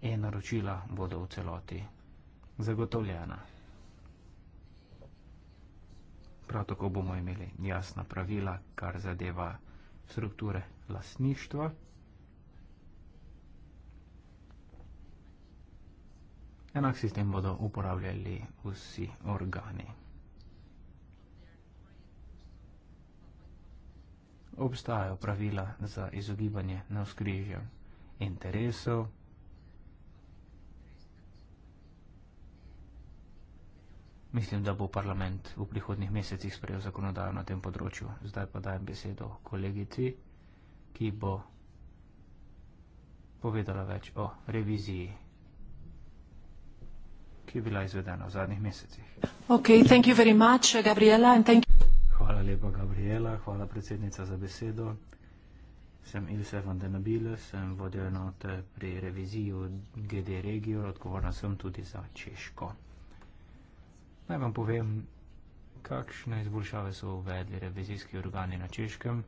[SPEAKER 2] in naročila bodo v celoti zagotovljena. Prav tako bomo imeli jasna pravila, kar zadeva strukture lasništva. Enak sistem bodo uporabljali vsi organi. obstajajo pravila za izogibanje na skrižju interesov. Mislim, da bo parlament v prihodnih mesecih sprejel zakonodajo na tem področju. Zdaj pa dajem besedo kolegici, ki bo povedala več o reviziji, ki je bila izvedena v zadnjih mesecih.
[SPEAKER 1] Okay, thank you very much, Gabriela, and thank you.
[SPEAKER 2] Hvala lepa, Gabriela. Hvala, predsednica, za besedo. Sem Ilse van den Nabile, sem vodja enote pri reviziji GD Regio, odgovorna sem tudi za Češko. Naj vam povem, kakšne izboljšave so uvedli revizijski organi na Češkem,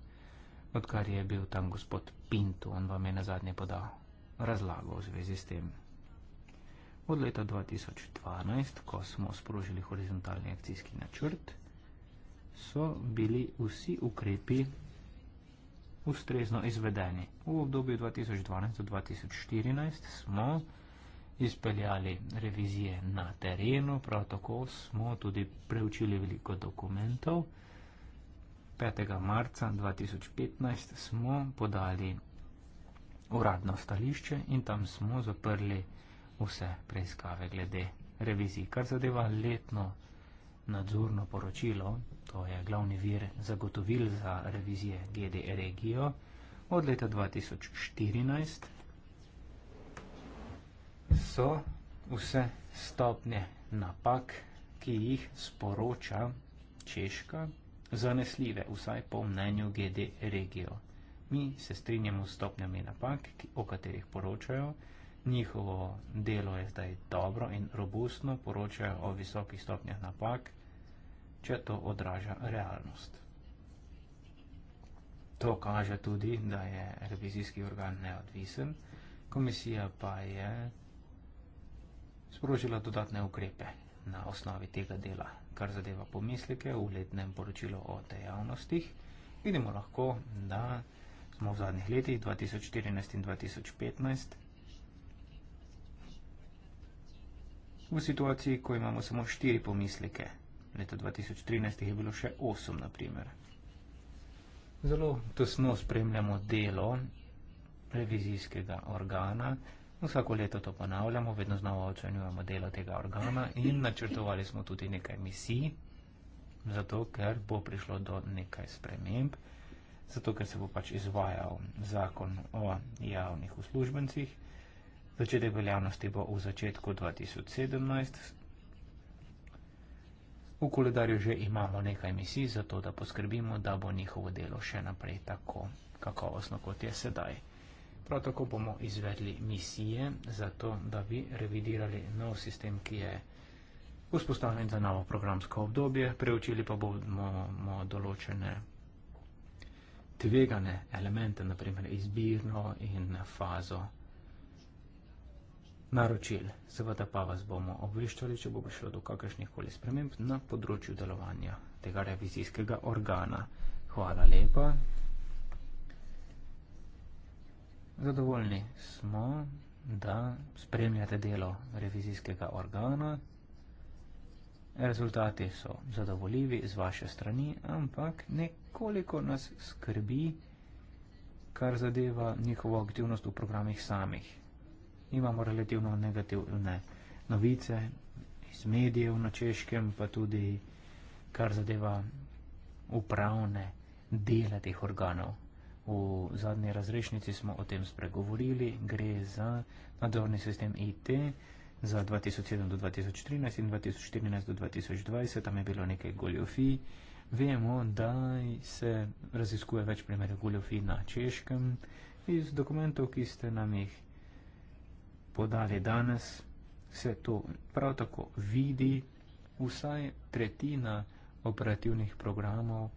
[SPEAKER 2] odkar je bil tam gospod Pinto, on vam je na zadnje podal razlago v zvezi s tem. Od leta 2012, ko smo sprožili horizontalni akcijski načrt, so bili vsi ukrepi ustrezno izvedeni. V obdobju 2012 do 2014 smo izpeljali revizije na terenu, prav tako smo tudi preučili veliko dokumentov. 5. marca 2015 smo podali uradno stališče in tam smo zaprli vse preiskave glede revizij. Kar zadeva letno nadzorno poročilo, to je glavni vir zagotovil za revizije GD Regio, od leta 2014 so vse stopnje napak, ki jih sporoča Češka, zanesljive, vsaj po mnenju GD Regio. Mi se strinjamo s stopnjami napak, ki, o katerih poročajo, Njihovo delo je zdaj dobro in robustno, poročajo o visokih stopnjah napak, če to odraža realnost. To kaže tudi, da je revizijski organ neodvisen, komisija pa je sprožila dodatne ukrepe na osnovi tega dela, kar zadeva pomisleke v letnem poročilu o dejavnostih. Vidimo lahko, da smo v zadnjih letih 2014 in 2015 v situaciji, ko imamo samo štiri pomislike. Leta 2013 jih je bilo še osem, na primer. Zelo tesno spremljamo delo revizijskega organa. Vsako leto to ponavljamo, vedno znova ocenjujemo delo tega organa in načrtovali smo tudi nekaj misij, zato ker bo prišlo do nekaj sprememb, zato ker se bo pač izvajal zakon o javnih uslužbencih. Začetek veljavnosti bo v začetku 2017. V koledarju že imamo nekaj misij, zato da poskrbimo, da bo njihovo delo še naprej tako kakovostno, kot je sedaj. Prav tako bomo izvedli misije, zato da bi revidirali nov sistem, ki je vzpostavljen za novo programsko obdobje. Preučili pa bomo določene tvegane elemente, naprimer izbirno in fazo naročil. Seveda pa vas bomo obveščali, če bo prišlo do kakršnih koli sprememb na področju delovanja tega revizijskega organa. Hvala lepa. Zadovoljni smo, da spremljate delo revizijskega organa. Rezultati so zadovoljivi z vaše strani, ampak nekoliko nas skrbi, kar zadeva njihovo aktivnost v programih samih imamo relativno negativne novice iz medijev na češkem, pa tudi kar zadeva upravne dele teh organov. V zadnji razrešnici smo o tem spregovorili, gre za nadzorni sistem IT za 2007 do 2013 in 2014 do 2020, tam je bilo nekaj goljofij. Vemo, da se raziskuje več primerov goljofij na češkem iz dokumentov, ki ste nam jih podali danes, se to prav tako vidi, vsaj tretjina operativnih programov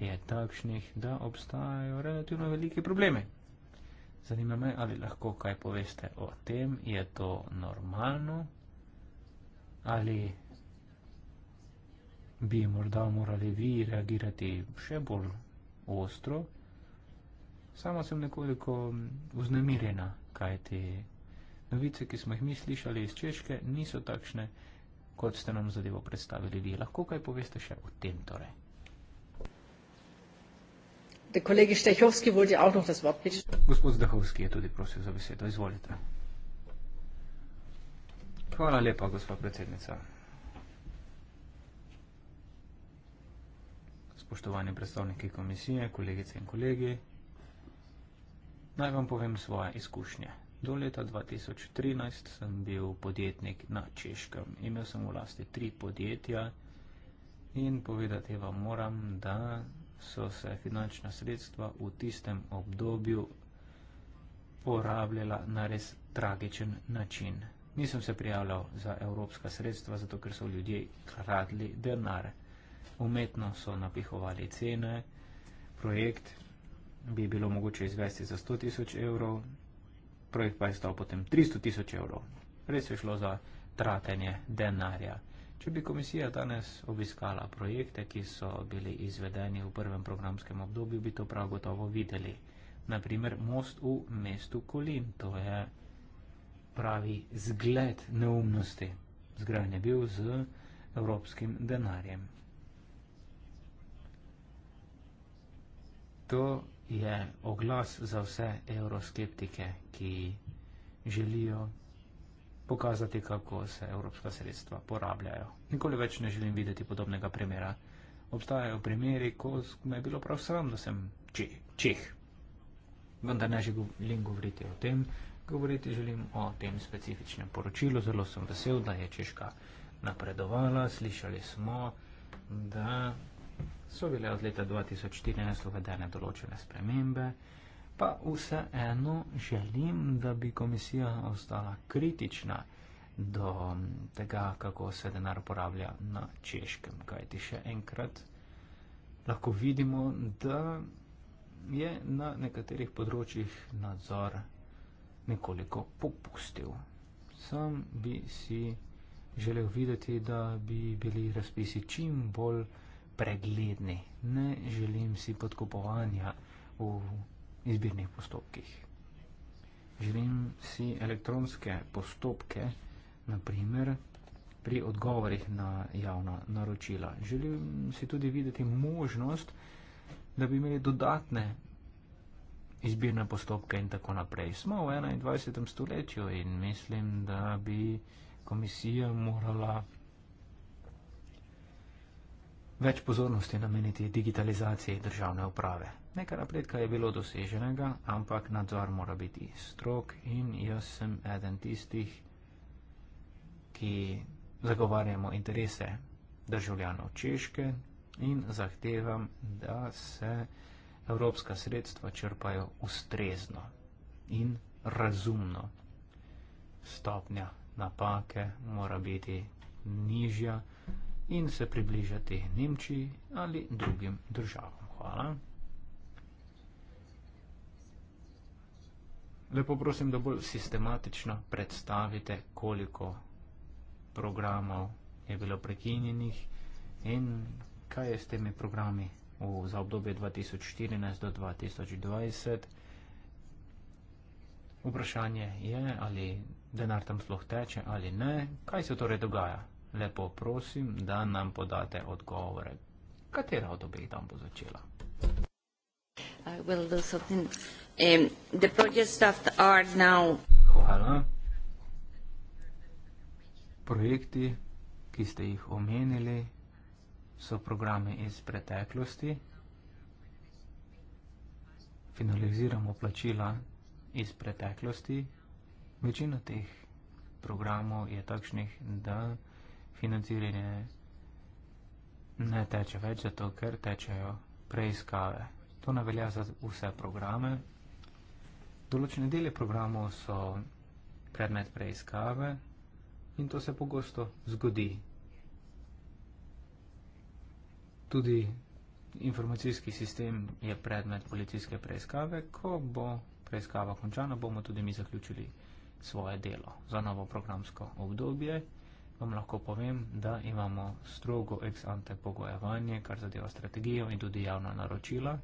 [SPEAKER 2] je takšnih, da obstajajo relativno velike probleme. Zanima me, ali lahko kaj poveste o tem, je to normalno ali bi morda morali vi reagirati še bolj ostro. Sama sem nekoliko vznemirjena, kaj ti Novice, ki smo jih mi slišali iz Češke, niso takšne, kot ste nam zadevo predstavili vi. Lahko kaj poveste še o tem torej? Gospod Zdahovski je tudi prosil za besedo. Izvolite. Hvala lepa, gospa predsednica. Spoštovani predstavniki komisije, kolegice in kolegi, naj vam povem svoje izkušnje. Do leta 2013 sem bil podjetnik na Češkem. Imel sem v lasti tri podjetja in povedati vam moram, da so se finančna sredstva v tistem obdobju porabljala na res tragičen način. Nisem se prijavljal za evropska sredstva, zato ker so ljudje kradli denar. Umetno so napihovali cene, projekt bi bilo mogoče izvesti za 100 tisoč evrov, projekt pa je stal potem 300 tisoč evrov. Res je šlo za tratenje denarja. Če bi komisija danes obiskala projekte, ki so bili izvedeni v prvem programskem obdobju, bi to prav gotovo videli. Naprimer, most v mestu Kolin, to je pravi zgled neumnosti. Zgrajen je bil z evropskim denarjem. To je je oglas za vse evroskeptike, ki želijo pokazati, kako se evropska sredstva porabljajo. Nikoli več ne želim videti podobnega primera. Obstajajo primeri, ko me je bilo prav sram, da sem čeh. Vendar ne želim govoriti o tem, govoriti želim o tem specifičnem poročilu. Zelo sem vesel, da je Češka napredovala. Slišali smo, da so bile od leta 2014 uvedene določene spremembe, pa vseeno želim, da bi komisija ostala kritična do tega, kako se denar uporablja na češkem. Kaj ti še enkrat lahko vidimo, da je na nekaterih področjih nadzor nekoliko popustil. Sam bi si želel videti, da bi bili razpisi čim bolj pregledni. Ne želim si podkopovanja v izbirnih postopkih. Želim si elektronske postopke, naprimer pri odgovorih na javna naročila. Želim si tudi videti možnost, da bi imeli dodatne izbirne postopke in tako naprej. Smo v 21. stoletju in mislim, da bi komisija morala več pozornosti nameniti digitalizaciji državne uprave. Nekaj napredka je bilo doseženega, ampak nadzor mora biti strok in jaz sem eden tistih, ki zagovarjamo interese državljanov Češke in zahtevam, da se evropska sredstva črpajo ustrezno in razumno. Stopnja napake mora biti nižja in se približati Nemčiji ali drugim državam. Hvala. Lepo prosim, da bolj sistematično predstavite, koliko programov je bilo prekinjenih in kaj je s temi programi v, za obdobje 2014 do 2020. Vprašanje je, ali denar tam sploh teče ali ne. Kaj se torej dogaja? lepo prosim, da nam podate odgovore, katera od obeh dam bo začela.
[SPEAKER 1] Um,
[SPEAKER 2] Hvala. Projekti, ki ste jih omenili, so programe iz preteklosti. Finaliziramo plačila iz preteklosti. Večina teh programov je takšnih, da financiranje ne teče več, zato ker tečejo preiskave. To ne velja za vse programe. Določene dele programov so predmet preiskave in to se pogosto zgodi. Tudi informacijski sistem je predmet policijske preiskave. Ko bo preiskava končana, bomo tudi mi zaključili svoje delo za novo programsko obdobje vam lahko povem, da imamo strogo ex ante pogojevanje, kar zadeva strategijo in tudi javna naročila.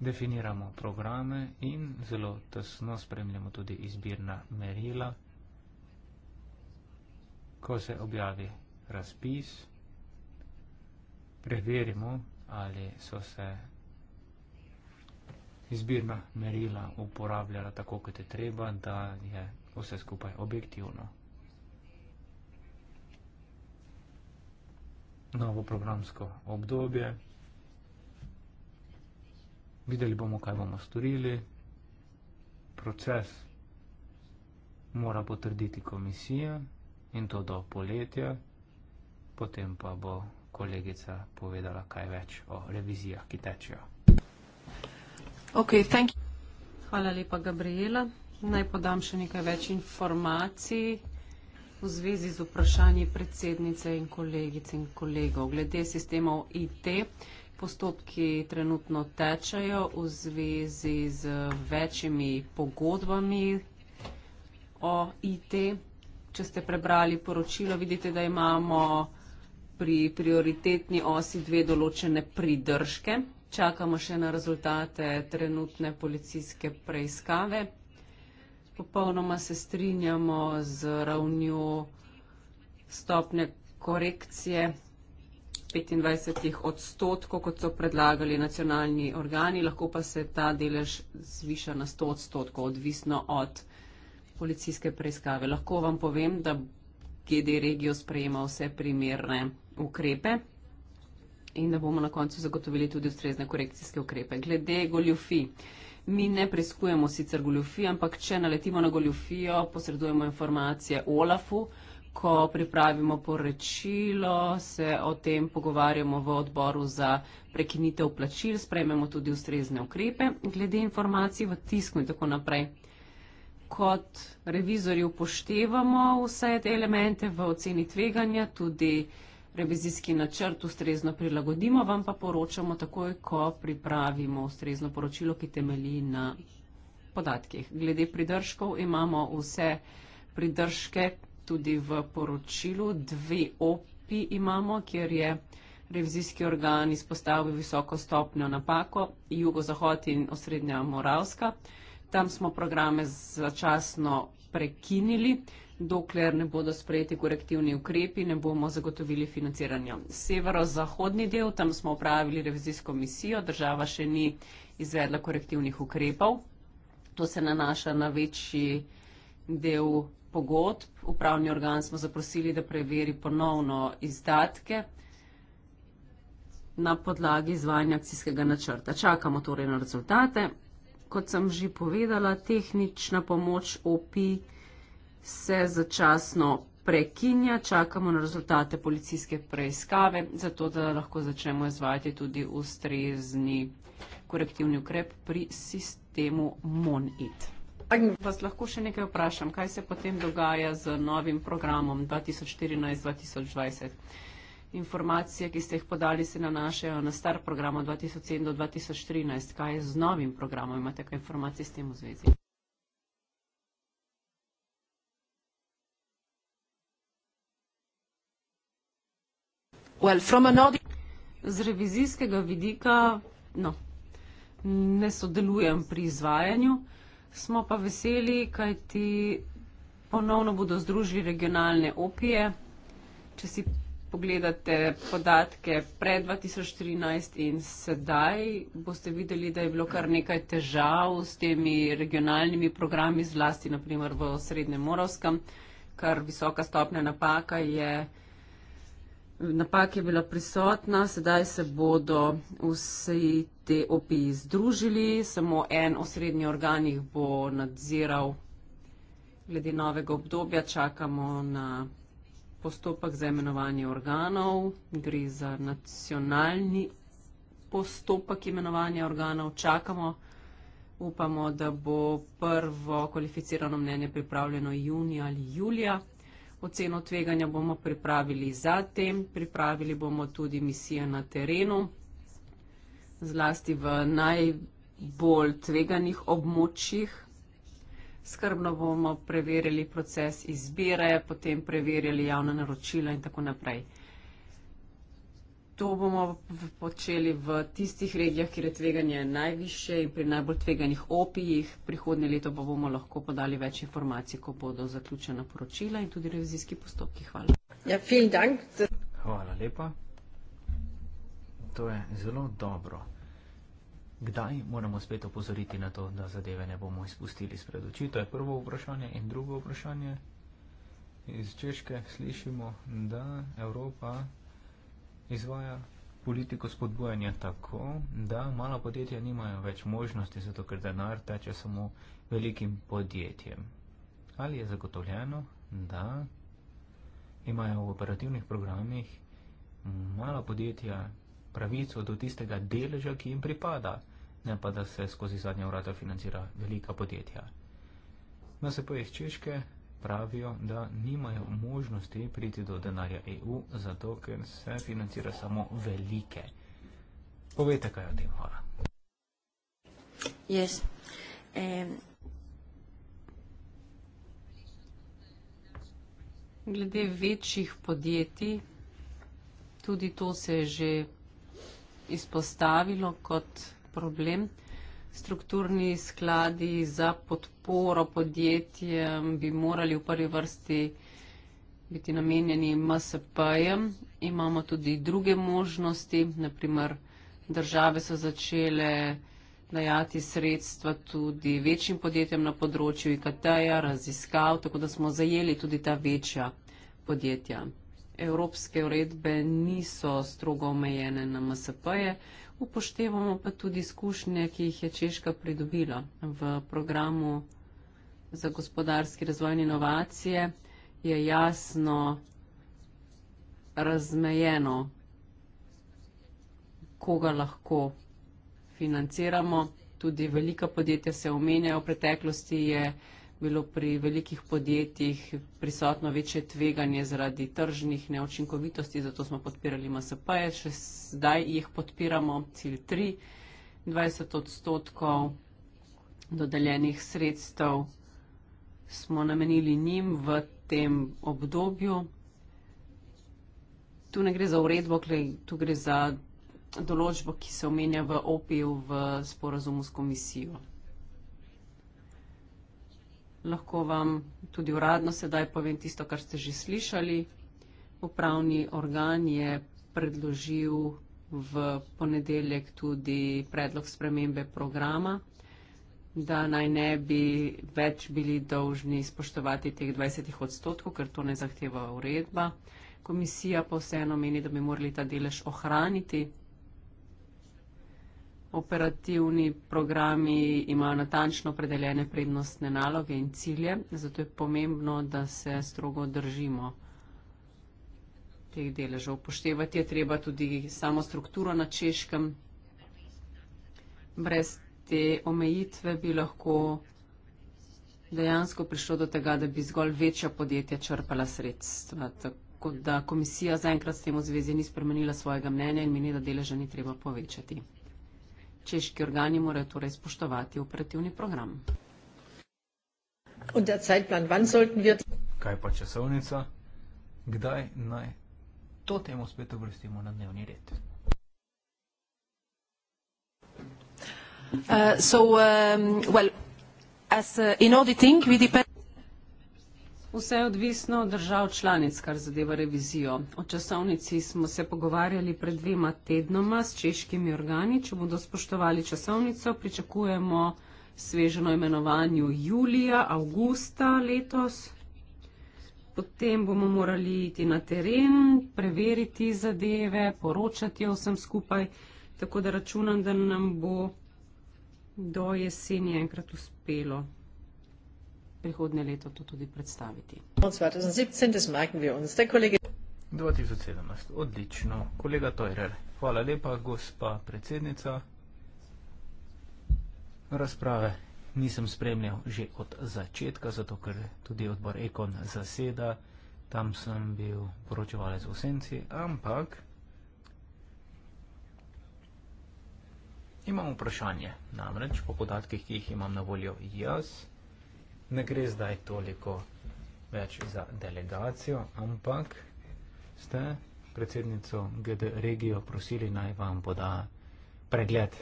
[SPEAKER 2] Definiramo programe in zelo tesno spremljamo tudi izbirna merila. Ko se objavi razpis, preverimo, ali so se izbirna merila uporabljala tako, kot je treba, da je vse skupaj objektivno. Novo programsko obdobje. Videli bomo, kaj bomo storili. Proces mora potrditi komisija in to do poletja. Potem pa bo kolegica povedala kaj več o revizijah, ki tečejo.
[SPEAKER 3] Okay, Hvala lepa, Gabriela. Naj podam še nekaj več informacij v zvezi z vprašanji predsednice in kolegice in kolegov. Glede sistemov IT, postopki trenutno tečajo v zvezi z večjimi pogodbami o IT. Če ste prebrali poročilo, vidite, da imamo pri prioritetni osi dve določene pridržke. Čakamo še na rezultate trenutne policijske preiskave. Popolnoma se strinjamo z ravnjo stopne korekcije 25 odstotkov, kot so predlagali nacionalni organi, lahko pa se ta delež zviša na 100 odstotkov, odvisno od policijske preiskave. Lahko vam povem, da GD regijo sprejema vse primerne ukrepe in da bomo na koncu zagotovili tudi ustrezne korekcijske ukrepe. Glede goljufi. Mi ne preiskujemo sicer goljofije, ampak če naletimo na goljofijo, posredujemo informacije Olafu. Ko pripravimo poročilo, se o tem pogovarjamo v odboru za prekinitev plačil, sprejmemo tudi ustrezne ukrepe glede informacij v tisku in tako naprej. Kot revizori upoštevamo vse te elemente v oceni tveganja, tudi revizijski načrt ustrezno prilagodimo, vam pa poročamo takoj, ko pripravimo ustrezno poročilo, ki temelji na podatkih. Glede pridržkov imamo vse pridržke tudi v poročilu. Dve opi imamo, kjer je revizijski organ izpostavil visoko stopnjo napako, jugozahod in osrednja Moravska. Tam smo programe začasno prekinili dokler ne bodo sprejeti korektivni ukrepi, ne bomo zagotovili financiranja. Severozahodni del, tam smo upravili revizijsko misijo, država še ni izvedla korektivnih ukrepov. To se nanaša na večji del pogodb. Upravni organ smo zaprosili, da preveri ponovno izdatke na podlagi izvajanja akcijskega načrta. Čakamo torej na rezultate. Kot sem že povedala, tehnična pomoč opi se začasno prekinja, čakamo na rezultate policijske preiskave, zato da lahko začnemo izvajati tudi ustrezni korektivni ukrep pri sistemu MONIT. Vas lahko še nekaj vprašam, kaj se potem dogaja z novim programom 2014-2020? Informacije, ki ste jih podali, se nanašajo na star program 2007 do 2013. Kaj je z novim programom? Imate kaj informacij s tem v zvezi? Well, audi- Z revizijskega vidika no, ne sodelujem pri izvajanju, smo pa veseli, kaj ti ponovno bodo združili regionalne opije. Če si pogledate podatke pred 2014 in sedaj, boste videli, da je bilo kar nekaj težav s temi regionalnimi programi, zlasti naprimer v Srednjem Moravskem, kar visoka stopnja napaka je napak je bila prisotna, sedaj se bodo vsi te opiji združili, samo en osrednji organ jih bo nadziral glede novega obdobja. Čakamo na postopek za imenovanje organov, gre za nacionalni postopek imenovanja organov, čakamo. Upamo, da bo prvo kvalificirano mnenje pripravljeno junija ali julija. Oceno tveganja bomo pripravili zatem, pripravili bomo tudi misije na terenu, zlasti v najbolj tveganih območjih. Skrbno bomo preverili proces izbire, potem preverili javna naročila in tako naprej to bomo počeli v tistih regijah, kjer je tveganje najviše in pri najbolj tveganih opijih. Prihodnje leto pa bomo lahko podali več informacij, ko bodo zaključena poročila in tudi revizijski postopki. Hvala.
[SPEAKER 1] Ja, dank.
[SPEAKER 3] Hvala lepa.
[SPEAKER 2] To je zelo dobro. Kdaj moramo spet opozoriti na to, da zadeve ne bomo izpustili spred oči? To je prvo vprašanje in drugo vprašanje. Iz Češke slišimo, da Evropa izvaja politiko spodbujanja tako, da mala podjetja nimajo več možnosti, zato ker denar teče samo velikim podjetjem. Ali je zagotovljeno, da imajo v operativnih programih mala podjetja pravico do tistega deleža, ki jim pripada, ne pa da se skozi zadnja vrata financira velika podjetja. Na se pa iz Češke pravijo, da nimajo možnosti priti do denarja EU, zato ker se financira samo velike. Povejte, kaj o tem hvala.
[SPEAKER 3] Yes. Um. Glede večjih podjetij, tudi to se je že izpostavilo kot problem strukturni skladi za podporo podjetjem bi morali v prvi vrsti biti namenjeni MSP-jem. Imamo tudi druge možnosti, naprimer države so začele dajati sredstva tudi večjim podjetjem na področju IKT-ja, raziskav, tako da smo zajeli tudi ta večja podjetja. Evropske uredbe niso strogo omejene na MSP-je upoštevamo pa tudi izkušnje, ki jih je Češka pridobila v programu za gospodarski razvoj in inovacije, je jasno razmejeno, koga lahko financiramo. Tudi velika podjetja se omenjajo, v preteklosti je bilo pri velikih podjetjih prisotno večje tveganje zaradi tržnih neočinkovitosti, zato smo podpirali MSP-je, še zdaj jih podpiramo, cilj 3, 20 odstotkov dodeljenih sredstev smo namenili njim v tem obdobju. Tu ne gre za uredbo, tu gre za določbo, ki se omenja v OPIV v sporazumu s komisijo lahko vam tudi uradno sedaj povem tisto, kar ste že slišali. Upravni organ je predložil v ponedeljek tudi predlog spremembe programa, da naj ne bi več bili dolžni spoštovati teh 20 odstotkov, ker to ne zahteva uredba. Komisija pa vseeno meni, da bi morali ta delež ohraniti operativni programi imajo natančno predeljene prednostne naloge in cilje, zato je pomembno, da se strogo držimo teh deležev. Upoštevati je treba tudi samo strukturo na češkem. Brez te omejitve bi lahko dejansko prišlo do tega, da bi zgolj večja podjetja črpala sredstva. Tako da komisija zaenkrat s tem v zvezi ni spremenila svojega mnenja in meni, da deleža ni treba povečati. Češki organi morajo torej spoštovati operativni program. Kaj
[SPEAKER 2] pa časovnica? Kdaj naj to temo spet uvrstimo na dnevni red?
[SPEAKER 1] Uh, so, um, well, as uh, in auditing, we depend.
[SPEAKER 3] Vse je odvisno od držav članic, kar zadeva revizijo. O časovnici smo se pogovarjali pred dvema tednoma s češkimi organi. Če bodo spoštovali časovnico, pričakujemo sveženo imenovanju julija, avgusta letos. Potem bomo morali iti na teren, preveriti zadeve, poročati o vsem skupaj, tako da računam, da nam bo do jeseni enkrat uspelo prihodnje leto to tudi predstaviti. 2017, kolege...
[SPEAKER 2] 2017. odlično. Kolega Tojrer, hvala lepa, gospa predsednica. Razprave nisem spremljal že od začetka, zato ker tudi odbor Ekon zaseda, tam sem bil poročevalec v senci, ampak imam vprašanje, namreč po podatkih, ki jih imam na voljo jaz ne gre zdaj toliko več za delegacijo, ampak ste predsednico GD regijo prosili naj vam poda pregled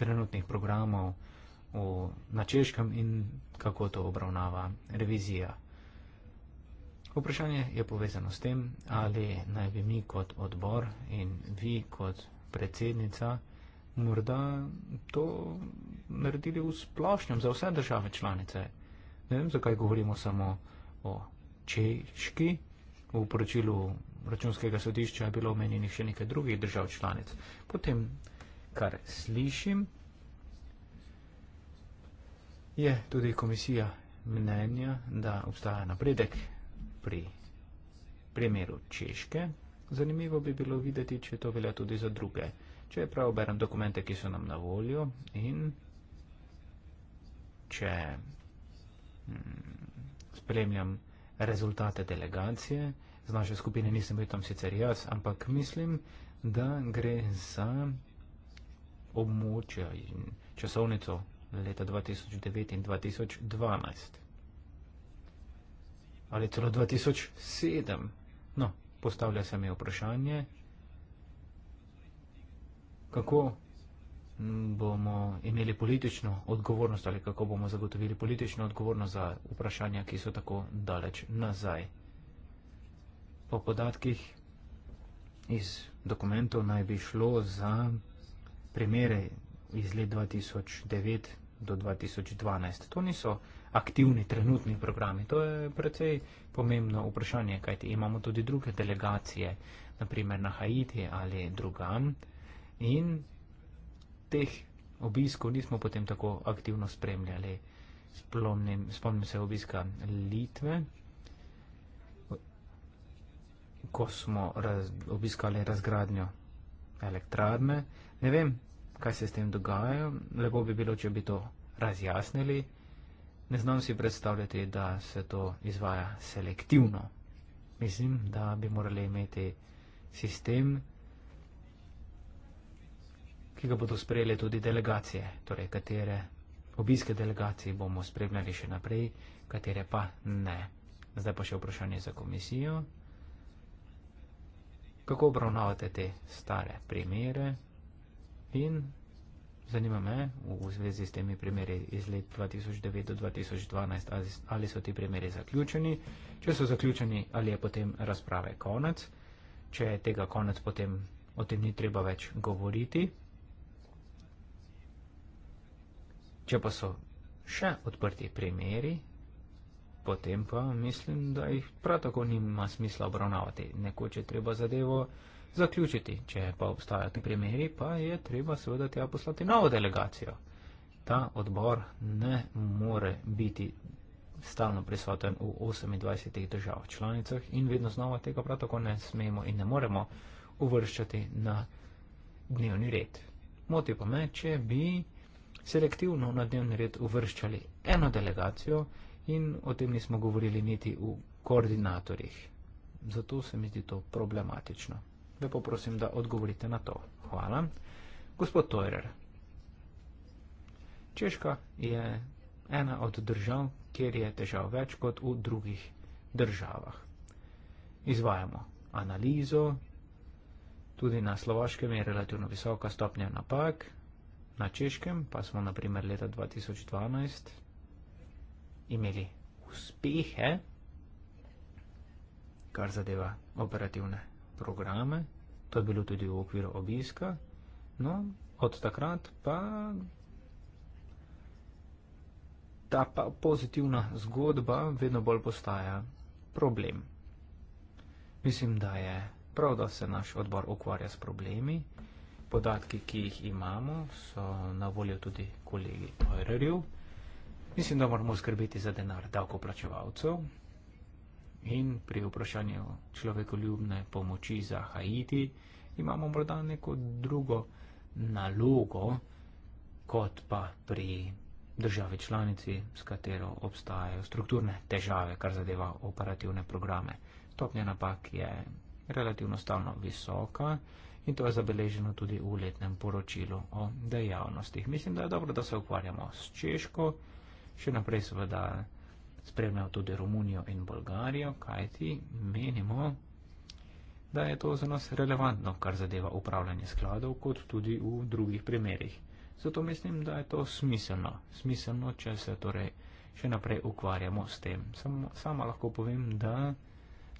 [SPEAKER 2] trenutnih programov v, na češkem in kako to obravnava revizija. Vprašanje je povezano s tem, ali naj bi mi kot odbor in vi kot predsednica morda to naredili v splošnem za vse države članice. Ne vem, zakaj govorimo samo o češki. V poročilu računskega sodišča je bilo omenjenih še nekaj drugih držav članic. Potem, kar slišim, je tudi komisija mnenja, da obstaja napredek pri primeru češke. Zanimivo bi bilo videti, če to velja tudi za druge. Če prav berem dokumente, ki so nam na voljo in če spremljam rezultate delegacije, z naše skupine nisem bil tam sicer jaz, ampak mislim, da gre za območja in časovnico leta 2009 in 2012. Ali celo 2007. No, postavlja se mi vprašanje, kako bomo imeli politično odgovornost ali kako bomo zagotovili politično odgovornost za vprašanja, ki so tako daleč nazaj. Po podatkih iz dokumentov naj bi šlo za primere iz let 2009 do 2012. To niso aktivni trenutni programi. To je precej pomembno vprašanje, kajti imamo tudi druge delegacije, naprimer na Haiti ali drugam. In teh obiskov nismo potem tako aktivno spremljali. Spomnim, spomnim se obiska Litve, ko smo raz, obiskali razgradnjo elektrarne. Ne vem, kaj se s tem dogaja. Lepo bi bilo, če bi to razjasnili. Ne znam si predstavljati, da se to izvaja selektivno. Mislim, da bi morali imeti sistem, ki ga bodo sprejeli tudi delegacije, torej katere obiske delegacij bomo spremljali še naprej, katere pa ne. Zdaj pa še vprašanje za komisijo. Kako obravnavate te stare primere in zanima me v zvezi s temi primeri iz let 2009 do 2012, ali so ti primeri zaključeni, če so zaključeni, ali je potem razprave konec, če je tega konec, potem o tem ni treba več govoriti. Če pa so še odprti primeri, potem pa mislim, da jih prav tako nima smisla obravnavati. Nekoč je treba zadevo zaključiti. Če pa obstajajo ti primeri, pa je treba seveda tja poslati novo delegacijo. Ta odbor ne more biti stalno prisoten v 28 držav članicah in vedno znova tega prav tako ne smemo in ne moremo uvrščati na dnevni red. Moti pa me, če bi selektivno na dnevni red uvrščali eno delegacijo in o tem nismo govorili niti v koordinatorjih. Zato se mi zdi to problematično. Lepo prosim, da odgovorite na to. Hvala. Gospod Toirer. Češka je ena od držav, kjer je težav več kot v drugih državah. Izvajamo analizo, tudi na slovaškem je relativno visoka stopnja napak, na češkem, pa smo naprimer leta 2012 imeli uspehe, kar zadeva operativne programe, to je bilo tudi v okviru obiska, no, od takrat pa ta pa pozitivna zgodba vedno bolj postaja problem. Mislim, da je prav, da se naš odbor ukvarja s problemi, podatki, ki jih imamo, so na voljo tudi kolegi PRR-ju. Mislim, da moramo skrbeti za denar davkoplačevalcev in pri vprašanju človekoljubne pomoči za Haiti imamo morda neko drugo nalogo, kot pa pri državi članici, s katero obstajajo strukturne težave, kar zadeva operativne programe. Stopnja napak je relativno stalno visoka in to je zabeleženo tudi v letnem poročilu o dejavnostih. Mislim, da je dobro, da se ukvarjamo s Češko, še naprej seveda spremljamo tudi Romunijo in Bolgarijo, kajti menimo, da je to za nas relevantno, kar zadeva upravljanje skladov, kot tudi v drugih primerjih. Zato mislim, da je to smiselno, smiselno, če se torej še naprej ukvarjamo s tem. Sam, sama lahko povem, da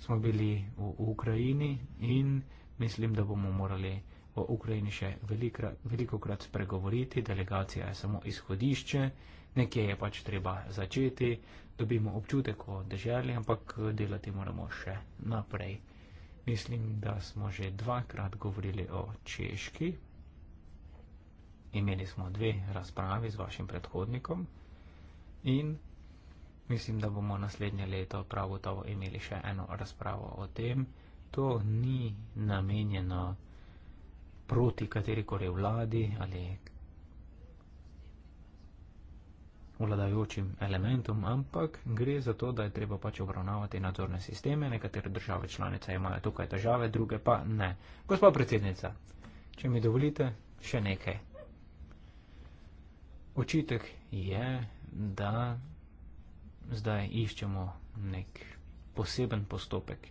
[SPEAKER 2] smo bili v, v Ukrajini in Mislim, da bomo morali v Ukrajini še velikrat, veliko krat spregovoriti, delegacija je samo izhodišče, nekje je pač treba začeti, dobimo občutek o državi, ampak delati moramo še naprej. Mislim, da smo že dvakrat govorili o Češki, imeli smo dve razpravi z vašim predhodnikom in mislim, da bomo naslednje leto prav gotovo imeli še eno razpravo o tem, to ni namenjeno proti kateri kore vladi ali vladajočim elementom, ampak gre za to, da je treba pač obravnavati nadzorne sisteme, nekatere države članice imajo tukaj težave, druge pa ne. Gospa predsednica, če mi dovolite, še nekaj. Očitek je, da zdaj iščemo nek poseben postopek.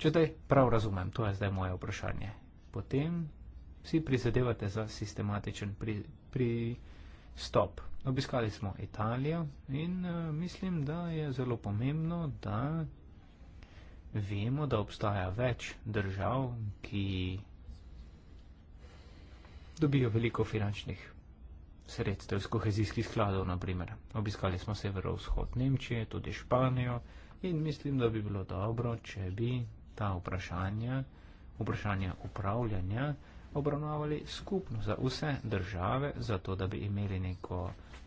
[SPEAKER 2] Če zdaj prav razumem, to je zdaj moje vprašanje. Potem si prizadevate za sistematičen pristop. Pri Obiskali smo Italijo in uh, mislim, da je zelo pomembno, da vemo, da obstaja več držav, ki dobijo veliko finančnih sredstev iz kohezijskih skladov, naprimer. Obiskali smo severovzhod Nemčije, tudi Španijo in mislim, da bi bilo dobro, če bi ta vprašanja, vprašanja upravljanja, obravnavali skupno za vse države, zato da bi imeli neko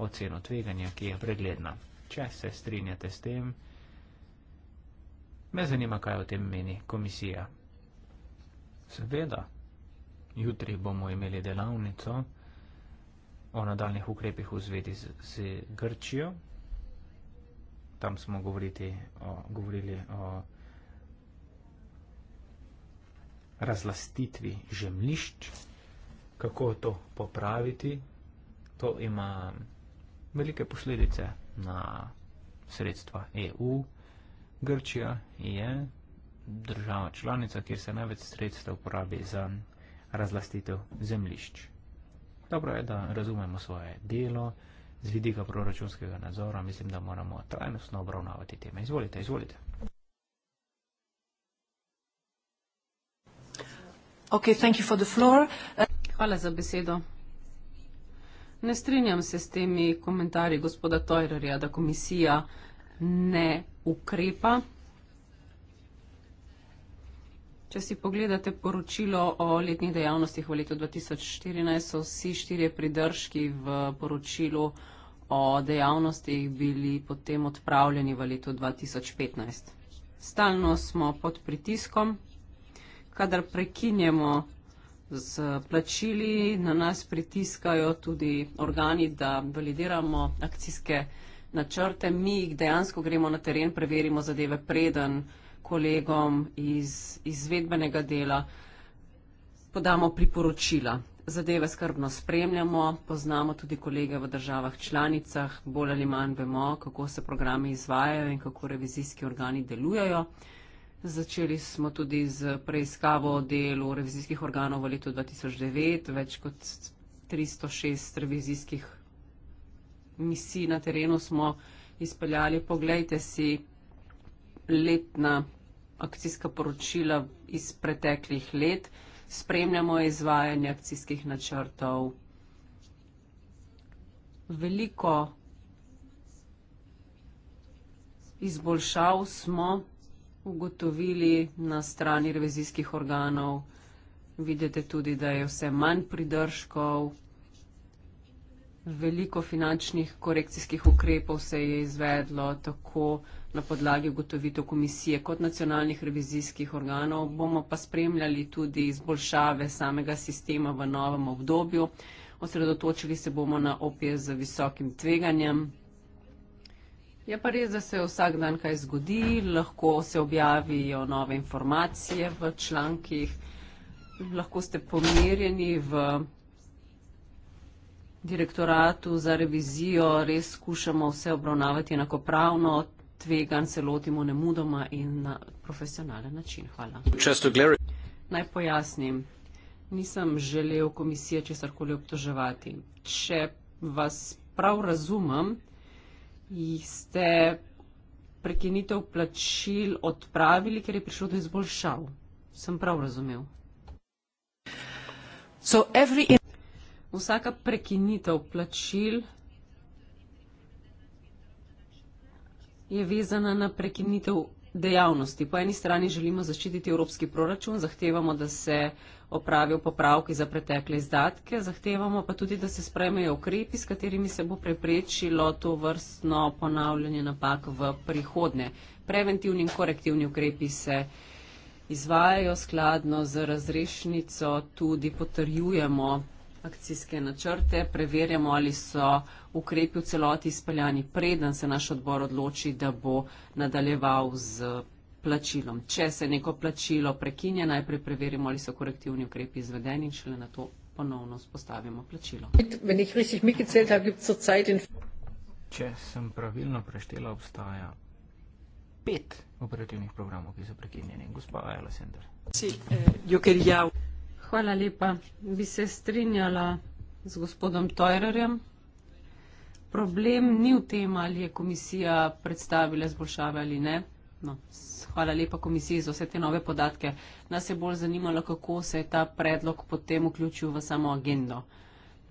[SPEAKER 2] oceno tveganja, ki je pregledna. Če se strinjate s tem, me zanima, kaj o tem meni komisija. Seveda, jutri bomo imeli delavnico o nadaljnih ukrepih v zvedi z, z Grčijo. Tam smo govoriti o, govorili o razlastitvi žemlišč, kako to popraviti, to ima velike posledice na sredstva EU. Grčija je država članica, kjer se največ sredstev uporabi za razlastitev zemlišč. Dobro je, da razumemo svoje delo z vidika proračunskega nadzora. Mislim, da moramo trajnostno obravnavati teme. Izvolite, izvolite.
[SPEAKER 3] Hvala za besedo. Ne strinjam se s temi komentarji gospoda Teurerja, da komisija ne ukrepa. Če si pogledate poročilo o letnih dejavnostih v letu 2014, so vsi štirje pridržki v poročilu o dejavnostih bili potem odpravljeni v letu 2015. Stalno smo pod pritiskom kadar prekinjamo z plačili, na nas pritiskajo tudi organi, da validiramo akcijske načrte. Mi jih dejansko gremo na teren, preverimo zadeve preden kolegom iz izvedbenega dela podamo priporočila. Zadeve skrbno spremljamo, poznamo tudi kolege v državah članicah, bolj ali manj vemo, kako se programi izvajajo in kako revizijski organi delujejo. Začeli smo tudi z preiskavo o delu revizijskih organov v letu 2009, več kot 306 revizijskih misij na terenu smo izpeljali. Poglejte si letna akcijska poročila iz preteklih let, spremljamo izvajanje akcijskih načrtov. Veliko izboljšav smo ugotovili na strani revizijskih organov. Vidite tudi, da je vse manj pridržkov, veliko finančnih korekcijskih ukrepov se je izvedlo tako na podlagi ugotovitev komisije kot nacionalnih revizijskih organov. Bomo pa spremljali tudi izboljšave samega sistema v novem obdobju. Osredotočili se bomo na OPS z visokim tveganjem. Je pa res, da se vsak dan kaj zgodi, lahko se objavijo nove informacije v člankih, lahko ste pomirjeni v direktoratu za revizijo, res skušamo vse obravnavati enakopravno, tvegan se lotimo nemudoma in na profesionalen način. Hvala. Naj pojasnim, nisem želel komisije česarkoli obtoževati. Če vas prav razumem, ste prekinitev plačil odpravili, ker je prišlo do izboljšav. Sem prav razumel? So every... Vsaka prekinitev plačil je vezana na prekinitev dejavnosti. Po eni strani želimo zaščititi evropski proračun, zahtevamo, da se opravil popravki za pretekle izdatke. Zahtevamo pa tudi, da se spremejo ukrepi, s katerimi se bo preprečilo to vrstno ponavljanje napak v prihodnje. Preventivni in korektivni ukrepi se izvajajo skladno z razrešnico, tudi potrjujemo akcijske načrte, preverjamo, ali so ukrepi v celoti izpeljani, preden se naš odbor odloči, da bo nadaljeval z plačilom. Če se neko plačilo prekinja, najprej preverimo, ali so korektivni ukrepi izvedeni in šele na to ponovno spostavimo plačilo. Če sem pravilno preštela, obstaja pet operativnih
[SPEAKER 2] programov, ki so prekinjeni. Gospa Ajla Sender.
[SPEAKER 3] Eh, Hvala lepa. Bi se strinjala z gospodom Teurerjem. Problem ni v tem, ali je komisija predstavila zboljšave ali ne. No, Hvala lepa komisiji za vse te nove podatke. Nas je bolj zanimalo, kako se je ta predlog potem vključil v samo agendo.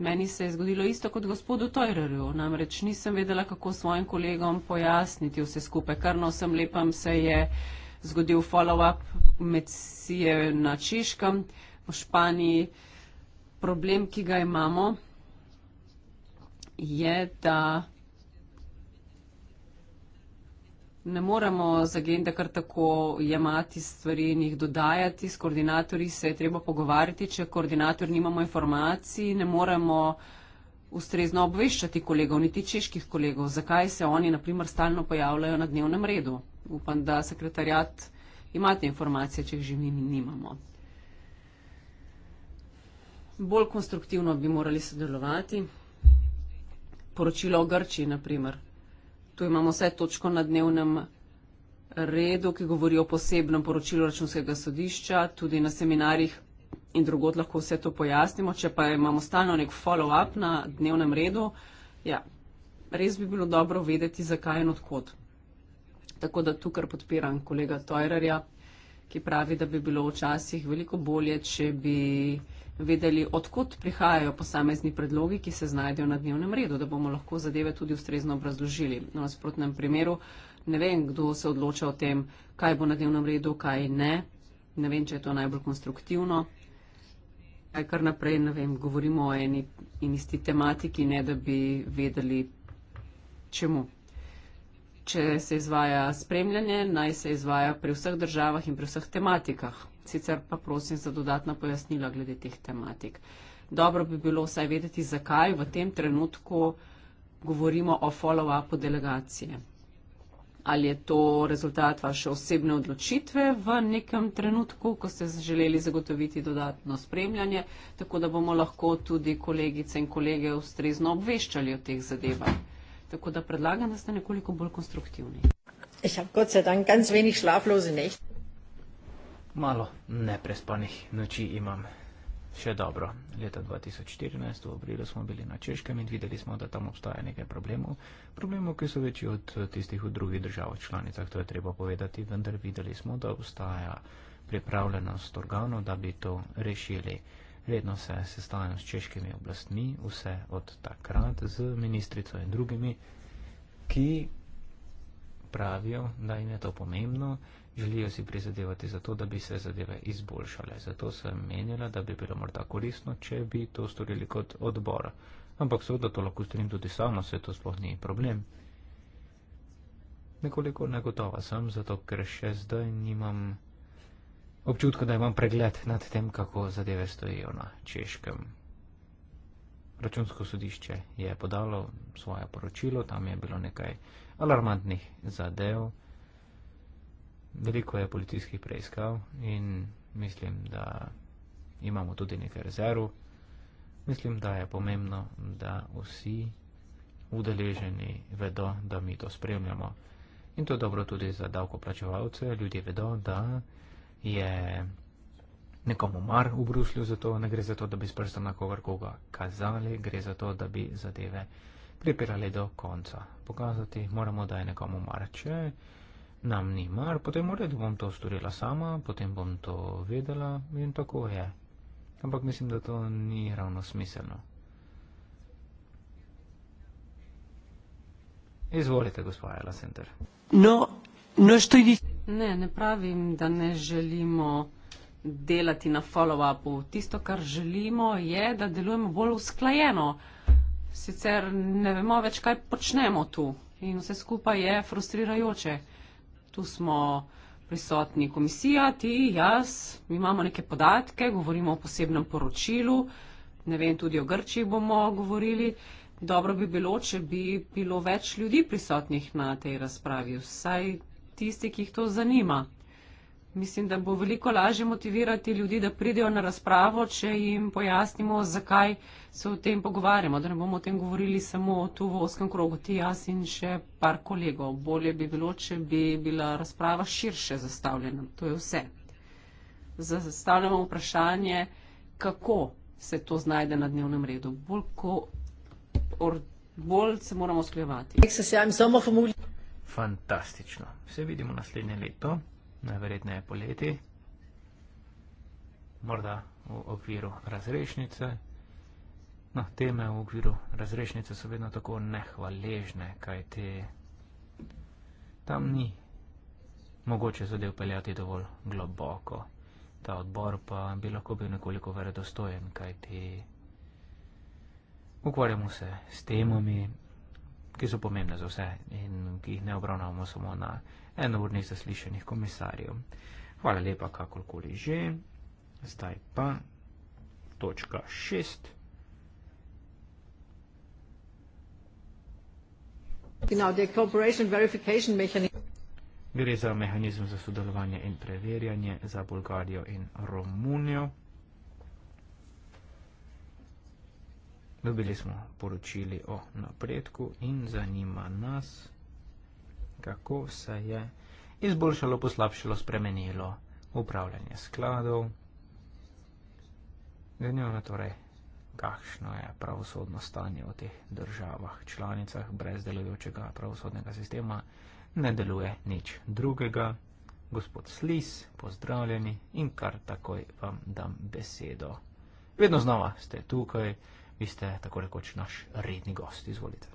[SPEAKER 3] Meni se je zgodilo isto kot gospodu Tojrerju, namreč nisem vedela, kako svojim kolegom pojasniti vse skupaj. Kar na vsem lepem se je zgodil follow-up med sije na Češkem, v Španiji. Problem, ki ga imamo, je, da ne moremo z agende kar tako jemati stvari in jih dodajati. S koordinatorji se je treba pogovarjati, če koordinator nimamo informacij, ne moremo ustrezno obveščati kolegov, niti čeških kolegov, zakaj se oni, na primer, stalno pojavljajo na dnevnem redu. Upam, da sekretarjat imate informacije, če jih že mi nimamo. Bolj konstruktivno bi morali sodelovati. Poročilo o Grčiji, na primer, Tu imamo vse točko na dnevnem redu, ki govori o posebnem poročilu računskega sodišča, tudi na seminarjih in drugot lahko vse to pojasnimo. Če pa imamo stalno nek follow-up na dnevnem redu, ja, res bi bilo dobro vedeti, zakaj in odkot. Tako da tukaj podpiram kolega Tojrarja, ki pravi, da bi bilo včasih veliko bolje, če bi vedeli, odkot prihajajo posamezni predlogi, ki se znajdejo na dnevnem redu, da bomo lahko zadeve tudi ustrezno obrazložili. V nasprotnem primeru ne vem, kdo se odloča o tem, kaj bo na dnevnem redu, kaj ne. Ne vem, če je to najbolj konstruktivno. Kaj kar naprej, ne vem, govorimo o eni in isti tematiki, ne da bi vedeli, čemu. Če se izvaja spremljanje, naj se izvaja pri vseh državah in pri vseh tematikah sicer pa prosim za dodatna pojasnila glede teh tematik. Dobro bi bilo vsaj vedeti, zakaj v tem trenutku govorimo o follow-upu delegacije. Ali je to rezultat vaše osebne odločitve v nekem trenutku, ko ste želeli zagotoviti dodatno spremljanje, tako da bomo lahko tudi kolegice in kolege ustrezno obveščali o teh zadevah. Tako da predlagam, da ste nekoliko bolj konstruktivni. Ich habe Gott sei Dank ganz wenig schlaflose Nächte.
[SPEAKER 2] Malo neprespanih noči imam. Še dobro, leta 2014 v aprilu smo bili na Češkem in videli smo, da tam obstaja nekaj problemov. Problemov, ki so večji od tistih v drugih državah članicah, to je treba povedati, vendar videli smo, da obstaja pripravljenost organov, da bi to rešili. Redno se sestajam s češkimi oblastmi, vse od takrat, z ministrico in drugimi, ki pravijo, da jim je to pomembno želijo si prizadevati za to, da bi se zadeve izboljšale. Zato sem menila, da bi bilo morda korisno, če bi to storili kot odbor. Ampak seveda to lahko storim tudi sama, se to sploh ni problem. Nekoliko negotova sem, zato ker še zdaj nimam občutka, da imam pregled nad tem, kako zadeve stojijo na češkem. Računsko sodišče je podalo svoje poročilo, tam je bilo nekaj alarmantnih zadev veliko je policijskih preiskav in mislim, da imamo tudi nekaj rezerv. Mislim, da je pomembno, da vsi udeleženi vedo, da mi to spremljamo. In to je dobro tudi za davkoplačevalce. Ljudje vedo, da je nekomu mar v Bruslju za to, ne gre za to, da bi s prstom na kogar koga kazali, gre za to, da bi zadeve pripirali do konca. Pokazati moramo, da je nekomu mar. Če nam ni mar, potem v redu bom to storila sama, potem bom to vedela in tako je. Ampak mislim, da to ni ravno smiselno. Izvolite, gospod Ella Center.
[SPEAKER 3] No, no, štiri. Ne, ne pravim, da ne želimo delati na follow-upu. Tisto, kar želimo, je, da delujemo bolj usklajeno. Sicer ne vemo več, kaj počnemo tu. In vse skupaj je frustrirajoče tu smo prisotni komisija, ti, jaz, mi imamo neke podatke, govorimo o posebnem poročilu, ne vem, tudi o Grčiji bomo govorili. Dobro bi bilo, če bi bilo več ljudi prisotnih na tej razpravi, vsaj tisti, ki jih to zanima. Mislim, da bo veliko lažje motivirati ljudi, da pridejo na razpravo, če jim pojasnimo, zakaj se o tem pogovarjamo, da ne bomo o tem govorili samo tu v oskem krogu, ti jaz in še par kolegov. Bolje bi bilo, če bi bila razprava širše zastavljena. To je vse. Zastavljamo vprašanje, kako se to znajde na dnevnem redu. Bolj, ko, or, bolj se moramo sklevati.
[SPEAKER 2] Fantastično. Se vidimo naslednje leto najverjetneje poleti, morda v okviru razrešnice. No, teme v okviru razrešnice so vedno tako nehvaležne, kaj te tam ni. Mogoče zadev peljati dovolj globoko. Ta odbor pa bi lahko bil nekoliko verodostojen, kaj ti. Ukvarjamo se s temami, ki so pomembne za vse in ki jih ne obravnavamo samo na enournih zaslišanih komisarjev. Hvala lepa, kakorkoli že. Zdaj pa točka šest. Gre za mehanizem za sodelovanje in preverjanje za Bolgarijo in Romunijo. Dobili smo poročili o napredku in zanima nas kako se je izboljšalo, poslabšalo, spremenilo upravljanje skladov. Zanima torej, kakšno je pravosodno stanje v teh državah, članicah brez delujočega pravosodnega sistema, ne deluje nič drugega. Gospod Slis, pozdravljeni in kar takoj vam dam besedo. Vedno znova ste tukaj, vi ste tako rekoč naš redni gost, izvolite.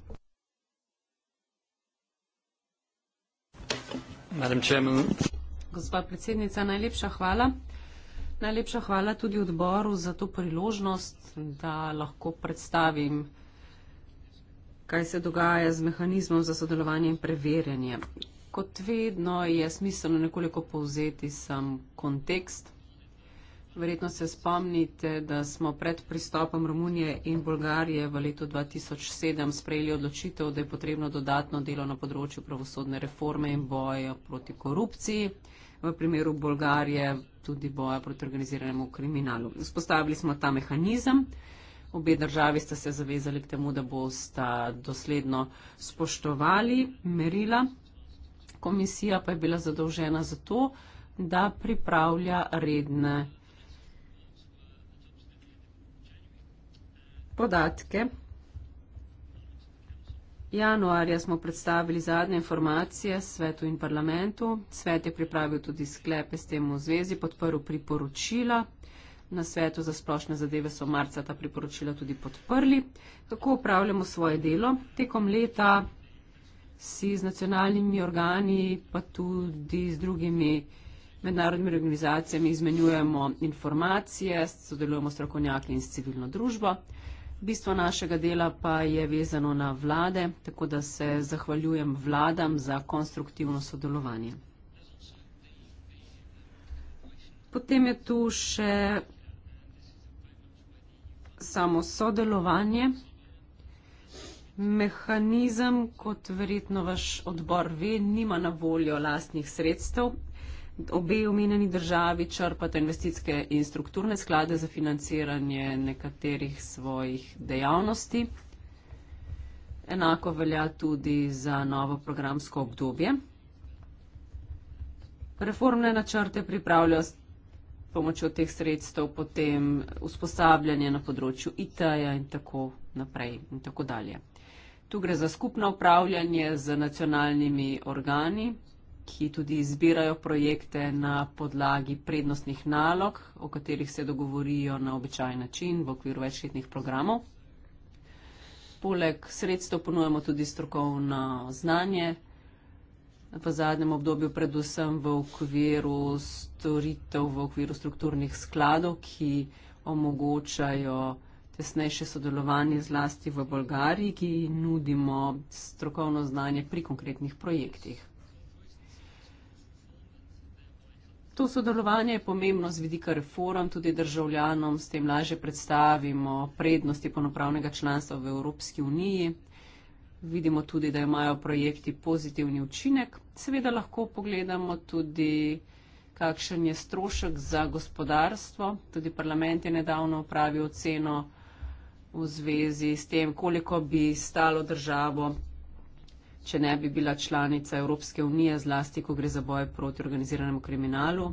[SPEAKER 3] Gospa predsednica, najlepša hvala. Najlepša hvala tudi odboru za to priložnost, da lahko predstavim, kaj se dogaja z mehanizmom za sodelovanje in preverjanje. Kot vedno je smiselno nekoliko povzeti sam kontekst Verjetno se spomnite, da smo pred pristopom Romunije in Bolgarije v letu 2007 sprejeli odločitev, da je potrebno dodatno delo na področju pravosodne reforme in boja proti korupciji, v primeru Bolgarije tudi boja proti organiziranemu kriminalu. Spostavili smo ta mehanizem. Obe državi sta se zavezali k temu, da bosta dosledno spoštovali merila. Komisija pa je bila zadolžena za to, da pripravlja redne podatke. Januarja smo predstavili zadnje informacije svetu in parlamentu. Svet je pripravil tudi sklepe s tem v zvezi, podprl priporočila. Na svetu za splošne zadeve so marca ta priporočila tudi podprli. Tako upravljamo svoje delo. Tekom leta si z nacionalnimi organi, pa tudi z drugimi mednarodnimi organizacijami izmenjujemo informacije, sodelujemo strokovnjaki in s civilno družbo. Bistvo našega dela pa je vezano na vlade, tako da se zahvaljujem vladam za konstruktivno sodelovanje. Potem je tu še samo sodelovanje. Mehanizem, kot verjetno vaš odbor ve, nima na voljo lastnih sredstev, obe omenjeni državi črpata investicijske in strukturne sklade za financiranje nekaterih svojih dejavnosti. Enako velja tudi za novo programsko obdobje. Reformne načrte pripravljajo s pomočjo teh sredstev potem usposabljanje na področju IT-ja in tako naprej in tako dalje. Tu gre za skupno upravljanje z nacionalnimi organi, ki tudi izbirajo projekte na podlagi prednostnih nalog, o katerih se dogovorijo na običajen način v okviru večletnih programov. Poleg sredstev ponujemo tudi strokovno znanje, v zadnjem obdobju predvsem v okviru storitev, v okviru strukturnih skladov, ki omogočajo tesnejše sodelovanje zlasti v Bolgariji, ki nudimo strokovno znanje pri konkretnih projektih. To sodelovanje je pomembno z vidika reform, tudi državljanom s tem lažje predstavimo prednosti ponopravnega članstva v Evropski uniji. Vidimo tudi, da imajo projekti pozitivni učinek. Seveda lahko pogledamo tudi, kakšen je strošek za gospodarstvo. Tudi parlament je nedavno upravil oceno v zvezi s tem, koliko bi stalo državo če ne bi bila članica Evropske unije, zlasti ko gre za boj proti organiziranemu kriminalu.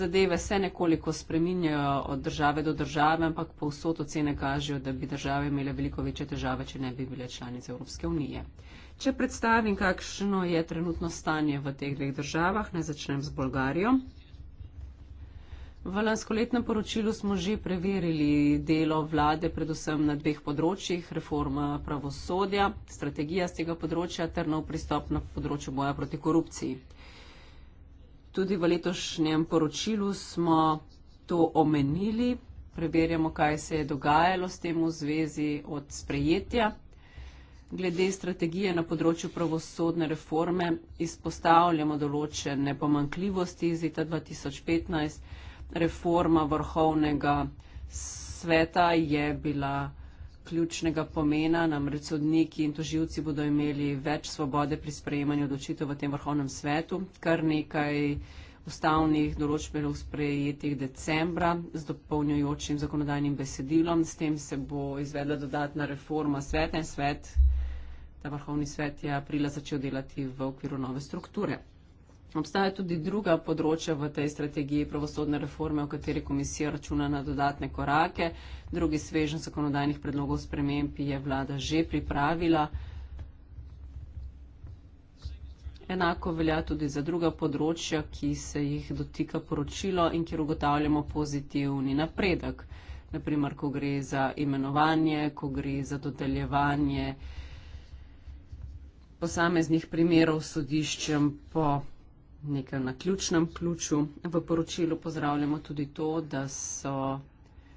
[SPEAKER 3] Zadeve se nekoliko spreminjajo od države do države, ampak povsod ocene kažejo, da bi države imele veliko večje težave, če ne bi bile članice Evropske unije. Če predstavim, kakšno je trenutno stanje v teh dveh državah, naj začnem z Bolgarijo. V lanskoletnem poročilu smo že preverili delo vlade, predvsem na dveh področjih, reforma pravosodja, strategija z tega področja ter nov pristop na področju boja proti korupciji. Tudi v letošnjem poročilu smo to omenili, preverjamo, kaj se je dogajalo s tem v zvezi od sprejetja. Glede strategije na področju pravosodne reforme izpostavljamo določene pomankljivosti iz leta 2015 reforma vrhovnega sveta je bila ključnega pomena, namreč sodniki in toživci bodo imeli več svobode pri sprejemanju odločitev v tem vrhovnem svetu, kar nekaj ustavnih določb je bilo sprejetih decembra z dopolnjujočim zakonodajnim besedilom, s tem se bo izvedla dodatna reforma sveta in svet, ta vrhovni svet je aprila začel delati v okviru nove strukture. Obstaja tudi druga področja v tej strategiji pravosodne reforme, v kateri komisija računa na dodatne korake. Drugi svežen zakonodajnih predlogov sprememb je vlada že pripravila. Enako velja tudi za druga področja, ki se jih dotika poročilo in kjer ugotavljamo pozitivni napredek. Naprimer, ko gre za imenovanje, ko gre za dodeljevanje posameznih primerov sodiščem po nekaj na ključnem ključu. V poročilu pozdravljamo tudi to, da so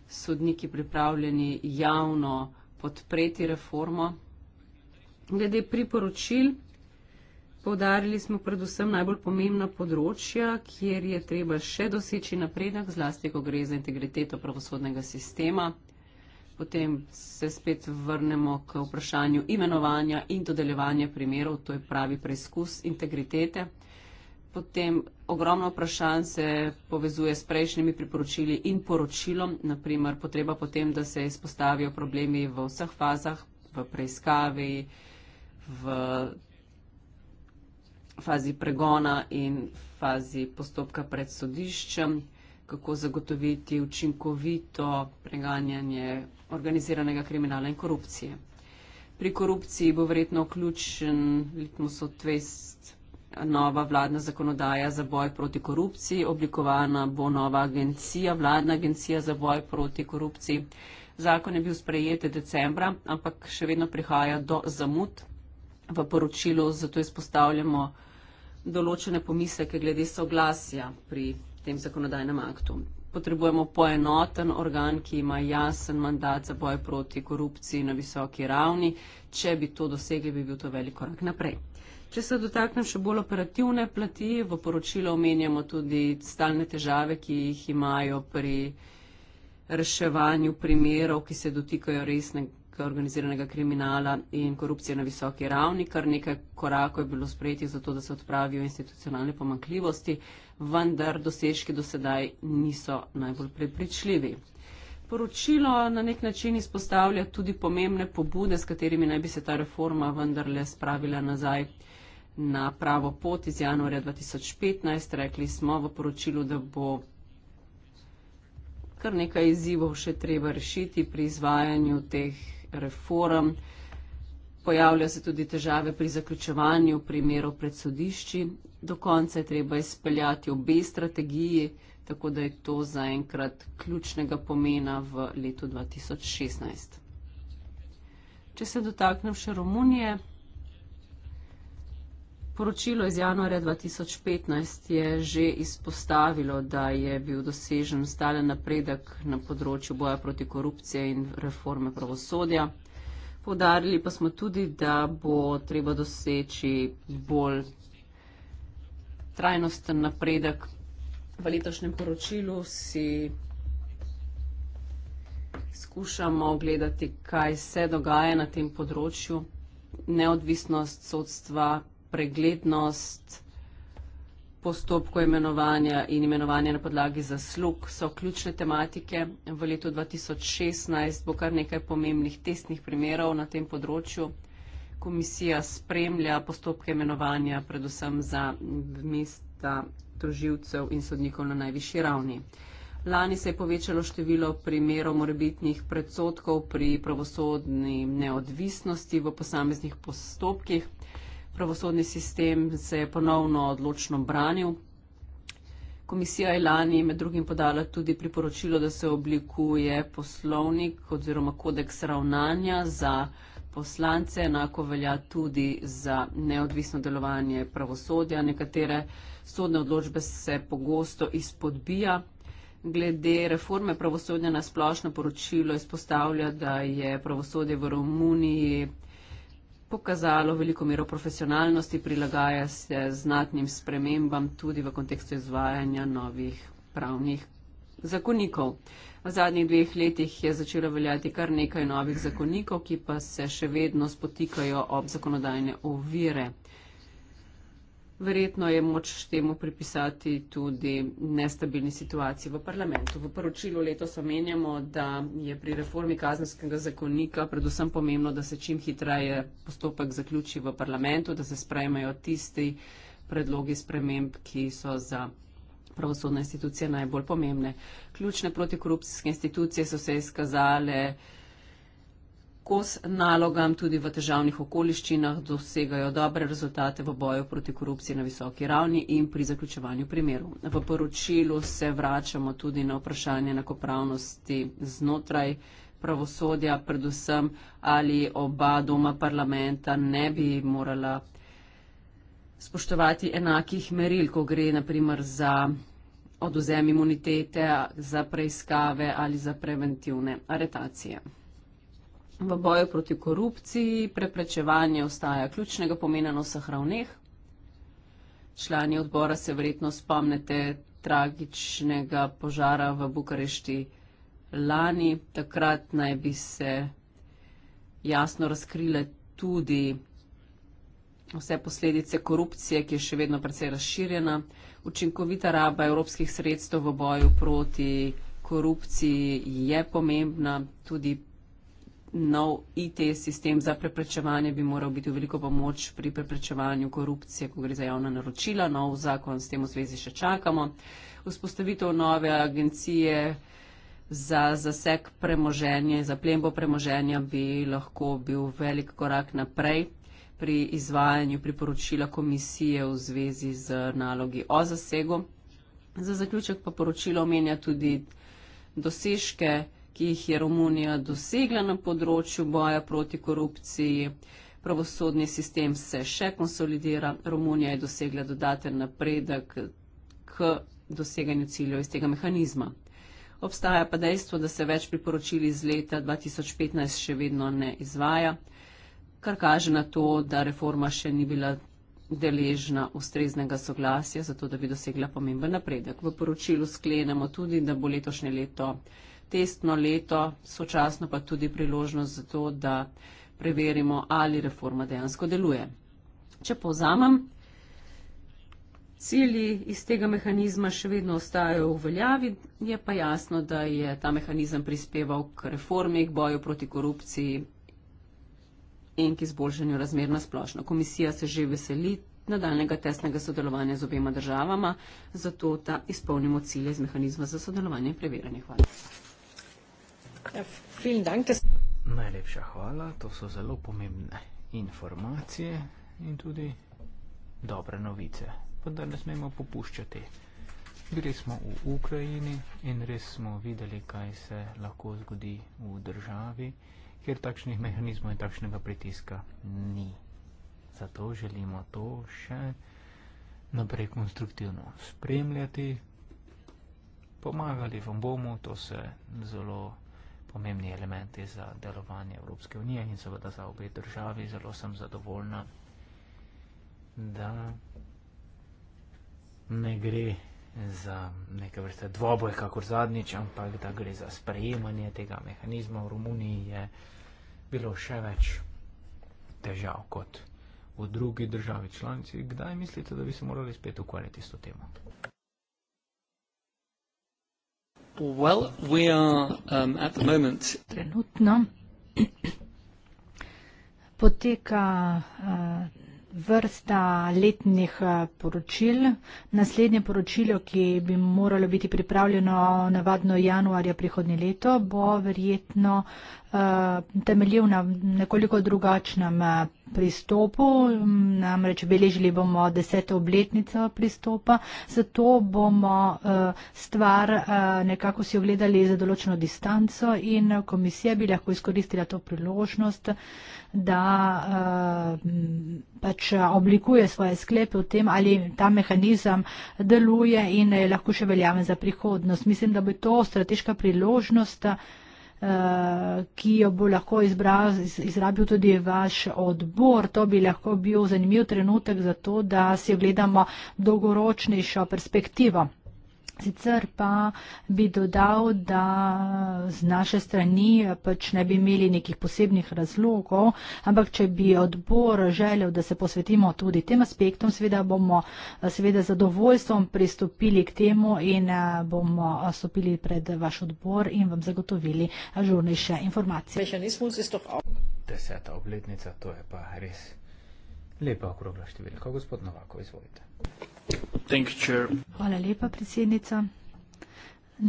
[SPEAKER 3] sodniki pripravljeni javno podpreti reformo. Glede priporočil, povdarili smo predvsem najbolj pomembna področja, kjer je treba še doseči napredek, zlasti, ko gre za integriteto pravosodnega sistema. Potem se spet vrnemo k vprašanju imenovanja in dodeljevanja primerov, to je pravi preizkus integritete potem ogromno vprašanj se povezuje s prejšnjimi priporočili in poročilom, naprimer potreba potem, da se izpostavijo problemi v vseh fazah, v preiskavi, v fazi pregona in fazi postopka pred sodiščem, kako zagotoviti učinkovito preganjanje organiziranega kriminala in korupcije. Pri korupciji bo verjetno ključen litmusov tvest nova vladna zakonodaja za boj proti korupciji, oblikovana bo nova agencija, vladna agencija za boj proti korupciji. Zakon je bil sprejet decembra, ampak še vedno prihaja do zamud v poročilu, zato izpostavljamo določene pomisleke glede soglasja pri tem zakonodajnem aktu. Potrebujemo poenoten organ, ki ima jasen mandat za boj proti korupciji na visoki ravni. Če bi to dosegli, bi bil to velik korak naprej. Če se dotaknem še bolj operativne plati, v poročilu omenjamo tudi stalne težave, ki jih imajo pri reševanju primerov, ki se dotikajo resnega organiziranega kriminala in korupcije na visoki ravni. Kar nekaj korakov je bilo sprejetih za to, da se odpravijo institucionalne pomankljivosti, vendar dosežki do sedaj niso najbolj prepričljivi. Poročilo na nek način izpostavlja tudi pomembne pobude, s katerimi naj bi se ta reforma vendarle spravila nazaj na pravo pot iz januarja 2015. Rekli smo v poročilu, da bo kar nekaj izzivov še treba rešiti pri izvajanju teh reform. Pojavlja se tudi težave pri zaključevanju primerov pred sodišči. Do konca je treba izpeljati obe strategiji, tako da je to zaenkrat ključnega pomena v letu 2016. Če se dotaknem še Romunije. Poročilo iz januarja 2015 je že izpostavilo, da je bil dosežen stalen napredek na področju boja proti korupciji in reforme pravosodja. Podarili pa smo tudi, da bo treba doseči bolj trajnosten napredek. V letošnjem poročilu si skušamo ogledati, kaj se dogaja na tem področju. Neodvisnost sodstva, preglednost postopkov imenovanja in imenovanja na podlagi zaslug so ključne tematike. V letu 2016 bo kar nekaj pomembnih testnih primerov na tem področju. Komisija spremlja postopke imenovanja predvsem za mesta toživcev in sodnikov na najvišji ravni. Lani se je povečalo število primerov morebitnih predsotkov pri pravosodni neodvisnosti v posameznih postopkih pravosodni sistem se je ponovno odločno branil. Komisija je lani med drugim podala tudi priporočilo, da se oblikuje poslovnik oziroma kodeks ravnanja za poslance, enako velja tudi za neodvisno delovanje pravosodja. Nekatere sodne odločbe se pogosto izpodbija. Glede reforme pravosodja na splošno poročilo izpostavlja, da je pravosodje v Romuniji pokazalo veliko mero profesionalnosti, prilagaja se znatnim spremembam tudi v kontekstu izvajanja novih pravnih zakonikov. V zadnjih dveh letih je začelo veljati kar nekaj novih zakonikov, ki pa se še vedno spotikajo ob zakonodajne ovire. Verjetno je moč temu pripisati tudi nestabilni situaciji v parlamentu. V poročilu letos omenjamo, da je pri reformi kazenskega zakonika predvsem pomembno, da se čim hitreje postopek zaključi v parlamentu, da se sprejmejo tisti predlogi sprememb, ki so za pravosodne institucije najbolj pomembne. Ključne protikorupcijske institucije so se izkazale kos nalogam tudi v težavnih okoliščinah, dosegajo dobre rezultate v boju proti korupciji na visoki ravni in pri zaključevanju primerov. V poročilu se vračamo tudi na vprašanje enakopravnosti znotraj pravosodja, predvsem ali oba doma parlamenta ne bi morala spoštovati enakih meril, ko gre naprimer za oduzem imunitete, za preiskave ali za preventivne aretacije. V boju proti korupciji preprečevanje ostaja ključnega pomena na vseh ravneh. Člani odbora se verjetno spomnite tragičnega požara v Bukarešti lani. Takrat naj bi se jasno razkrile tudi vse posledice korupcije, ki je še vedno precej razširjena. Učinkovita raba evropskih sredstev v boju proti korupciji je pomembna, tudi nov IT sistem za preprečevanje bi moral biti v veliko pomoč pri preprečevanju korupcije, ko gre za javna naročila. Nov zakon s tem v zvezi še čakamo. Vzpostavitev nove agencije za zasek premoženje, za plembo premoženja bi lahko bil velik korak naprej pri izvajanju priporočila komisije v zvezi z nalogi o zasegu. Za zaključek pa poročilo omenja tudi dosežke, ki jih je Romunija dosegla na področju boja proti korupciji. Pravosodni sistem se še konsolidira. Romunija je dosegla dodaten napredek k doseganju ciljev iz tega mehanizma. Obstaja pa dejstvo, da se več priporočili iz leta 2015 še vedno ne izvaja, kar kaže na to, da reforma še ni bila deležna ustreznega soglasja, zato da bi dosegla pomemben napredek. V poročilu sklenemo tudi, da bo letošnje leto testno leto, sočasno pa tudi priložnost za to, da preverimo, ali reforma dejansko deluje. Če povzamem, cilji iz tega mehanizma še vedno ostajajo v veljavi, je pa jasno, da je ta mehanizem prispeval k reformi, k boju proti korupciji in k izboljšanju razmer na splošno. Komisija se že veseli nadaljnega tesnega sodelovanja z obema državama, zato da izpolnimo cilje iz mehanizma za sodelovanje in preverjanje. Hvala. Ja, Najlepša hvala, to so zelo pomembne informacije
[SPEAKER 2] in tudi dobre novice. Vendar ne smemo popuščati. Gre smo v Ukrajini in res smo videli, kaj se lahko zgodi v državi, kjer takšnih mehanizmov in takšnega pritiska ni. Zato želimo to še naprej konstruktivno spremljati. Pomagali vam bomo, to se zelo pomembni elementi za delovanje Evropske unije in seveda za obe državi. Zelo sem zadovoljna, da ne gre za neke vrste dvoboj, kakor zadnjič, ampak da gre za sprejemanje tega mehanizma. V Romuniji je bilo še več težav kot v drugi državi članici. Kdaj mislite, da bi se morali spet ukvarjati s to temo?
[SPEAKER 3] Well, we are, um, at the moment
[SPEAKER 1] Trenutno poteka uh, vrsta letnih uh, poročil. Naslednje poročilo, ki bi moralo biti pripravljeno navadno januarja prihodnje leto, bo verjetno uh, Eh, temeljil na nekoliko drugačnem eh, pristopu, namreč beležili bomo deseto obletnico pristopa, zato bomo eh, stvar nekako si ogledali za določeno distanco in komisija bi lahko izkoristila to priložnost, da pač oblikuje svoje sklepe v tem, ali ta mehanizem deluje in je lahko še veljaven za prihodnost. Mislim, da bi to strateška priložnost Eh, ki jo bo lahko izbral, izrabil tudi vaš odbor. To bi lahko bil zanimiv trenutek za to, da si ogledamo dolgoročnejšo perspektivo. Sicer pa bi dodal, da z naše strani eh, pač ne bi imeli nekih posebnih razlogov, ampak če bi odbor želel, da se posvetimo tudi tem aspektom, seveda bomo eh, seveda zadovoljstvom pristopili k temu in eh, bomo stopili pred vaš odbor in vam zagotovili žurnejše informacije.
[SPEAKER 2] Deseta obletnica, to je pa res. Lepa okrogla številka, gospod Novakov, izvolite.
[SPEAKER 1] Hvala lepa, predsednica.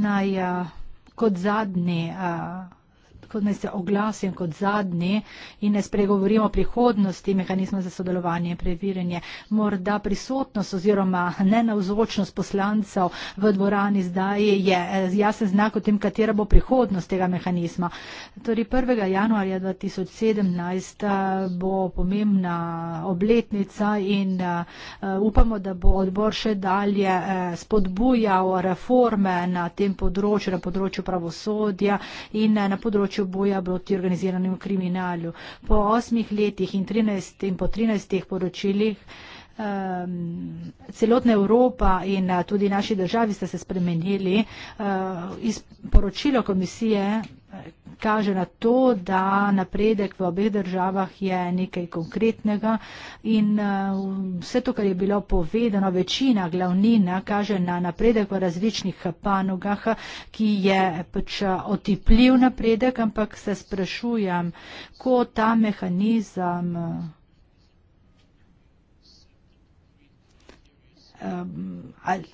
[SPEAKER 1] Naj kot zadnji. A, ko naj se oglasim kot zadnji in ne spregovorimo o prihodnosti mehanizma za sodelovanje in previrenje. Morda prisotnost oziroma nenavzočnost poslancev v dvorani zdaj je eh, jasen znak o tem, katera bo prihodnost tega mehanizma. Torej 1. januarja 2017 eh, bo pomembna obletnica in eh, upamo, da bo odbor še dalje spodbujal reforme na tem področju, na področju pravosodja in na področju vršil boja proti organiziranemu kriminalu. Po osmih letih in, 13, in po trinajstih poročilih um, celotna Evropa in eh, tudi naši državi sta se spremenili. Uh, iz poročila komisije kaže na to, da napredek v obeh državah je nekaj konkretnega in eh, vse to, kar je bilo povedano, večina, glavnina, kaže na napredek v različnih panogah, ki je pač eh, otipljiv napredek, ampak se sprašujem, ko ta mehanizem eh,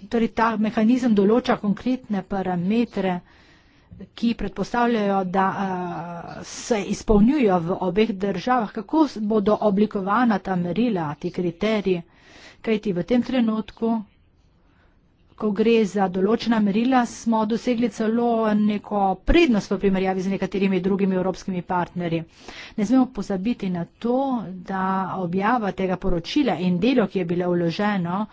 [SPEAKER 1] Torej, ta mehanizem določa konkretne parametre ki predpostavljajo, da eh, se izpolnjujo v obeh državah, kako bodo oblikovana ta merila, ti kriteriji, kajti v tem trenutku, ko gre za določena merila, smo dosegli celo neko prednost v primerjavi z nekaterimi drugimi evropskimi partnerji. Ne smemo pozabiti na to, da objava tega poročila in delo, ki je bilo vloženo,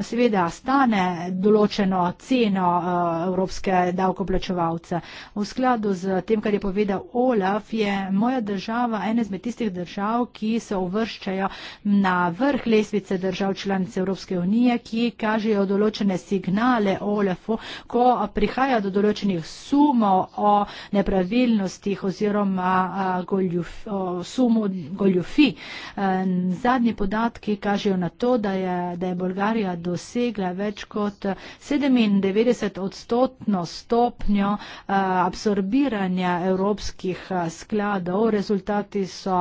[SPEAKER 1] seveda stane določeno ceno eh, evropske davkoplačevalce. V skladu z tem, kar je povedal Olaf, je moja država ena izmed tistih držav, ki se uvrščajo na vrh lesvice držav članic Evropske unije, ki kažejo določene signale Olafu, ko prihaja do določenih sumov o nepravilnostih oziroma eh, sumu goljufi. Eh, zadnji podatki kažejo na to, da je, da je Bolgarija dosegla več kot 97-odstotno stopnjo eh, absorbiranja evropskih eh, skladov. Rezultati so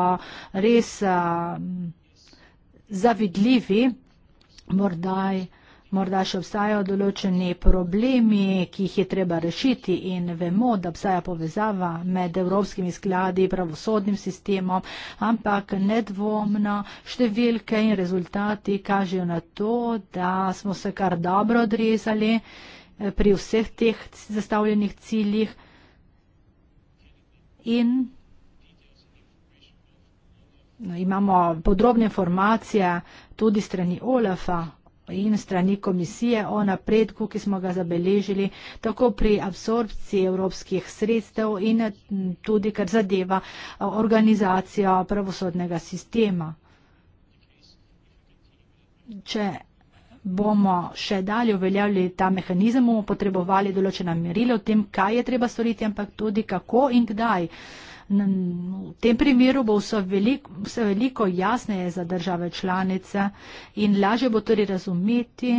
[SPEAKER 1] res eh, zavidljivi, morda je morda še obstajajo določeni problemi, ki jih je treba rešiti in vemo, da obstaja povezava med evropskimi skladi, pravosodnim sistemom, ampak nedvomno številke in rezultati kažejo na to, da smo se kar dobro odrezali eh, pri vseh teh zastavljenih ciljih in no, imamo podrobne informacije tudi strani OLAFA, in strani komisije o napredku, ki smo ga zabeležili, tako pri absorpciji evropskih sredstev in tudi kar zadeva organizacijo pravosodnega sistema. Če bomo še dalje uveljavljali ta mehanizem, bomo potrebovali določena merila o tem, kaj je treba storiti, ampak tudi kako in kdaj. V tem primeru bo vse veliko, vse veliko jasneje za države članice in lažje bo torej razumeti,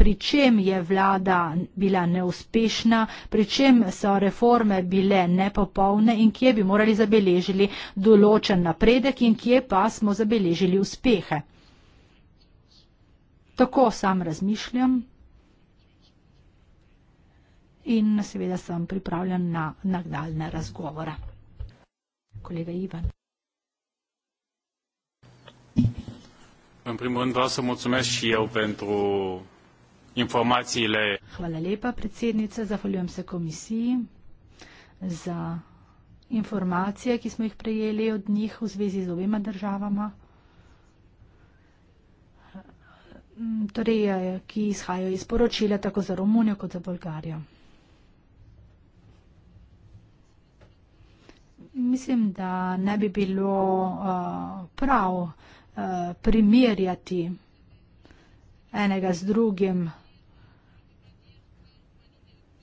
[SPEAKER 1] pri čem je vlada bila neuspešna, pri čem so reforme bile nepopolne in kje bi morali zabeležili določen napredek in kje pa smo zabeležili uspehe. Tako sam razmišljam in seveda sem pripravljen na nadaljne razgovore kolega Ivan.
[SPEAKER 2] În primul rând vreau să mulțumesc și eu pentru informațiile.
[SPEAKER 1] Hvala lepa, predsednica, zahvaljujem se komisiji za informacije, ki smo jih prejeli od njih v zvezi z obema državama, torej, eh, ki izhajajo iz poročila tako za Romunijo kot za Bolgarijo. mislim, da ne bi bilo uh, prav uh, primerjati enega z drugim.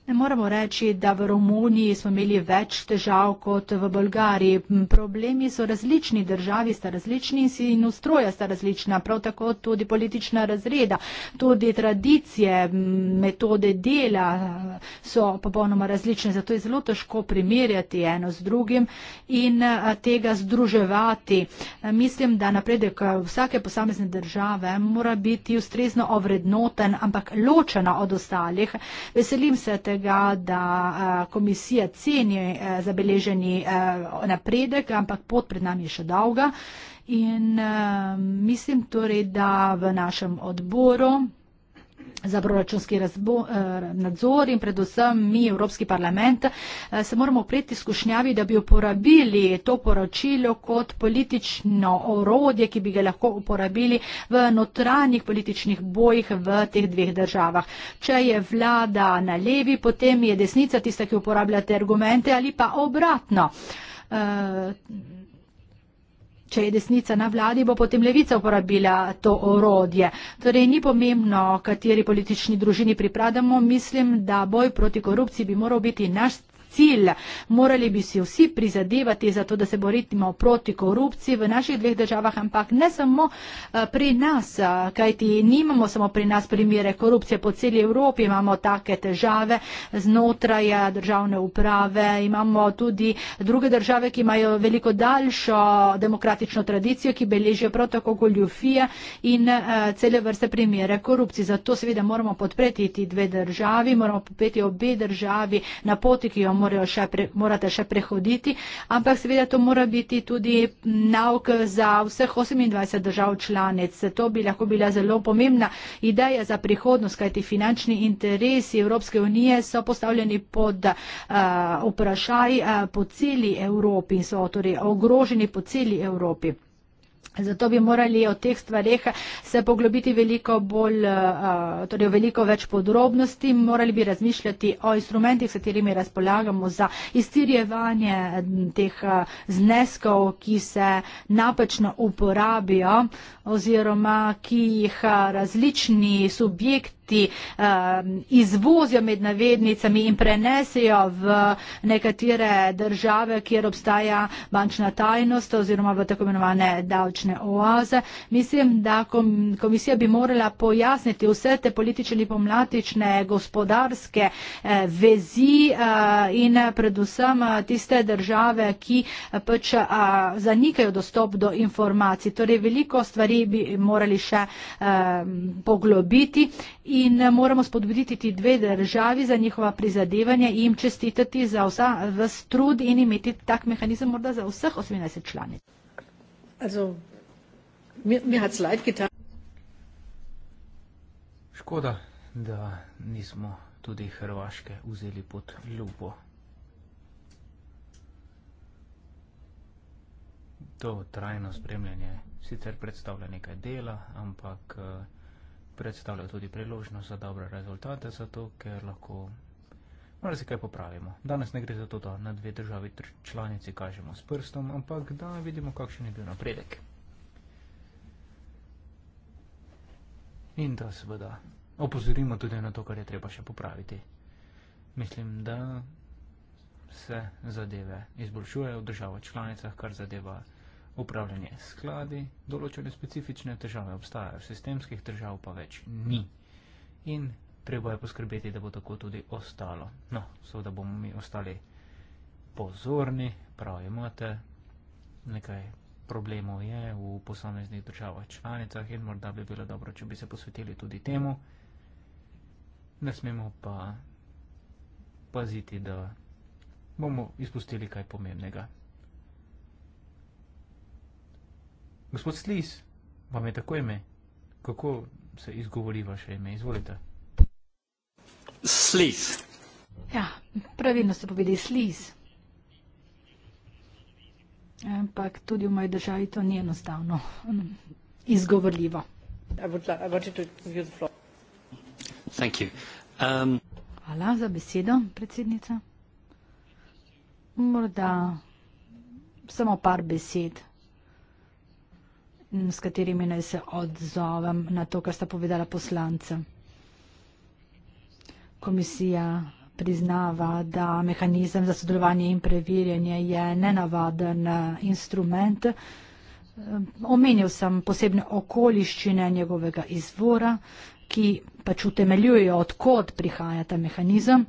[SPEAKER 1] Ne moramo reči, da v Romuniji smo imeli več težav kot v Bolgariji. Problemi so različni, državi sta različni in ustroja sta različna, prav tako tudi politična razreda, tudi tradicije, metode dela so popolnoma različne, zato je zelo težko primerjati eno z drugim in tega združevati. Mislim, da napredek vsake posamezne države mora biti ustrezno ovrednoten, ampak ločena od ostalih. Veselim se tega tega, da eh, komisija ceni eh, zabeleženi eh, napredek, ampak pot pred nami je še dolga. In mislim torej, da v našem odboru za proračunski razbo, eh, nadzor in predvsem mi, Evropski parlament, eh, se moramo opreti skušnjavi, da bi uporabili to poročilo kot politično orodje, ki bi ga lahko uporabili v notranjih političnih bojih v teh dveh državah. Če je vlada na levi, potem je desnica tista, ki uporablja te argumente ali pa obratno. Uh, Če je desnica na vladi, bo potem levica uporabila to orodje. Torej ni pomembno, kateri politični družini pripadamo, mislim, da boj proti korupciji bi moral biti naš cilj. Morali bi si vsi prizadevati za to, da se boritimo proti korupciji v naših dveh državah, ampak ne samo eh, pri nas, eh, kajti nimamo samo pri nas primere korupcije po celi Evropi, imamo take težave znotraj eh, državne uprave, imamo tudi druge države, ki imajo veliko daljšo demokratično tradicijo, ki beležijo prav tako goljufije in cele vrste primere korupcije. Zato seveda moramo podpreti ti dve državi, moramo podpreti obe državi na poti, ki jo moramo še pre, morate še prehoditi, ampak seveda to mora biti tudi nauk za vseh 28 držav članic. To bi lahko bila zelo pomembna ideja za prihodnost, kajti finančni interesi Evropske unije so postavljeni pod uh, vprašaj uh, po celi Evropi in so torej ogroženi po celi Evropi. Zato bi morali o teh stvareh se poglobiti veliko bolj, eh, torej veliko več podrobnosti, morali bi razmišljati o instrumentih, s katerimi razpolagamo za iztirjevanje eh, teh eh, zneskov, ki se napačno uporabijo oziroma ki jih različni subjekti ti um, ehm, izvozijo med navednicami in prenesejo v nekatere države, kjer obstaja bančna tajnost oziroma v tako imenovane davčne oaze. Mislim, da komisija bi morala pojasniti vse te politične diplomatične gospodarske eh, vezi eh, in predvsem eh, tiste države, ki eh, pač eh, zanikajo dostop do informacij. Torej, veliko stvari bi morali še eh, poglobiti in moramo spodbuditi ti dve državi za njihova prizadevanja in jim čestitati za vsa vas trud in imeti tak mehanizem morda za vseh 18 članic.
[SPEAKER 2] Škoda, da nismo tudi Hrvaške vzeli pod ljubo. To trajno spremljanje sicer predstavlja nekaj dela, ampak. Uh, predstavlja tudi priložnost za dobre rezultate, zato ker lahko malo se kaj popravimo. Danes ne gre za to, da na dve državi članici kažemo s prstom, ampak da vidimo, kakšen je bil napredek. In da seveda opozorimo tudi na to, kar je treba še popraviti. Mislim, da se zadeve izboljšujejo v državah članicah, kar zadeva upravljanje skladi, določene specifične težave obstajajo, sistemskih težav pa več ni. In treba je poskrbeti, da bo tako tudi ostalo. No, so da bomo mi ostali pozorni, prav imate, nekaj problemov je v posameznih državah članicah in morda bi bilo dobro, če bi se posvetili tudi temu. Ne smemo pa paziti, da bomo izpustili kaj pomembnega. Gospod Slis, vam je tako ime? Kako se izgovori vaše ime? Izvolite. Slis.
[SPEAKER 1] Ja, pravilno se povedi Slis. Ampak tudi v moji državi to ni enostavno um, izgovorljivo. Um, Hvala za besedo, predsednica. Morda samo par besed s katerimi naj se odzovem na to, kar sta povedala poslanca. Komisija priznava, da mehanizem za sodelovanje in preverjanje je nenavaden eh, instrument. Eh, omenil sem posebne okoliščine njegovega izvora, ki pač utemeljujejo, odkot prihaja ta mehanizem.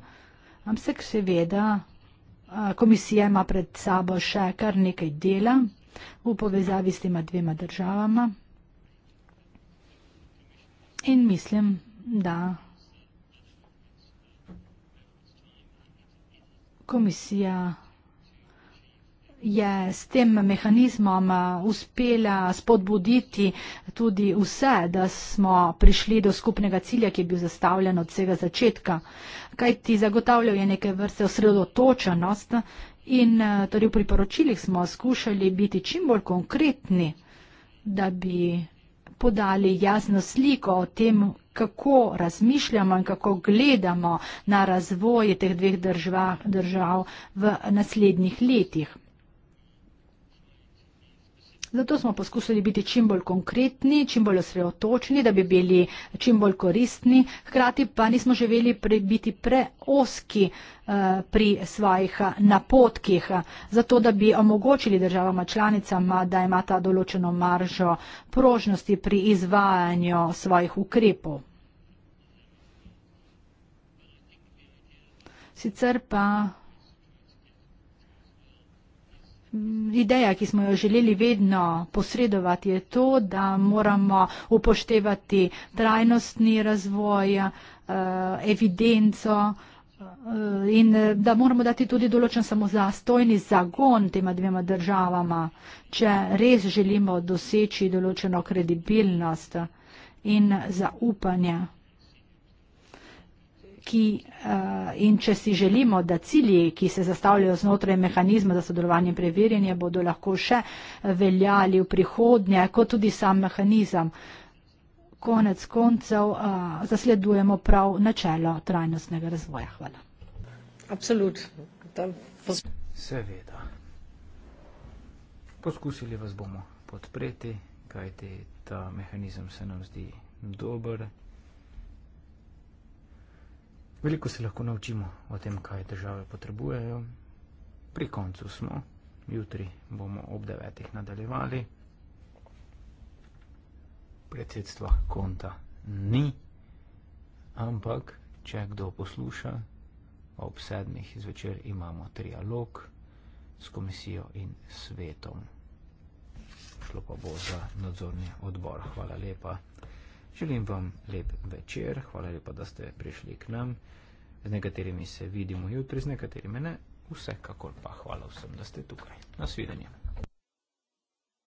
[SPEAKER 1] Ampak seveda eh, komisija ima pred sabo še kar nekaj dela v povezavi s tema dvema državama. In mislim, da komisija je s tem mehanizmom eh, uspela spodbuditi tudi vse, da smo prišli do skupnega cilja, ki je bil zastavljen od vsega začetka. Kaj ti zagotavljajo je neke vrste osredotočenost In eh, torej v priporočilih smo skušali biti čim bolj konkretni, da bi podali jasno sliko o tem, kako razmišljamo in kako gledamo na razvoj teh dveh držav, držav v naslednjih letih. Zato smo poskušali biti čim bolj konkretni, čim bolj osredotočeni, da bi bili čim bolj koristni, hkrati pa nismo želeli pre, biti preoski eh, pri svojih eh, napotkih, zato da bi omogočili državama članicama, da imata določeno maržo prožnosti pri izvajanju svojih ukrepov. Sicer pa ideja, ki smo jo želeli vedno posredovati, je to, da moramo upoštevati trajnostni razvoj, eh, evidenco eh, in eh, da moramo dati tudi določen samozastojni zagon tema dvema državama, če res želimo doseči določeno kredibilnost in zaupanje ki eh, in če si želimo, da cilji, ki se zastavljajo znotraj mehanizma za sodelovanje in preverjanje, bodo lahko še veljali v prihodnje, kot tudi sam mehanizem. Konec koncev a, eh, zasledujemo prav načelo trajnostnega razvoja. Hvala. Absolutno.
[SPEAKER 2] Seveda. Poskusili vas bomo podpreti, kajti ta mehanizem se nam zdi dober. Veliko se lahko naučimo o tem, kaj države potrebujejo. Pri koncu smo, jutri bomo ob devetih nadaljevali. Predsedstva konta ni, ampak če kdo posluša, ob sedmih zvečer imamo trialog s komisijo in svetom. Šlo pa bo za nadzorni odbor. Hvala lepa. Želim vam lep večer, hvala lepa, da ste prišli k nam. Z nekaterimi se vidimo jutri, z nekaterimi ne. Vsekakor pa hvala vsem, da ste tukaj. Nasvidenje.